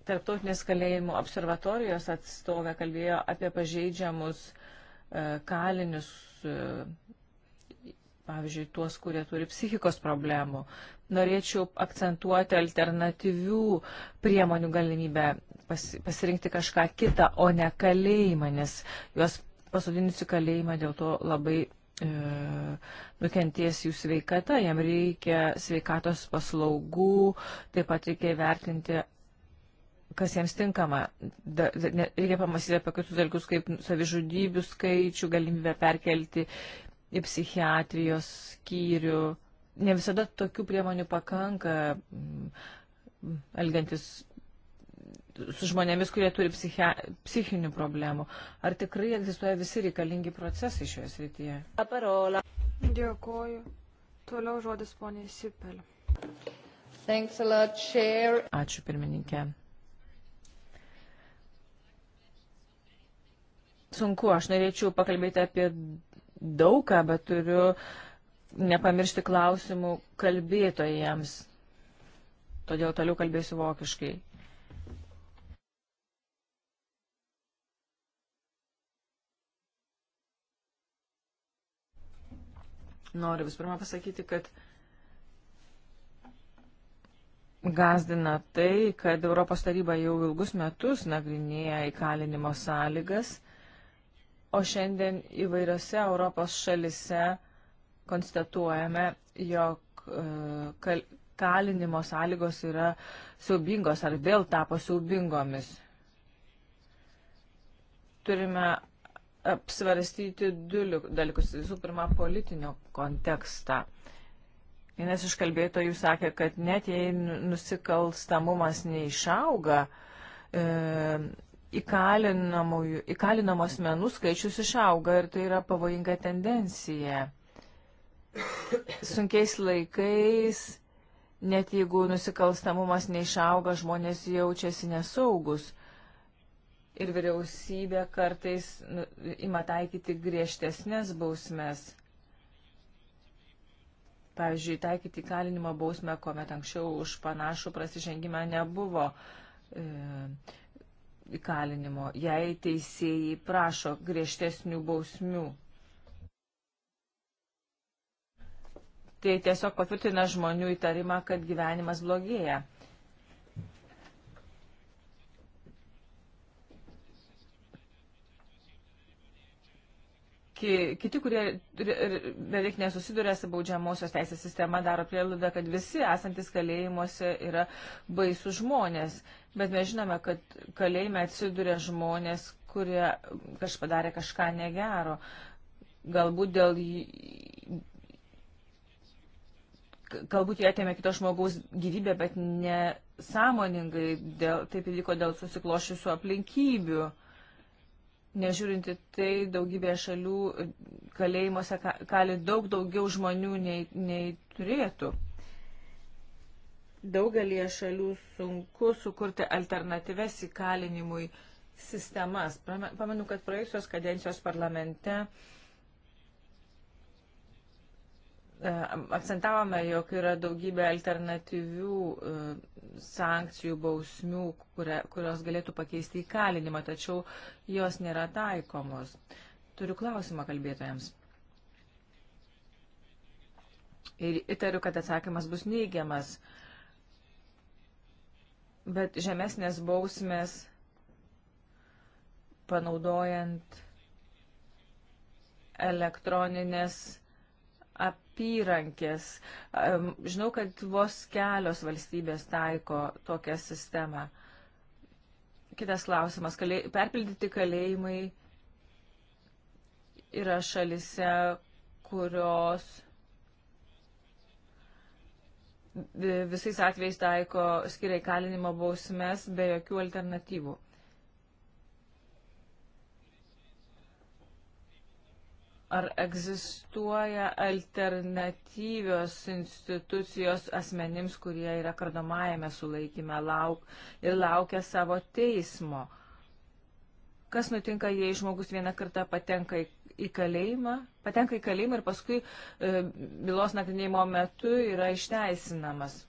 Tarptautinės kalėjimų observatorijos atstovė kalbėjo apie pažeidžiamus e, kalinius, e, pavyzdžiui, tuos, kurie turi psichikos problemų. Norėčiau akcentuoti alternatyvių priemonių galimybę pasirinkti kažką kitą, o ne kalėjimą, nes juos pasodinusi kalėjimą dėl to labai e, nukenties jų sveikata, jam reikia sveikatos paslaugų, taip pat reikia vertinti, kas jiems tinkama. Da, da, ne, reikia pamastyti apie kitus dalykus, kaip savižudybių skaičių, galimybę perkelti į psichiatrijos skyrių. Ne visada tokių priemonių pakanka, mm, elgiantis su žmonėmis, kurie turi psichia, psichinių problemų. Ar tikrai egzistuoja visi reikalingi procesai šioje srityje? Dėkoju. Toliau žodis poniai Sipel. Lot, Ačiū pirmininkė. sunku, aš norėčiau pakalbėti apie daugą, bet turiu nepamiršti klausimų kalbėtojams. Todėl toliau kalbėsiu vokiškai. Noriu vis pirma pasakyti, kad gazdina tai, kad Europos taryba jau ilgus metus nagrinėja įkalinimo sąlygas – O šiandien įvairiose Europos šalise konstatuojame, jog e, kal kalinimo sąlygos yra siaubingos ar vėl tapo siaubingomis. Turime apsvarstyti du dalykus. Visų pirma, politinio kontekstą. Vienas iš kalbėtojų sakė, kad net jei nusikalstamumas neišauga, e, įkalinamų asmenų skaičius išauga ir tai yra pavojinga tendencija. Sunkiais laikais, net jeigu nusikalstamumas neišauga, žmonės jaučiasi nesaugus. Ir vyriausybė kartais nu, ima taikyti griežtesnės bausmes. Pavyzdžiui, taikyti kalinimo bausmę, kuomet anksčiau už panašų prasižengimą nebuvo. E, įkalinimo, jei teisėjai prašo griežtesnių bausmių. Tai tiesiog patvirtina žmonių įtarimą, kad gyvenimas blogėja. ki, kiti, kurie beveik nesusiduria su baudžiamosios teisės sistema, daro prielaidą, kad visi esantis kalėjimuose yra baisų žmonės. Bet mes žinome, kad kalėjime atsiduria žmonės, kurie kaž padarė kažką negero. Galbūt dėl galbūt jie atėmė kito žmogaus gyvybę, bet nesąmoningai dėl, taip įvyko dėl susiklošiusių aplinkybių. Uh, Nežiūrinti tai, daugybė šalių kalėjimuose kali daug daugiau žmonių nei, nei turėtų. Daugelie šalių sunku sukurti alternatyves įkalinimui sistemas. Pamenu, kad praėjusios kadencijos parlamente uh, E, akcentavome, jog yra daugybė alternatyvių e, sankcijų, bausmių, kurios galėtų pakeisti įkalinimą, tačiau jos nėra taikomos. Turiu klausimą kalbėtojams. Ir įtariu, kad atsakymas bus neigiamas. Bet žemesnės bausmės panaudojant elektroninės apyrankės. Žinau, kad vos kelios valstybės taiko tokią sistemą. Kitas klausimas. Kalė... Perpildyti kalėjimai yra šalise, kurios visais atvejais taiko skiria įkalinimo bausmes be jokių alternatyvų. ar egzistuoja alternatyvios institucijos asmenims, kurie yra kardomajame sulaikime lauk, ir laukia savo teismo. Kas nutinka, jei žmogus vieną kartą patenka į, į kalėjimą, patenka į kalėjimą ir paskui e, bylos nagrinėjimo metu yra išteisinamas.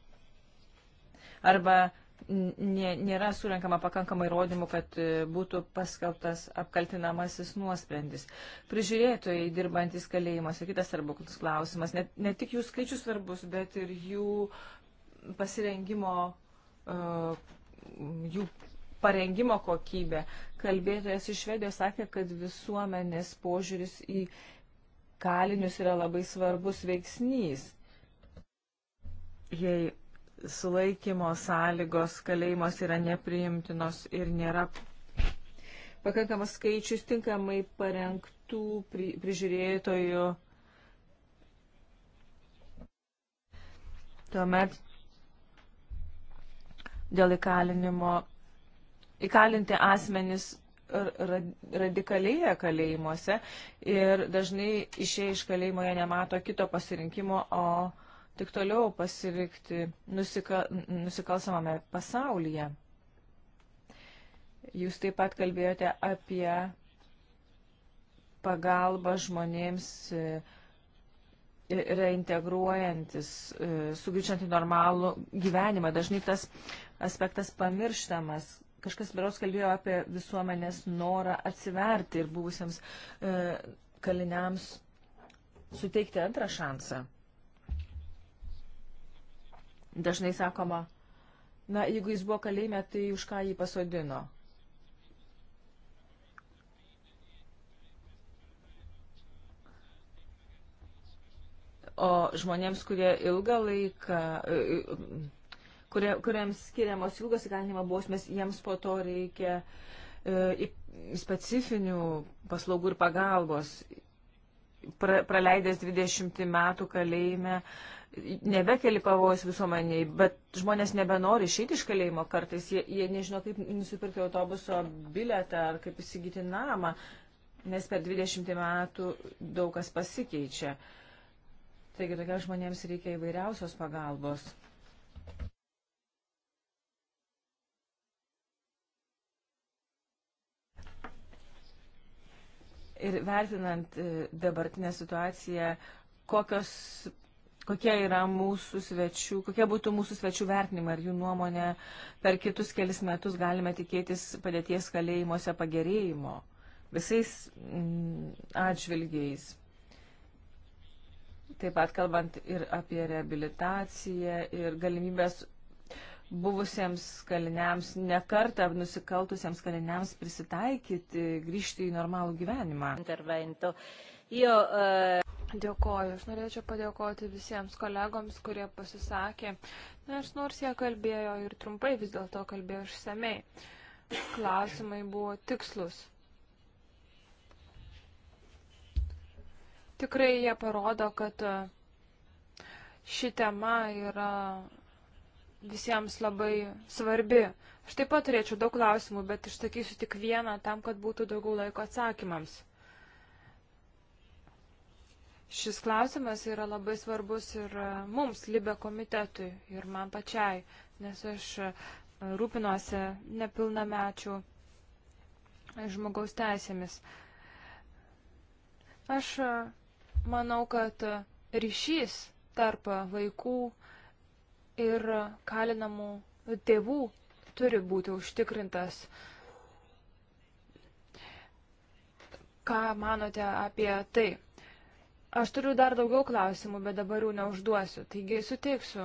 Arba nėra surinkama pakankamai įrodymų, kad e, būtų paskelbtas apkaltinamasis nuosprendis. Prižiūrėtojai dirbantis kalėjimuose, kitas svarbus klausimas, ne, ne tik jų skaičius svarbus, bet ir jų pasirengimo, e, jų parengimo kokybė. Kalbėtojas iš Švedijos sakė, kad visuomenės požiūris į kalinius yra labai svarbus veiksnys. Jei sulaikymo sąlygos kalėjimas yra nepriimtinos ir nėra pakankamas skaičius tinkamai parengtų pri, prižiūrėtojų. Tuomet dėl įkalinimo įkalinti asmenys radikalėje kalėjimuose ir dažnai išėję iš kalėjimo jie nemato kito pasirinkimo, o tik toliau pasilikti nusika, nusikalsamame pasaulyje. Jūs taip pat kalbėjote apie pagalbą žmonėms e, reintegruojantis, e, sugrįžtant į normalų gyvenimą. Dažnai tas aspektas pamirštamas. Kažkas beros kalbėjo apie visuomenės norą atsiverti ir buvusiems e, kaliniams suteikti antrą šansą. Dažnai sakoma, na, jeigu jis buvo kalėjime, tai už ką jį pasodino. O žmonėms, kurie ilgą laiką, e, e, kurie, kuriems skiriamos ilgos įkalinimo bausmės, jiems po to reikia e, specifinių paslaugų ir pagalbos. Pra, praleidęs 20 metų kalėjime, e, nebekeli pavojus visuomeniai, bet žmonės nebenori išeiti iš kalėjimo kartais, jie, jie nežino, kaip nusipirkti autobuso biletą ar kaip įsigyti namą, nes per 20 metų daug kas pasikeičia. Taigi tokia žmonėms reikia įvairiausios pagalbos. Ir vertinant e, dabartinę situaciją, kokios kokie yra mūsų svečių, kokie būtų mūsų svečių vertinimai, ar jų nuomonė per kitus kelis metus galime tikėtis padėties kalėjimuose pagerėjimo visais mm, atžvilgiais. Taip pat kalbant ir apie reabilitaciją ir galimybės buvusiems kaliniams, nekartą nusikaltusiems kaliniams prisitaikyti, grįžti į normalų gyvenimą. Intervento. Io, uh... Dėkoju. Aš norėčiau padėkoti visiems kolegoms, kurie pasisakė, nors nors jie kalbėjo ir trumpai vis dėlto kalbėjo išsamei. Klausimai buvo tikslus. Tikrai jie parodo, kad e, ši tema yra visiems labai svarbi. Aš taip pat turėčiau daug klausimų, bet išsakysiu tik vieną tam, kad būtų daugiau laiko atsakymams. Šis klausimas yra labai svarbus ir e, mums, Libe komitetui, ir man pačiai, nes aš e, rūpinuosi nepilnamečių e, žmogaus teisėmis. Aš manau, kad ryšys tarp vaikų ir kalinamų tėvų turi būti užtikrintas. Ką manote apie tai? Aš turiu dar daugiau klausimų, bet dabar jų neužduosiu. Taigi suteiksiu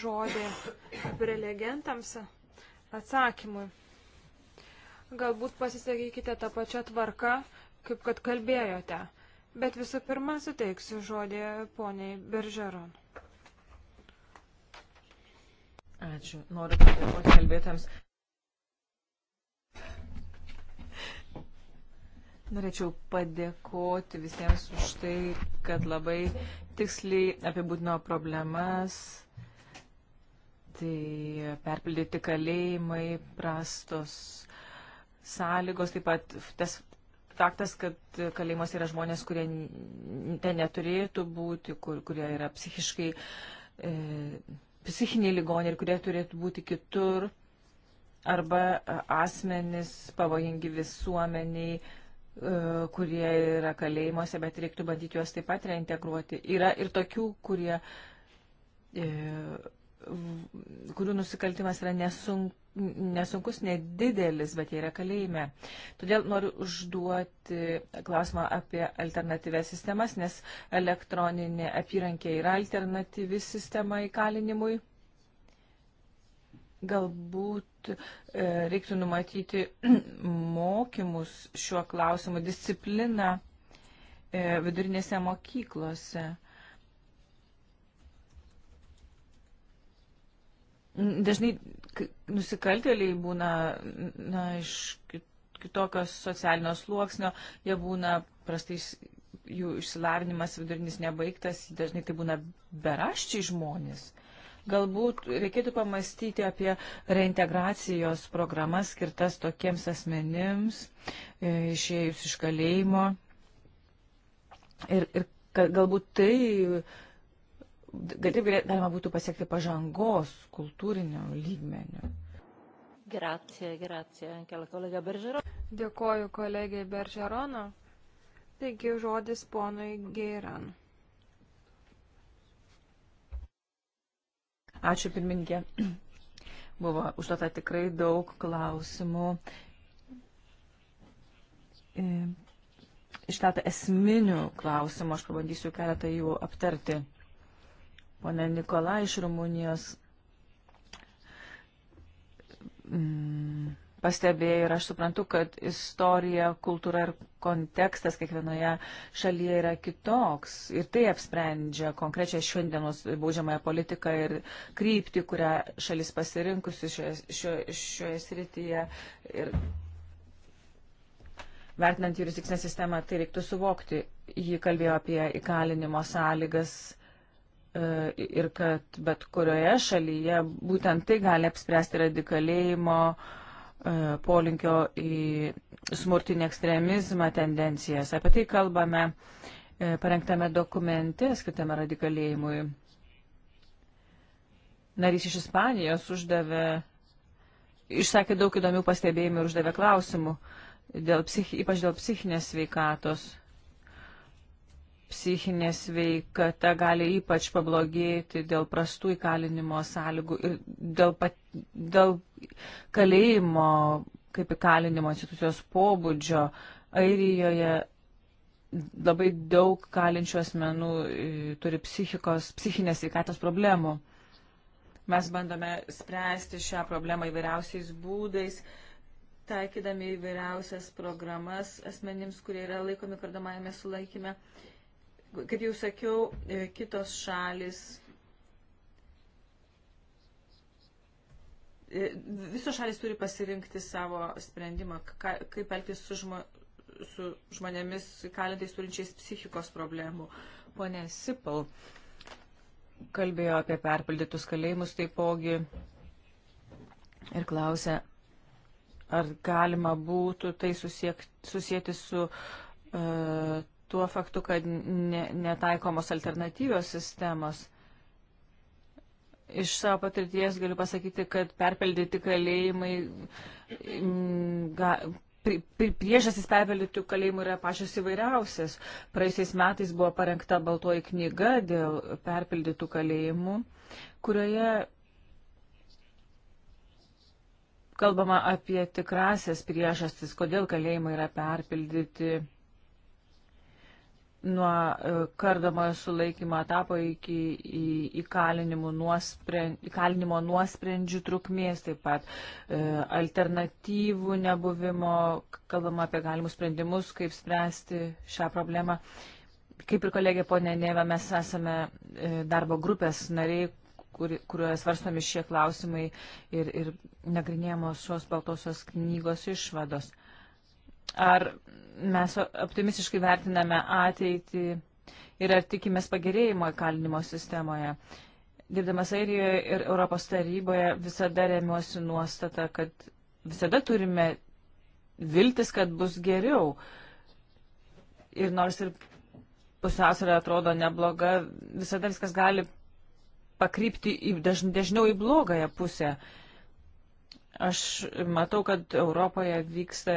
žodį prelegentams atsakymui. Galbūt pasisakykite tą pačią tvarką, kaip kad kalbėjote. Bet visų pirma, suteiksiu žodį poniai Beržeron. Ačiū. Noriu padėkoti kalbėtams. Norėčiau padėkoti visiems už tai, kad labai tiksliai apibūdino problemas. Tai perpildyti kalėjimai, prastos sąlygos, taip pat tas faktas, kad kalėjimas yra žmonės, kurie ten neturėtų būti, kur, kurie yra psichiškai, e, psichiniai ligoniai ir kurie turėtų būti kitur, arba e, asmenys pavojingi visuomeniai, E, kurie yra kalėjimuose, bet reiktų bandyti juos taip pat reintegruoti. Yra ir tokių, kurie, e, kurių nusikaltimas yra nesunk, nesunkus, nedidelis, bet jie yra kalėjime. Todėl noriu užduoti klausimą apie alternatyvės sistemas, nes elektroninė apyrankė yra alternatyvi sistema įkalinimui. Galbūt e, reiktų numatyti mokymus šiuo klausimu, discipliną e, vidurinėse mokyklose. Dažnai nusikaltėliai būna na, iš kitokios socialinio sluoksnio, jie būna prastai jų išsilavinimas vidurinis nebaigtas, dažnai tai būna beraščiai žmonės. Galbūt reikėtų pamastyti apie reintegracijos programas skirtas tokiems asmenims, e, išėjus iš kalėjimo. Ir, ir galbūt tai, taip galima būtų pasiekti pažangos kultūrinio lygmenio. Grazie, grazie anche alla collega Bergeron. Dėkoju kolegijai Beržerono. Taigi žodis ponui Geiran. Ačiū pirmininkė. Buvo užduota tikrai daug klausimų. E, Iškeltą esminių klausimų, aš pabandysiu keletą jų aptarti. Pone Nikola iš Rumunijos. Mm pastebėjai ir aš suprantu, kad istorija, kultūra ir kontekstas kiekvienoje šalyje yra kitoks ir tai apsprendžia konkrečią šiandienos baudžiamąją politiką ir kryptį, kurią šalis pasirinkusi šioje, šioje, šioje srityje. Ir vertinant jurisdikcinę sistemą, tai reiktų suvokti. Ji kalbėjo apie įkalinimo sąlygas e, ir kad bet kurioje šalyje būtent tai gali apspręsti radikalėjimo uh, E, polinkio į smurtinį ekstremizmą tendencijas. Apie tai kalbame e, parengtame dokumente skirtame radikalėjimui. Narys iš Ispanijos uždavė, išsakė daug įdomių pastebėjimų ir uždavė klausimų, dėl psich, ypač dėl psichinės sveikatos psichinė sveikata gali ypač pablogėti dėl prastų įkalinimo sąlygų ir dėl, pat, dėl kalėjimo kaip įkalinimo institucijos pobūdžio. Airijoje labai daug kalinčių asmenų e, turi psichikos, psichinės sveikatos problemų. Mes bandome spręsti šią problemą įvairiausiais būdais taikydami įvairiausias programas asmenims, kurie yra laikomi kardomajame sulaikime. Kaip jau sakiau, e, kitos šalis, e, visos šalis turi pasirinkti savo sprendimą, ka, kaip elgtis su, žmo, su žmonėmis kalintais turinčiais psichikos problemų. Pone Sipal kalbėjo apie perpildytus kalėjimus taipogi ir klausė, ar galima būtų tai susiek, susijęti su uh, tuo faktu, kad ne, netaikomos alternatyvios sistemos. Iš savo patirties galiu pasakyti, kad perpeldyti kalėjimai, ga, pri, pri, priežasis perpeldytų kalėjimų yra pačios įvairiausias. Praėjusiais metais buvo parengta baltoji knyga dėl perpildytų kalėjimų, kurioje kalbama apie tikrasias priežastis, kodėl kalėjimai yra perpildyti nuo e, kardomojo sulaikymo etapo iki įkalinimo nuosprendžių trukmės, taip pat e, alternatyvų nebuvimo, kalbama apie galimus sprendimus, kaip spręsti šią problemą. Kaip ir kolegė ponė Neva, mes esame e, darbo grupės nariai, kur, kurioje svarstami šie klausimai ir, ir nagrinėjamos šios baltosios knygos išvados. Ar mes optimistiškai vertiname ateitį ir ar tikimės pagerėjimo įkalinimo sistemoje? Dirbdamas Airijoje ir Europos taryboje visada remiuosi nuostatą, kad visada turime viltis, kad bus geriau. Ir nors ir pusiausvėra atrodo nebloga, visada viskas gali pakrypti į, daž, dažniau į blogąją pusę. Aš matau, kad Europoje vyksta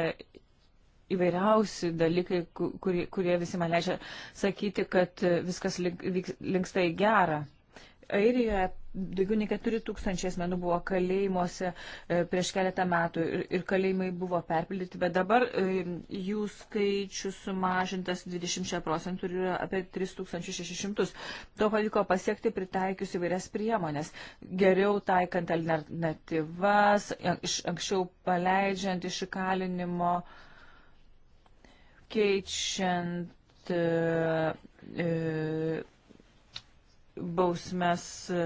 įvairiausi dalykai, kurie, kurie visi man leidžia sakyti, kad viskas linksta į gerą. Airijoje daugiau nei 4 tūkstančiai asmenų buvo kalėjimuose e, prieš keletą metų ir, ir kalėjimai buvo perpildyti, bet dabar e, jų skaičius sumažintas 20 procentų ir yra apie 3600. To pavyko pasiekti pritaikius įvairias priemonės. Geriau taikant alternatyvas, iš anksčiau paleidžiant iš įkalinimo. Uh, keičiant e, e, bausmes e,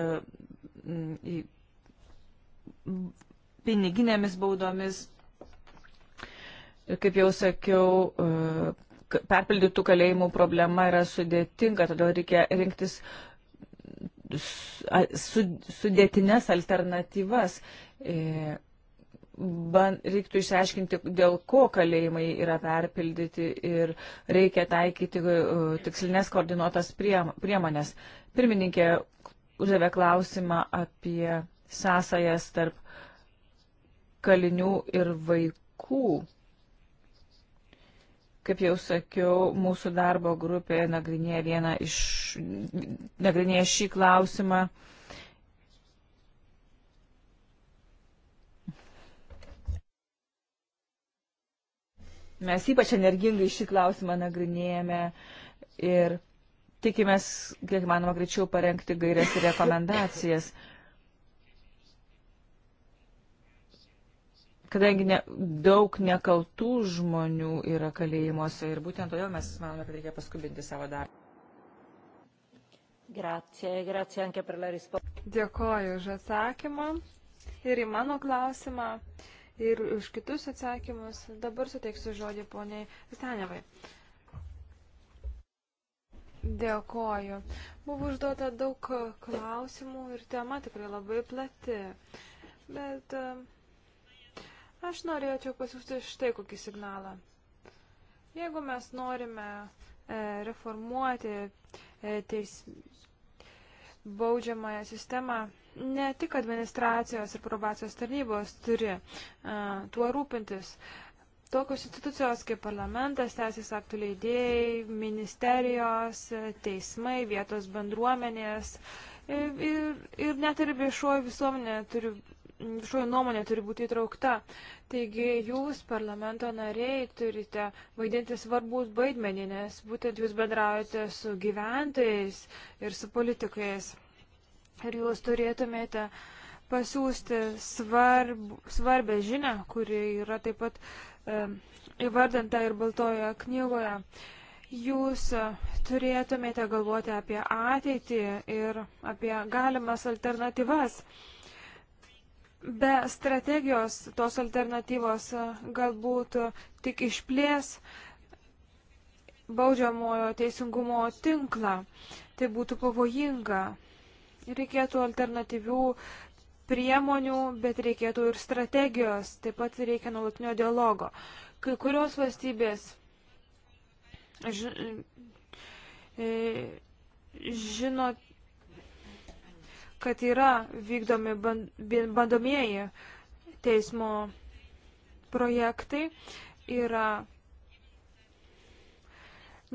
piniginėmis baudomis, kaip jau sakiau, e, perpildytų kalėjimų problema yra sudėtinga, todėl reikia rinktis sudėtines alternatyvas. E, ban, reiktų išsiaiškinti, dėl ko kalėjimai yra perpildyti ir reikia taikyti e, tikslinės koordinuotas priemonės. Pirmininkė uždavė klausimą apie sąsajas tarp kalinių ir vaikų. Kaip jau sakiau, mūsų darbo grupė nagrinėja, vieną iš, nagrinėja šį klausimą. Uh, Mes ypač energingai šį klausimą nagrinėjame ir tikimės, kiek manoma, greičiau parengti gairias ir rekomendacijas. Kadangi ne, daug nekaltų žmonių yra kalėjimuose ir būtent todėl mes manome, kad reikia paskubinti savo darbą. Grazie, grazie anche per la risposta. Dėkoju už atsakymą ir į mano klausimą. Uh, ir už kitus atsakymus. Dabar suteiksiu žodį poniai Stanevai. Dėkoju. Buvo užduota daug klausimų ir tema tikrai labai plati. Bet e, aš norėčiau pasiūsti štai kokį signalą. Jeigu mes norime e, reformuoti e, teis, baudžiamąją sistemą ne tik administracijos ir probacijos tarnybos turi uh, tuo rūpintis. Tokios institucijos kaip parlamentas, teisės aktų leidėjai, ministerijos, teismai, vietos bendruomenės ir, ir, ir net ir viešoji visuomenė turi, viešoji nuomonė turi būti įtraukta. Taigi jūs, parlamento nariai, turite vaidinti svarbus vaidmenį, nes būtent jūs bendraujate su gyventojais ir su politikais ir jūs turėtumėte pasiūsti svarb, svarbę žinę, kuri yra taip pat e, įvardinta ir baltojoje knygoje. Jūs e, turėtumėte galvoti apie ateitį ir apie galimas alternatyvas. Be strategijos tos alternatyvos e, galbūt tik išplės baudžiamojo teisingumo tinklą. Tai būtų pavojinga reikėtų alternatyvių priemonių, bet reikėtų ir strategijos, taip pat reikia nuolatinio dialogo. Kai kurios valstybės ž, e, žino, kad yra vykdomi bandomieji teismo projektai, yra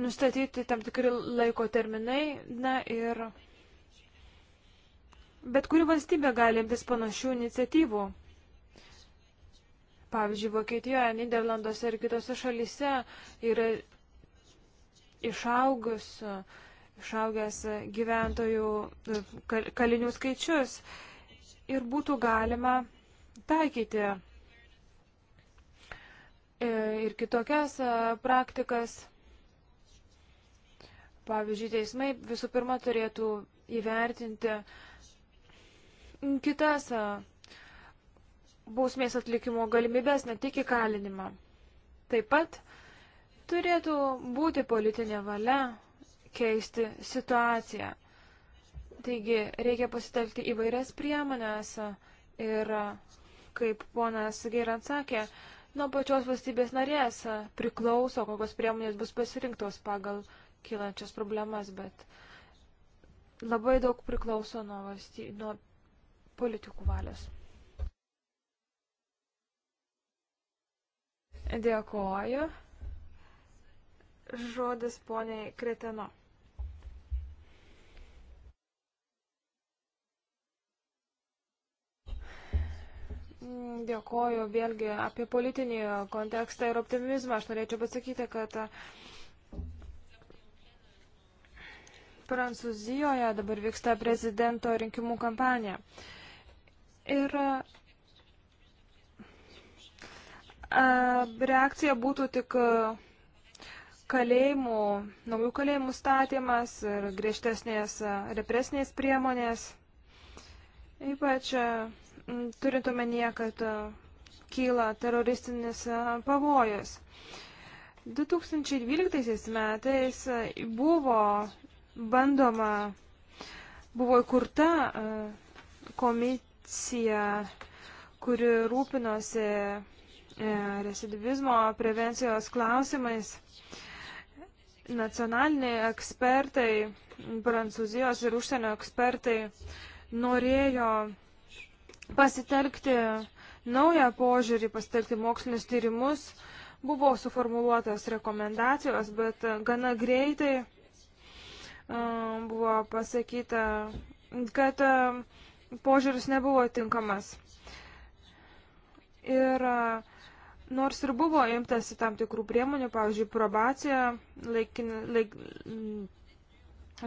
nustatyti tam tikri laiko terminai, na ir Bet kuri valstybė gali imtis panašių iniciatyvų? Pavyzdžiui, Vokietijoje, Niderlanduose ir kitose šalise yra išaugus, išaugęs gyventojų kalinių skaičius ir būtų galima taikyti e, ir kitokias e, praktikas. Pavyzdžiui, teismai visų pirma turėtų įvertinti kitas bausmės atlikimo galimybės, ne tik įkalinimą. Taip pat turėtų būti politinė valia keisti situaciją. Taigi reikia pasitelkti įvairias priemonės ir, kaip ponas Geirant sakė, nuo pačios valstybės narės priklauso, kokios priemonės bus pasirinktos pagal kylančias problemas, bet labai daug priklauso nuo, valsty... nuo politikų valios. Dėkoju. Žodis poniai Kreteno. Dėkoju vėlgi apie politinį kontekstą ir optimizmą. Aš norėčiau pasakyti, kad Prancūzijoje dabar vyksta prezidento rinkimų kampanija. Uh, Ir reakcija būtų tik kalėjimų, naujų kalėjimų statymas ir griežtesnės represinės priemonės. Ypač turint omenyje, kad kyla teroristinis pavojus. 2012 metais buvo bandoma, buvo įkurta komitė komisija, kuri rūpinosi e, recidivizmo prevencijos klausimais, nacionaliniai ekspertai, prancūzijos ir užsienio ekspertai norėjo pasitelkti naują požiūrį, pasitelkti mokslinius tyrimus. Buvo suformuoluotos rekomendacijos, bet gana greitai e, buvo pasakyta, kad uh, požiūris nebuvo tinkamas. Ir nors ir buvo imtasi tam tikrų priemonių, pavyzdžiui, probacija, laikin, laik,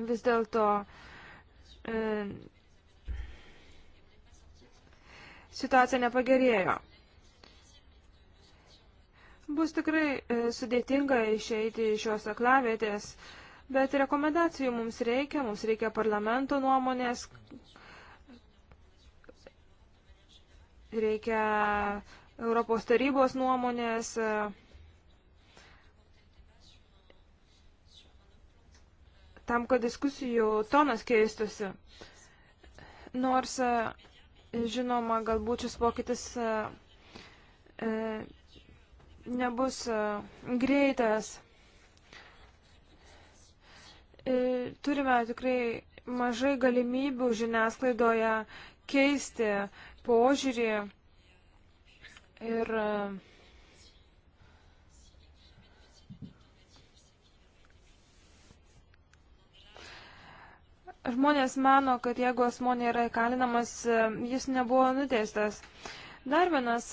vis dėlto e, situacija nepagerėjo. Bus tikrai e, sudėtinga išeiti iš šios aklavietės, bet rekomendacijų mums reikia, mums reikia parlamento nuomonės, reikia Europos tarybos nuomonės. Tam, kad diskusijų tonas keistusi. Nors, žinoma, galbūt šis pokytis e, nebus e, greitas. E, turime tikrai mažai galimybių žiniasklaidoje keisti požiūrį ir e, Žmonės mano, kad jeigu asmo nėra įkalinamas, e, jis nebuvo nuteistas. Dar vienas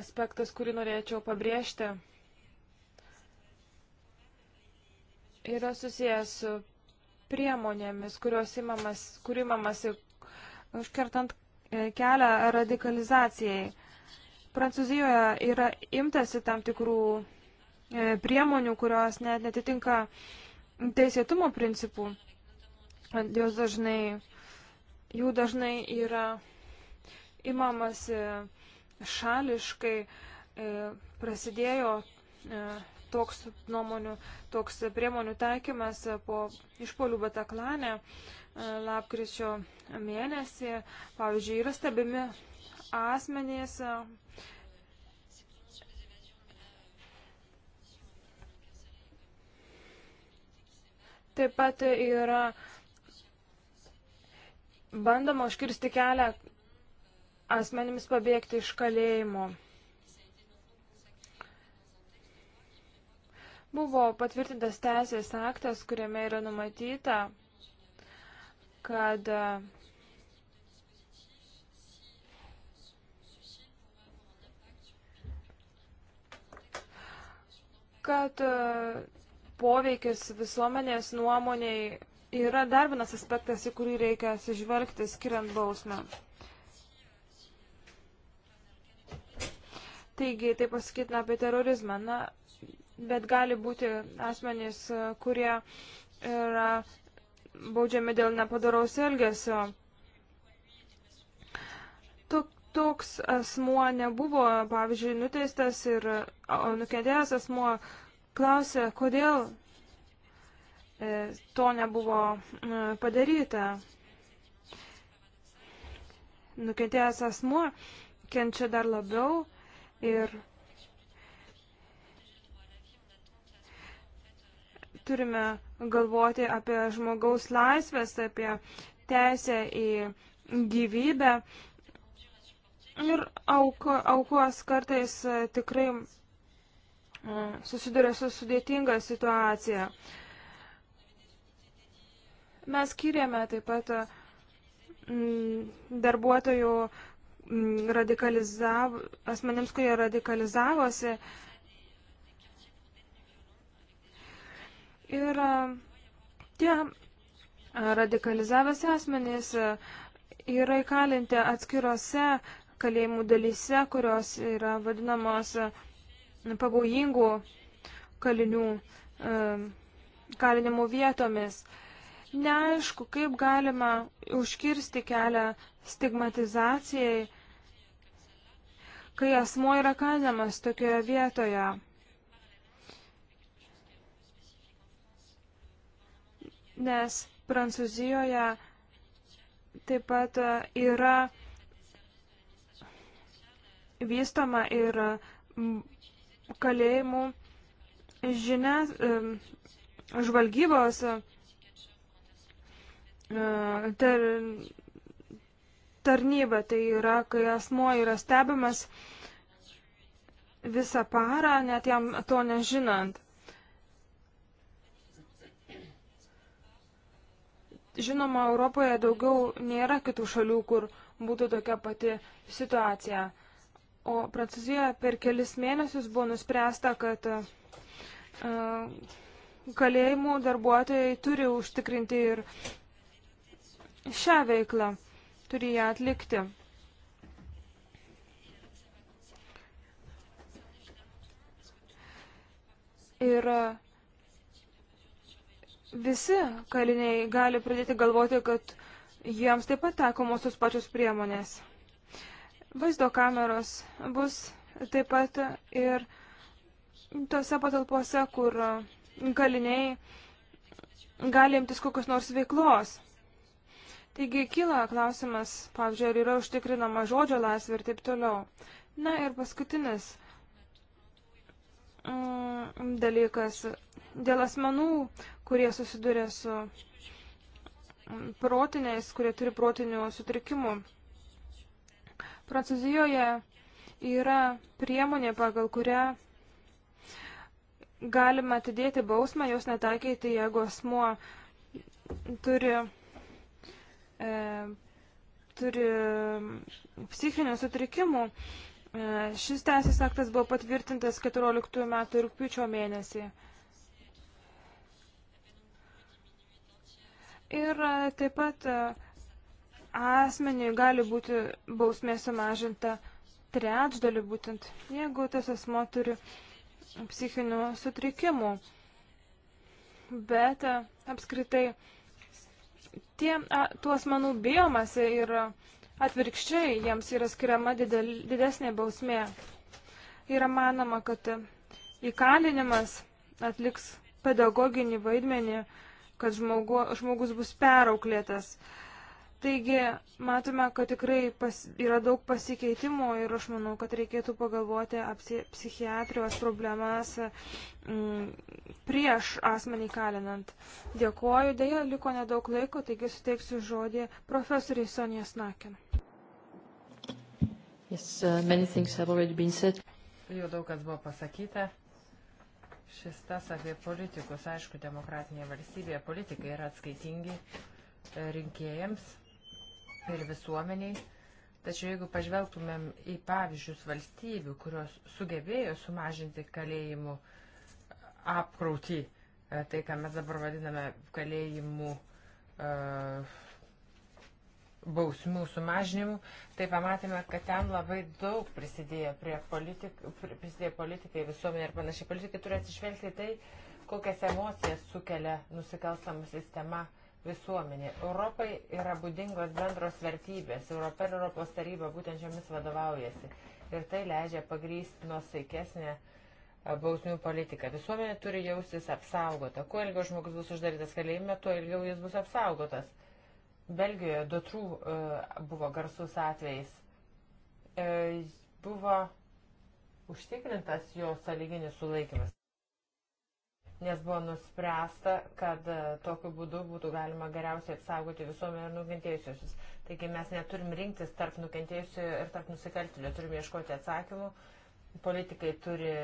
aspektas, kurį norėčiau pabrėžti, yra susijęs su priemonėmis, kurios imamas, kurį imamasi užkertant kelią radikalizacijai. Prancūzijoje yra imtasi tam tikrų e, priemonių, kurios net netitinka teisėtumo principų. Jos dažnai, jų dažnai yra imamasi šališkai, e, prasidėjo e, toks nuomonių, toks priemonių taikymas po išpolių Bataklane. E, lapkričio mėnesį, pavyzdžiui, yra stebimi asmenys. Taip pat yra bandoma užkirsti kelią asmenims pabėgti iš kalėjimo. Buvo patvirtintas teisės aktas, kuriame yra numatyta, kad e, kad e, poveikis visuomenės nuomoniai yra dar vienas aspektas, į kurį reikia atsižvelgti, skiriant bausmę. Taigi, tai pasakytina apie terorizmą. Na, bet gali būti asmenys, kurie yra baudžiami dėl nepadaraus elgesio. Toks asmuo nebuvo, pavyzdžiui, nuteistas ir nukentėjęs asmuo klausė, kodėl e, to nebuvo e, padaryta. Nukentėjęs asmuo kenčia dar labiau ir turime galvoti apie žmogaus laisvės, apie teisę į gyvybę. Ir auko, aukos kartais tikrai mm, susiduria su sudėtinga situacija. Mes skiriame taip pat mm, darbuotojų mm, radikalizav... asmenims, kurie radikalizavosi, Ir e, tie radikalizavęs asmenys e, yra įkalinti atskirose kalėjimų dalyse, kurios yra vadinamos e, pavojingų kalinių kalinimų vietomis. Neaišku, kaip galima užkirsti kelią stigmatizacijai, kai asmo yra kalinamas tokioje vietoje. nes Prancūzijoje taip pat e, yra vystoma ir kalėjimų žinias, e, žvalgybos e, tar, tarnyba, tai yra, kai asmo yra stebimas visą parą, net jam to nežinant. Žinoma, Europoje daugiau nėra kitų šalių, kur būtų tokia pati situacija. O Prancūzijoje per kelis mėnesius buvo nuspręsta, kad uh, kalėjimų darbuotojai turi užtikrinti ir šią veiklą, turi ją atlikti. Ir uh, visi kaliniai gali pradėti galvoti, kad jiems taip pat taikomos tos pačios priemonės. Vaizdo kameros bus taip pat ir tose patalpose, kur kaliniai gali imtis kokios nors veiklos. Taigi kyla klausimas, pavyzdžiui, ar yra užtikrinama žodžio laisvė ir taip toliau. Na ir paskutinis dalykas. Dėl asmenų, kurie susiduria su protiniais, kurie turi protinių sutrikimų. Prancūzijoje yra priemonė, pagal kurią galima atidėti bausmą, jos netaikyti, jeigu asmuo turi, e, turi psichinių sutrikimų. E, E, šis teisės aktas buvo patvirtintas 14 metų rūpiučio mėnesį. Ir e, taip pat e, asmeniui gali būti bausmė sumažinta trečdaliu būtent, jeigu tas asmo turi psichinių sutrikimų. Bet apskritai tie, a, tų asmenų bijomasi ir Atvirkščiai jiems yra skiriama didel, didesnė bausmė. Yra manoma, kad įkalinimas atliks pedagoginį vaidmenį, kad žmogu, žmogus bus perauklėtas. Taigi, matome, kad tikrai pas, yra daug pasikeitimų ir aš manau, kad reikėtų pagalvoti apie psichiatrijos problemas m, mm, prieš asmenį kalinant. Dėkuoju, dėja, liko nedaug laiko, taigi suteiksiu žodį profesoriai Sonijas Nakin. Yes, uh, many things have already been said. Jau daug kas buvo pasakyta. Šis tas apie politikus, aišku, demokratinėje valstybėje politikai yra atskaitingi e, rinkėjams ir visuomeniai. Tačiau jeigu pažvelgtumėm į pavyzdžius valstybių, kurios sugebėjo sumažinti kalėjimų apkrautį, e, tai ką mes dabar vadiname kalėjimų uh, bausmių sumažinimu, tai pamatėme, kad ten labai daug prisidėjo, prie politik, prisidėjo politikai, visuomenė ir panašiai. Politikai turi atsižvelgti tai, kokias emocijas sukelia nusikalstama sistema visuomenė. Europai yra būdingos bendros vertybės. Europa ir Europos taryba būtent šiomis vadovaujasi. Ir tai leidžia pagrysti nuosaikesnę bausmių politiką. Visuomenė turi jaustis apsaugota. Kuo ilgiau žmogus bus uždarytas kalėjime, tuo ilgiau jis bus apsaugotas. Belgijoje Dotrų e, buvo garsus atvejais. E, buvo užtikrintas jo saliginis sulaikimas, nes buvo nuspręsta, kad e, tokiu būdu būtų galima geriausiai apsaugoti visuomenę ir nukentėjusius. Taigi mes neturim rinktis tarp nukentėjusių ir tarp nusikaltėlių, turim ieškoti atsakymų. Politikai turi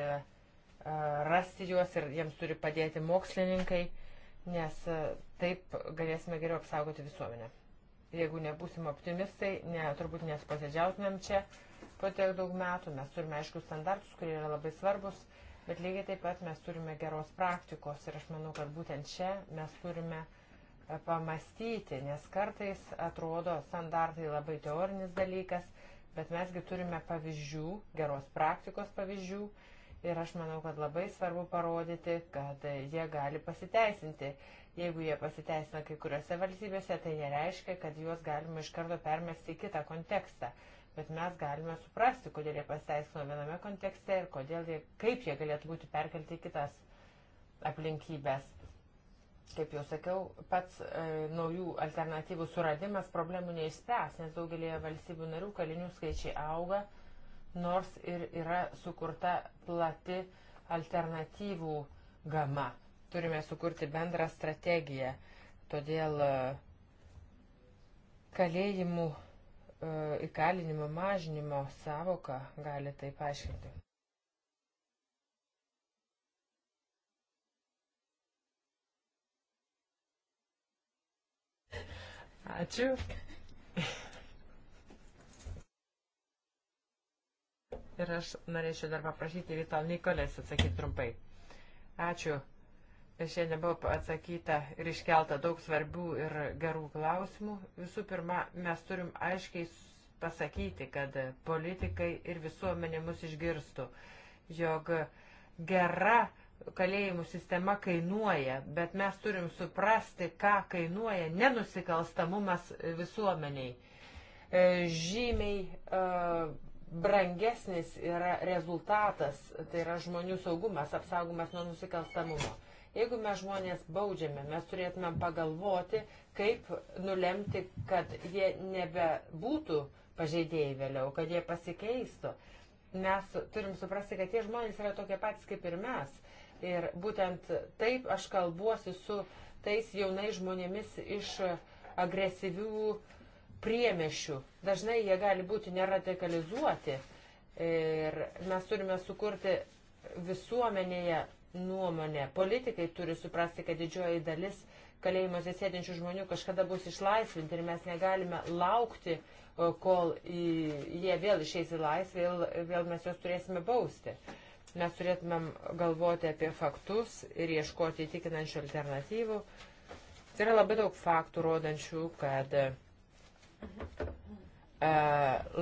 rasti juos ir jiems turi padėti mokslininkai nes e, taip galėsime geriau apsaugoti visuomenę. Jeigu nebūsim optimistai, ne, turbūt nesposėdžiautumėm čia po tiek daug metų. Mes turime aiškius standartus, kurie yra labai svarbus, bet lygiai taip pat mes turime geros praktikos ir aš manau, kad būtent čia mes turime e, pamastyti, nes kartais atrodo standartai labai teorinis dalykas, bet mesgi turime pavyzdžių, geros praktikos pavyzdžių Ir aš manau, kad labai svarbu parodyti, kad jie gali pasiteisinti. Jeigu jie pasiteisina kai kuriuose valstybėse, tai nereiškia, kad juos galima iš karto permesti į kitą kontekstą. Bet mes galime suprasti, kodėl jie pasiteisino viename kontekste ir kodėl jie, kaip jie galėtų būti perkelti į kitas aplinkybės. Kaip jau sakiau, pats e, naujų alternatyvų suradimas problemų neišspręs, nes daugelėje valstybių narių kalinių skaičiai auga nors ir yra sukurta plati alternatyvų gama. Turime sukurti bendrą strategiją. Todėl e, kalėjimų e, įkalinimo mažinimo savoka gali tai paaiškinti. Ačiū. Ir aš norėčiau dar paprašyti Vital Nikolės atsakyti trumpai. Ačiū. Šiandien buvo atsakyta ir iškelta daug svarbių ir gerų klausimų. Visų pirma, mes turim aiškiai pasakyti, kad politikai ir visuomenė mus išgirstų, jog gera kalėjimų sistema kainuoja, bet mes turim suprasti, ką kainuoja nenusikalstamumas visuomeniai. E, žymiai e, brangesnis yra rezultatas, tai yra žmonių saugumas, apsaugumas nuo nusikalstamumo. Jeigu mes žmonės baudžiame, mes turėtume pagalvoti, kaip nulemti, kad jie nebebūtų pažeidėjai vėliau, kad jie pasikeistų. Mes turim suprasti, kad tie žmonės yra tokie patys kaip ir mes. Ir būtent taip aš kalbuosi su tais jaunais žmonėmis iš agresyvių uh, priemešių. Dažnai jie gali būti neradikalizuoti. Ir mes turime sukurti visuomenėje nuomonę. Politikai turi suprasti, kad didžioji dalis kalėjimuose sėdinčių žmonių kažkada bus išlaisvinti ir mes negalime laukti, kol jie vėl išeis į laisvę ir vėl mes juos turėsime bausti. Mes turėtumėm galvoti apie faktus ir ieškoti įtikinančių alternatyvų. Tai yra labai daug faktų rodančių, kad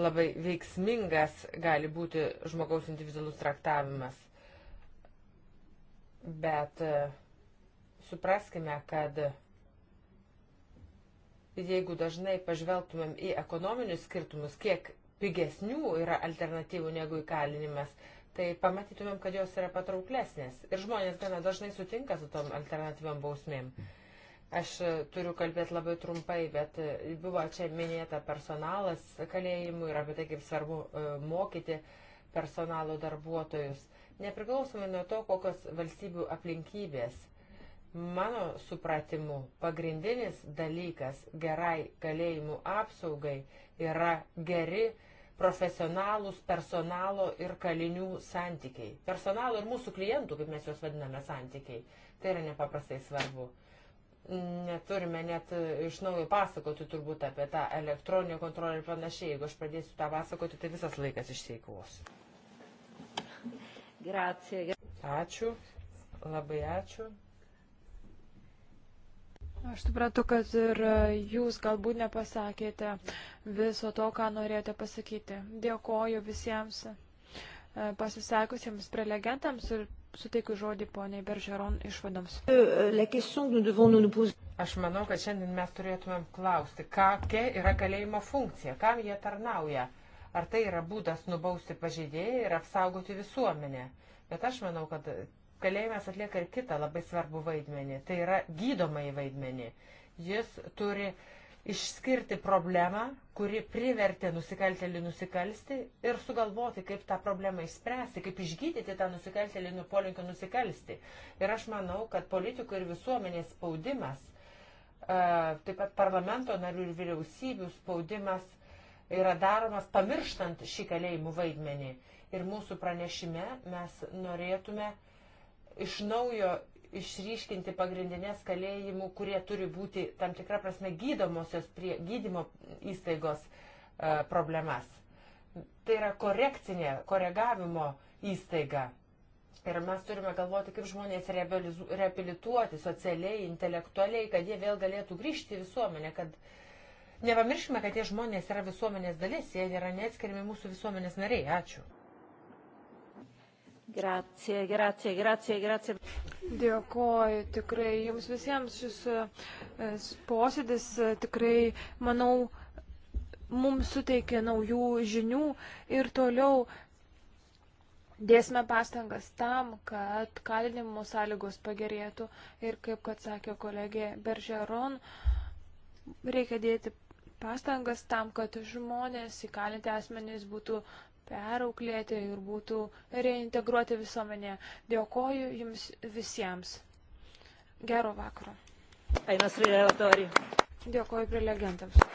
labai veiksmingas gali būti žmogaus individualus traktavimas. Bet supraskime, kad jeigu dažnai pažvelgtumėm į ekonominius skirtumus, kiek pigesnių yra alternatyvų negu įkalinimas, tai pamatytumėm, kad jos yra patrauklesnės. Ir žmonės gana dažnai sutinka su tom alternatyviam bausmėm. Mhm. Aš e, turiu kalbėti labai trumpai, bet e, buvo čia minėta personalas kalėjimų ir apie tai, kaip svarbu e, mokyti personalo darbuotojus. Nepriklausomai nuo to, kokios valstybių aplinkybės. Mano supratimu, pagrindinis dalykas gerai kalėjimų apsaugai yra geri profesionalūs personalo ir kalinių santykiai. Personalo ir mūsų klientų, kaip mes juos vadiname, santykiai. Tai yra nepaprastai svarbu neturime net e, iš naujo pasakoti turbūt apie tą elektroninę kontrolę ir panašiai. Jeigu aš pradėsiu tą pasakoti, tai visas laikas išseikvos. Ačiū, labai ačiū. Aš supratau, kad ir e, jūs galbūt nepasakėte viso to, ką norėjote pasakyti. Dėkoju visiems e, pasisekusiems prelegentams ir suteikiu žodį poniai Beržeron išvadoms. Euh, euh, aš manau, kad šiandien mes turėtumėm klausti, kokia yra kalėjimo funkcija, kam jie tarnauja. Ar tai yra būdas nubausti pažeidėjai ir apsaugoti visuomenę. Bet aš manau, kad kalėjimas atlieka ir kitą labai svarbų vaidmenį. Tai yra gydomai vaidmenį. Jis turi uh, išskirti problemą, kuri privertė nusikaltelį nusikalsti ir sugalvoti, kaip tą problemą išspręsti, kaip išgydyti tą nusikaltelį nuo polinkio nusikalsti. Ir aš manau, kad politikų ir visuomenės spaudimas, e, taip pat parlamento narių ir vyriausybių spaudimas yra daromas pamirštant šį kalėjimų vaidmenį. Ir mūsų pranešime mes norėtume iš naujo išryškinti pagrindinės kalėjimų, kurie turi būti tam tikrą prasme gydomosios prie gydymo įstaigos e, problemas. Tai yra korekcinė, koregavimo įstaiga. Ir mes turime galvoti, kaip žmonės reabilituoti socialiai, intelektualiai, kad jie vėl galėtų grįžti į visuomenę, kad nepamirškime, kad tie žmonės yra visuomenės dalis, jie yra neatskirimi mūsų visuomenės nariai. Ačiū. Grazie, grazie, grazie, grazie. Dėkoju tikrai jums visiems. Šis e, posėdis e, tikrai, manau, mums suteikė naujų žinių ir toliau dėsime pastangas tam, kad kalinimo sąlygos pagerėtų ir, kaip kad sakė kolegė Beržeron, reikia dėti pastangas tam, kad žmonės įkalinti asmenys būtų perauklėti ir būtų reintegruoti visuomenėje. Dėkoju Jums visiems. Gero vakaro. Dėkoju prelegentams.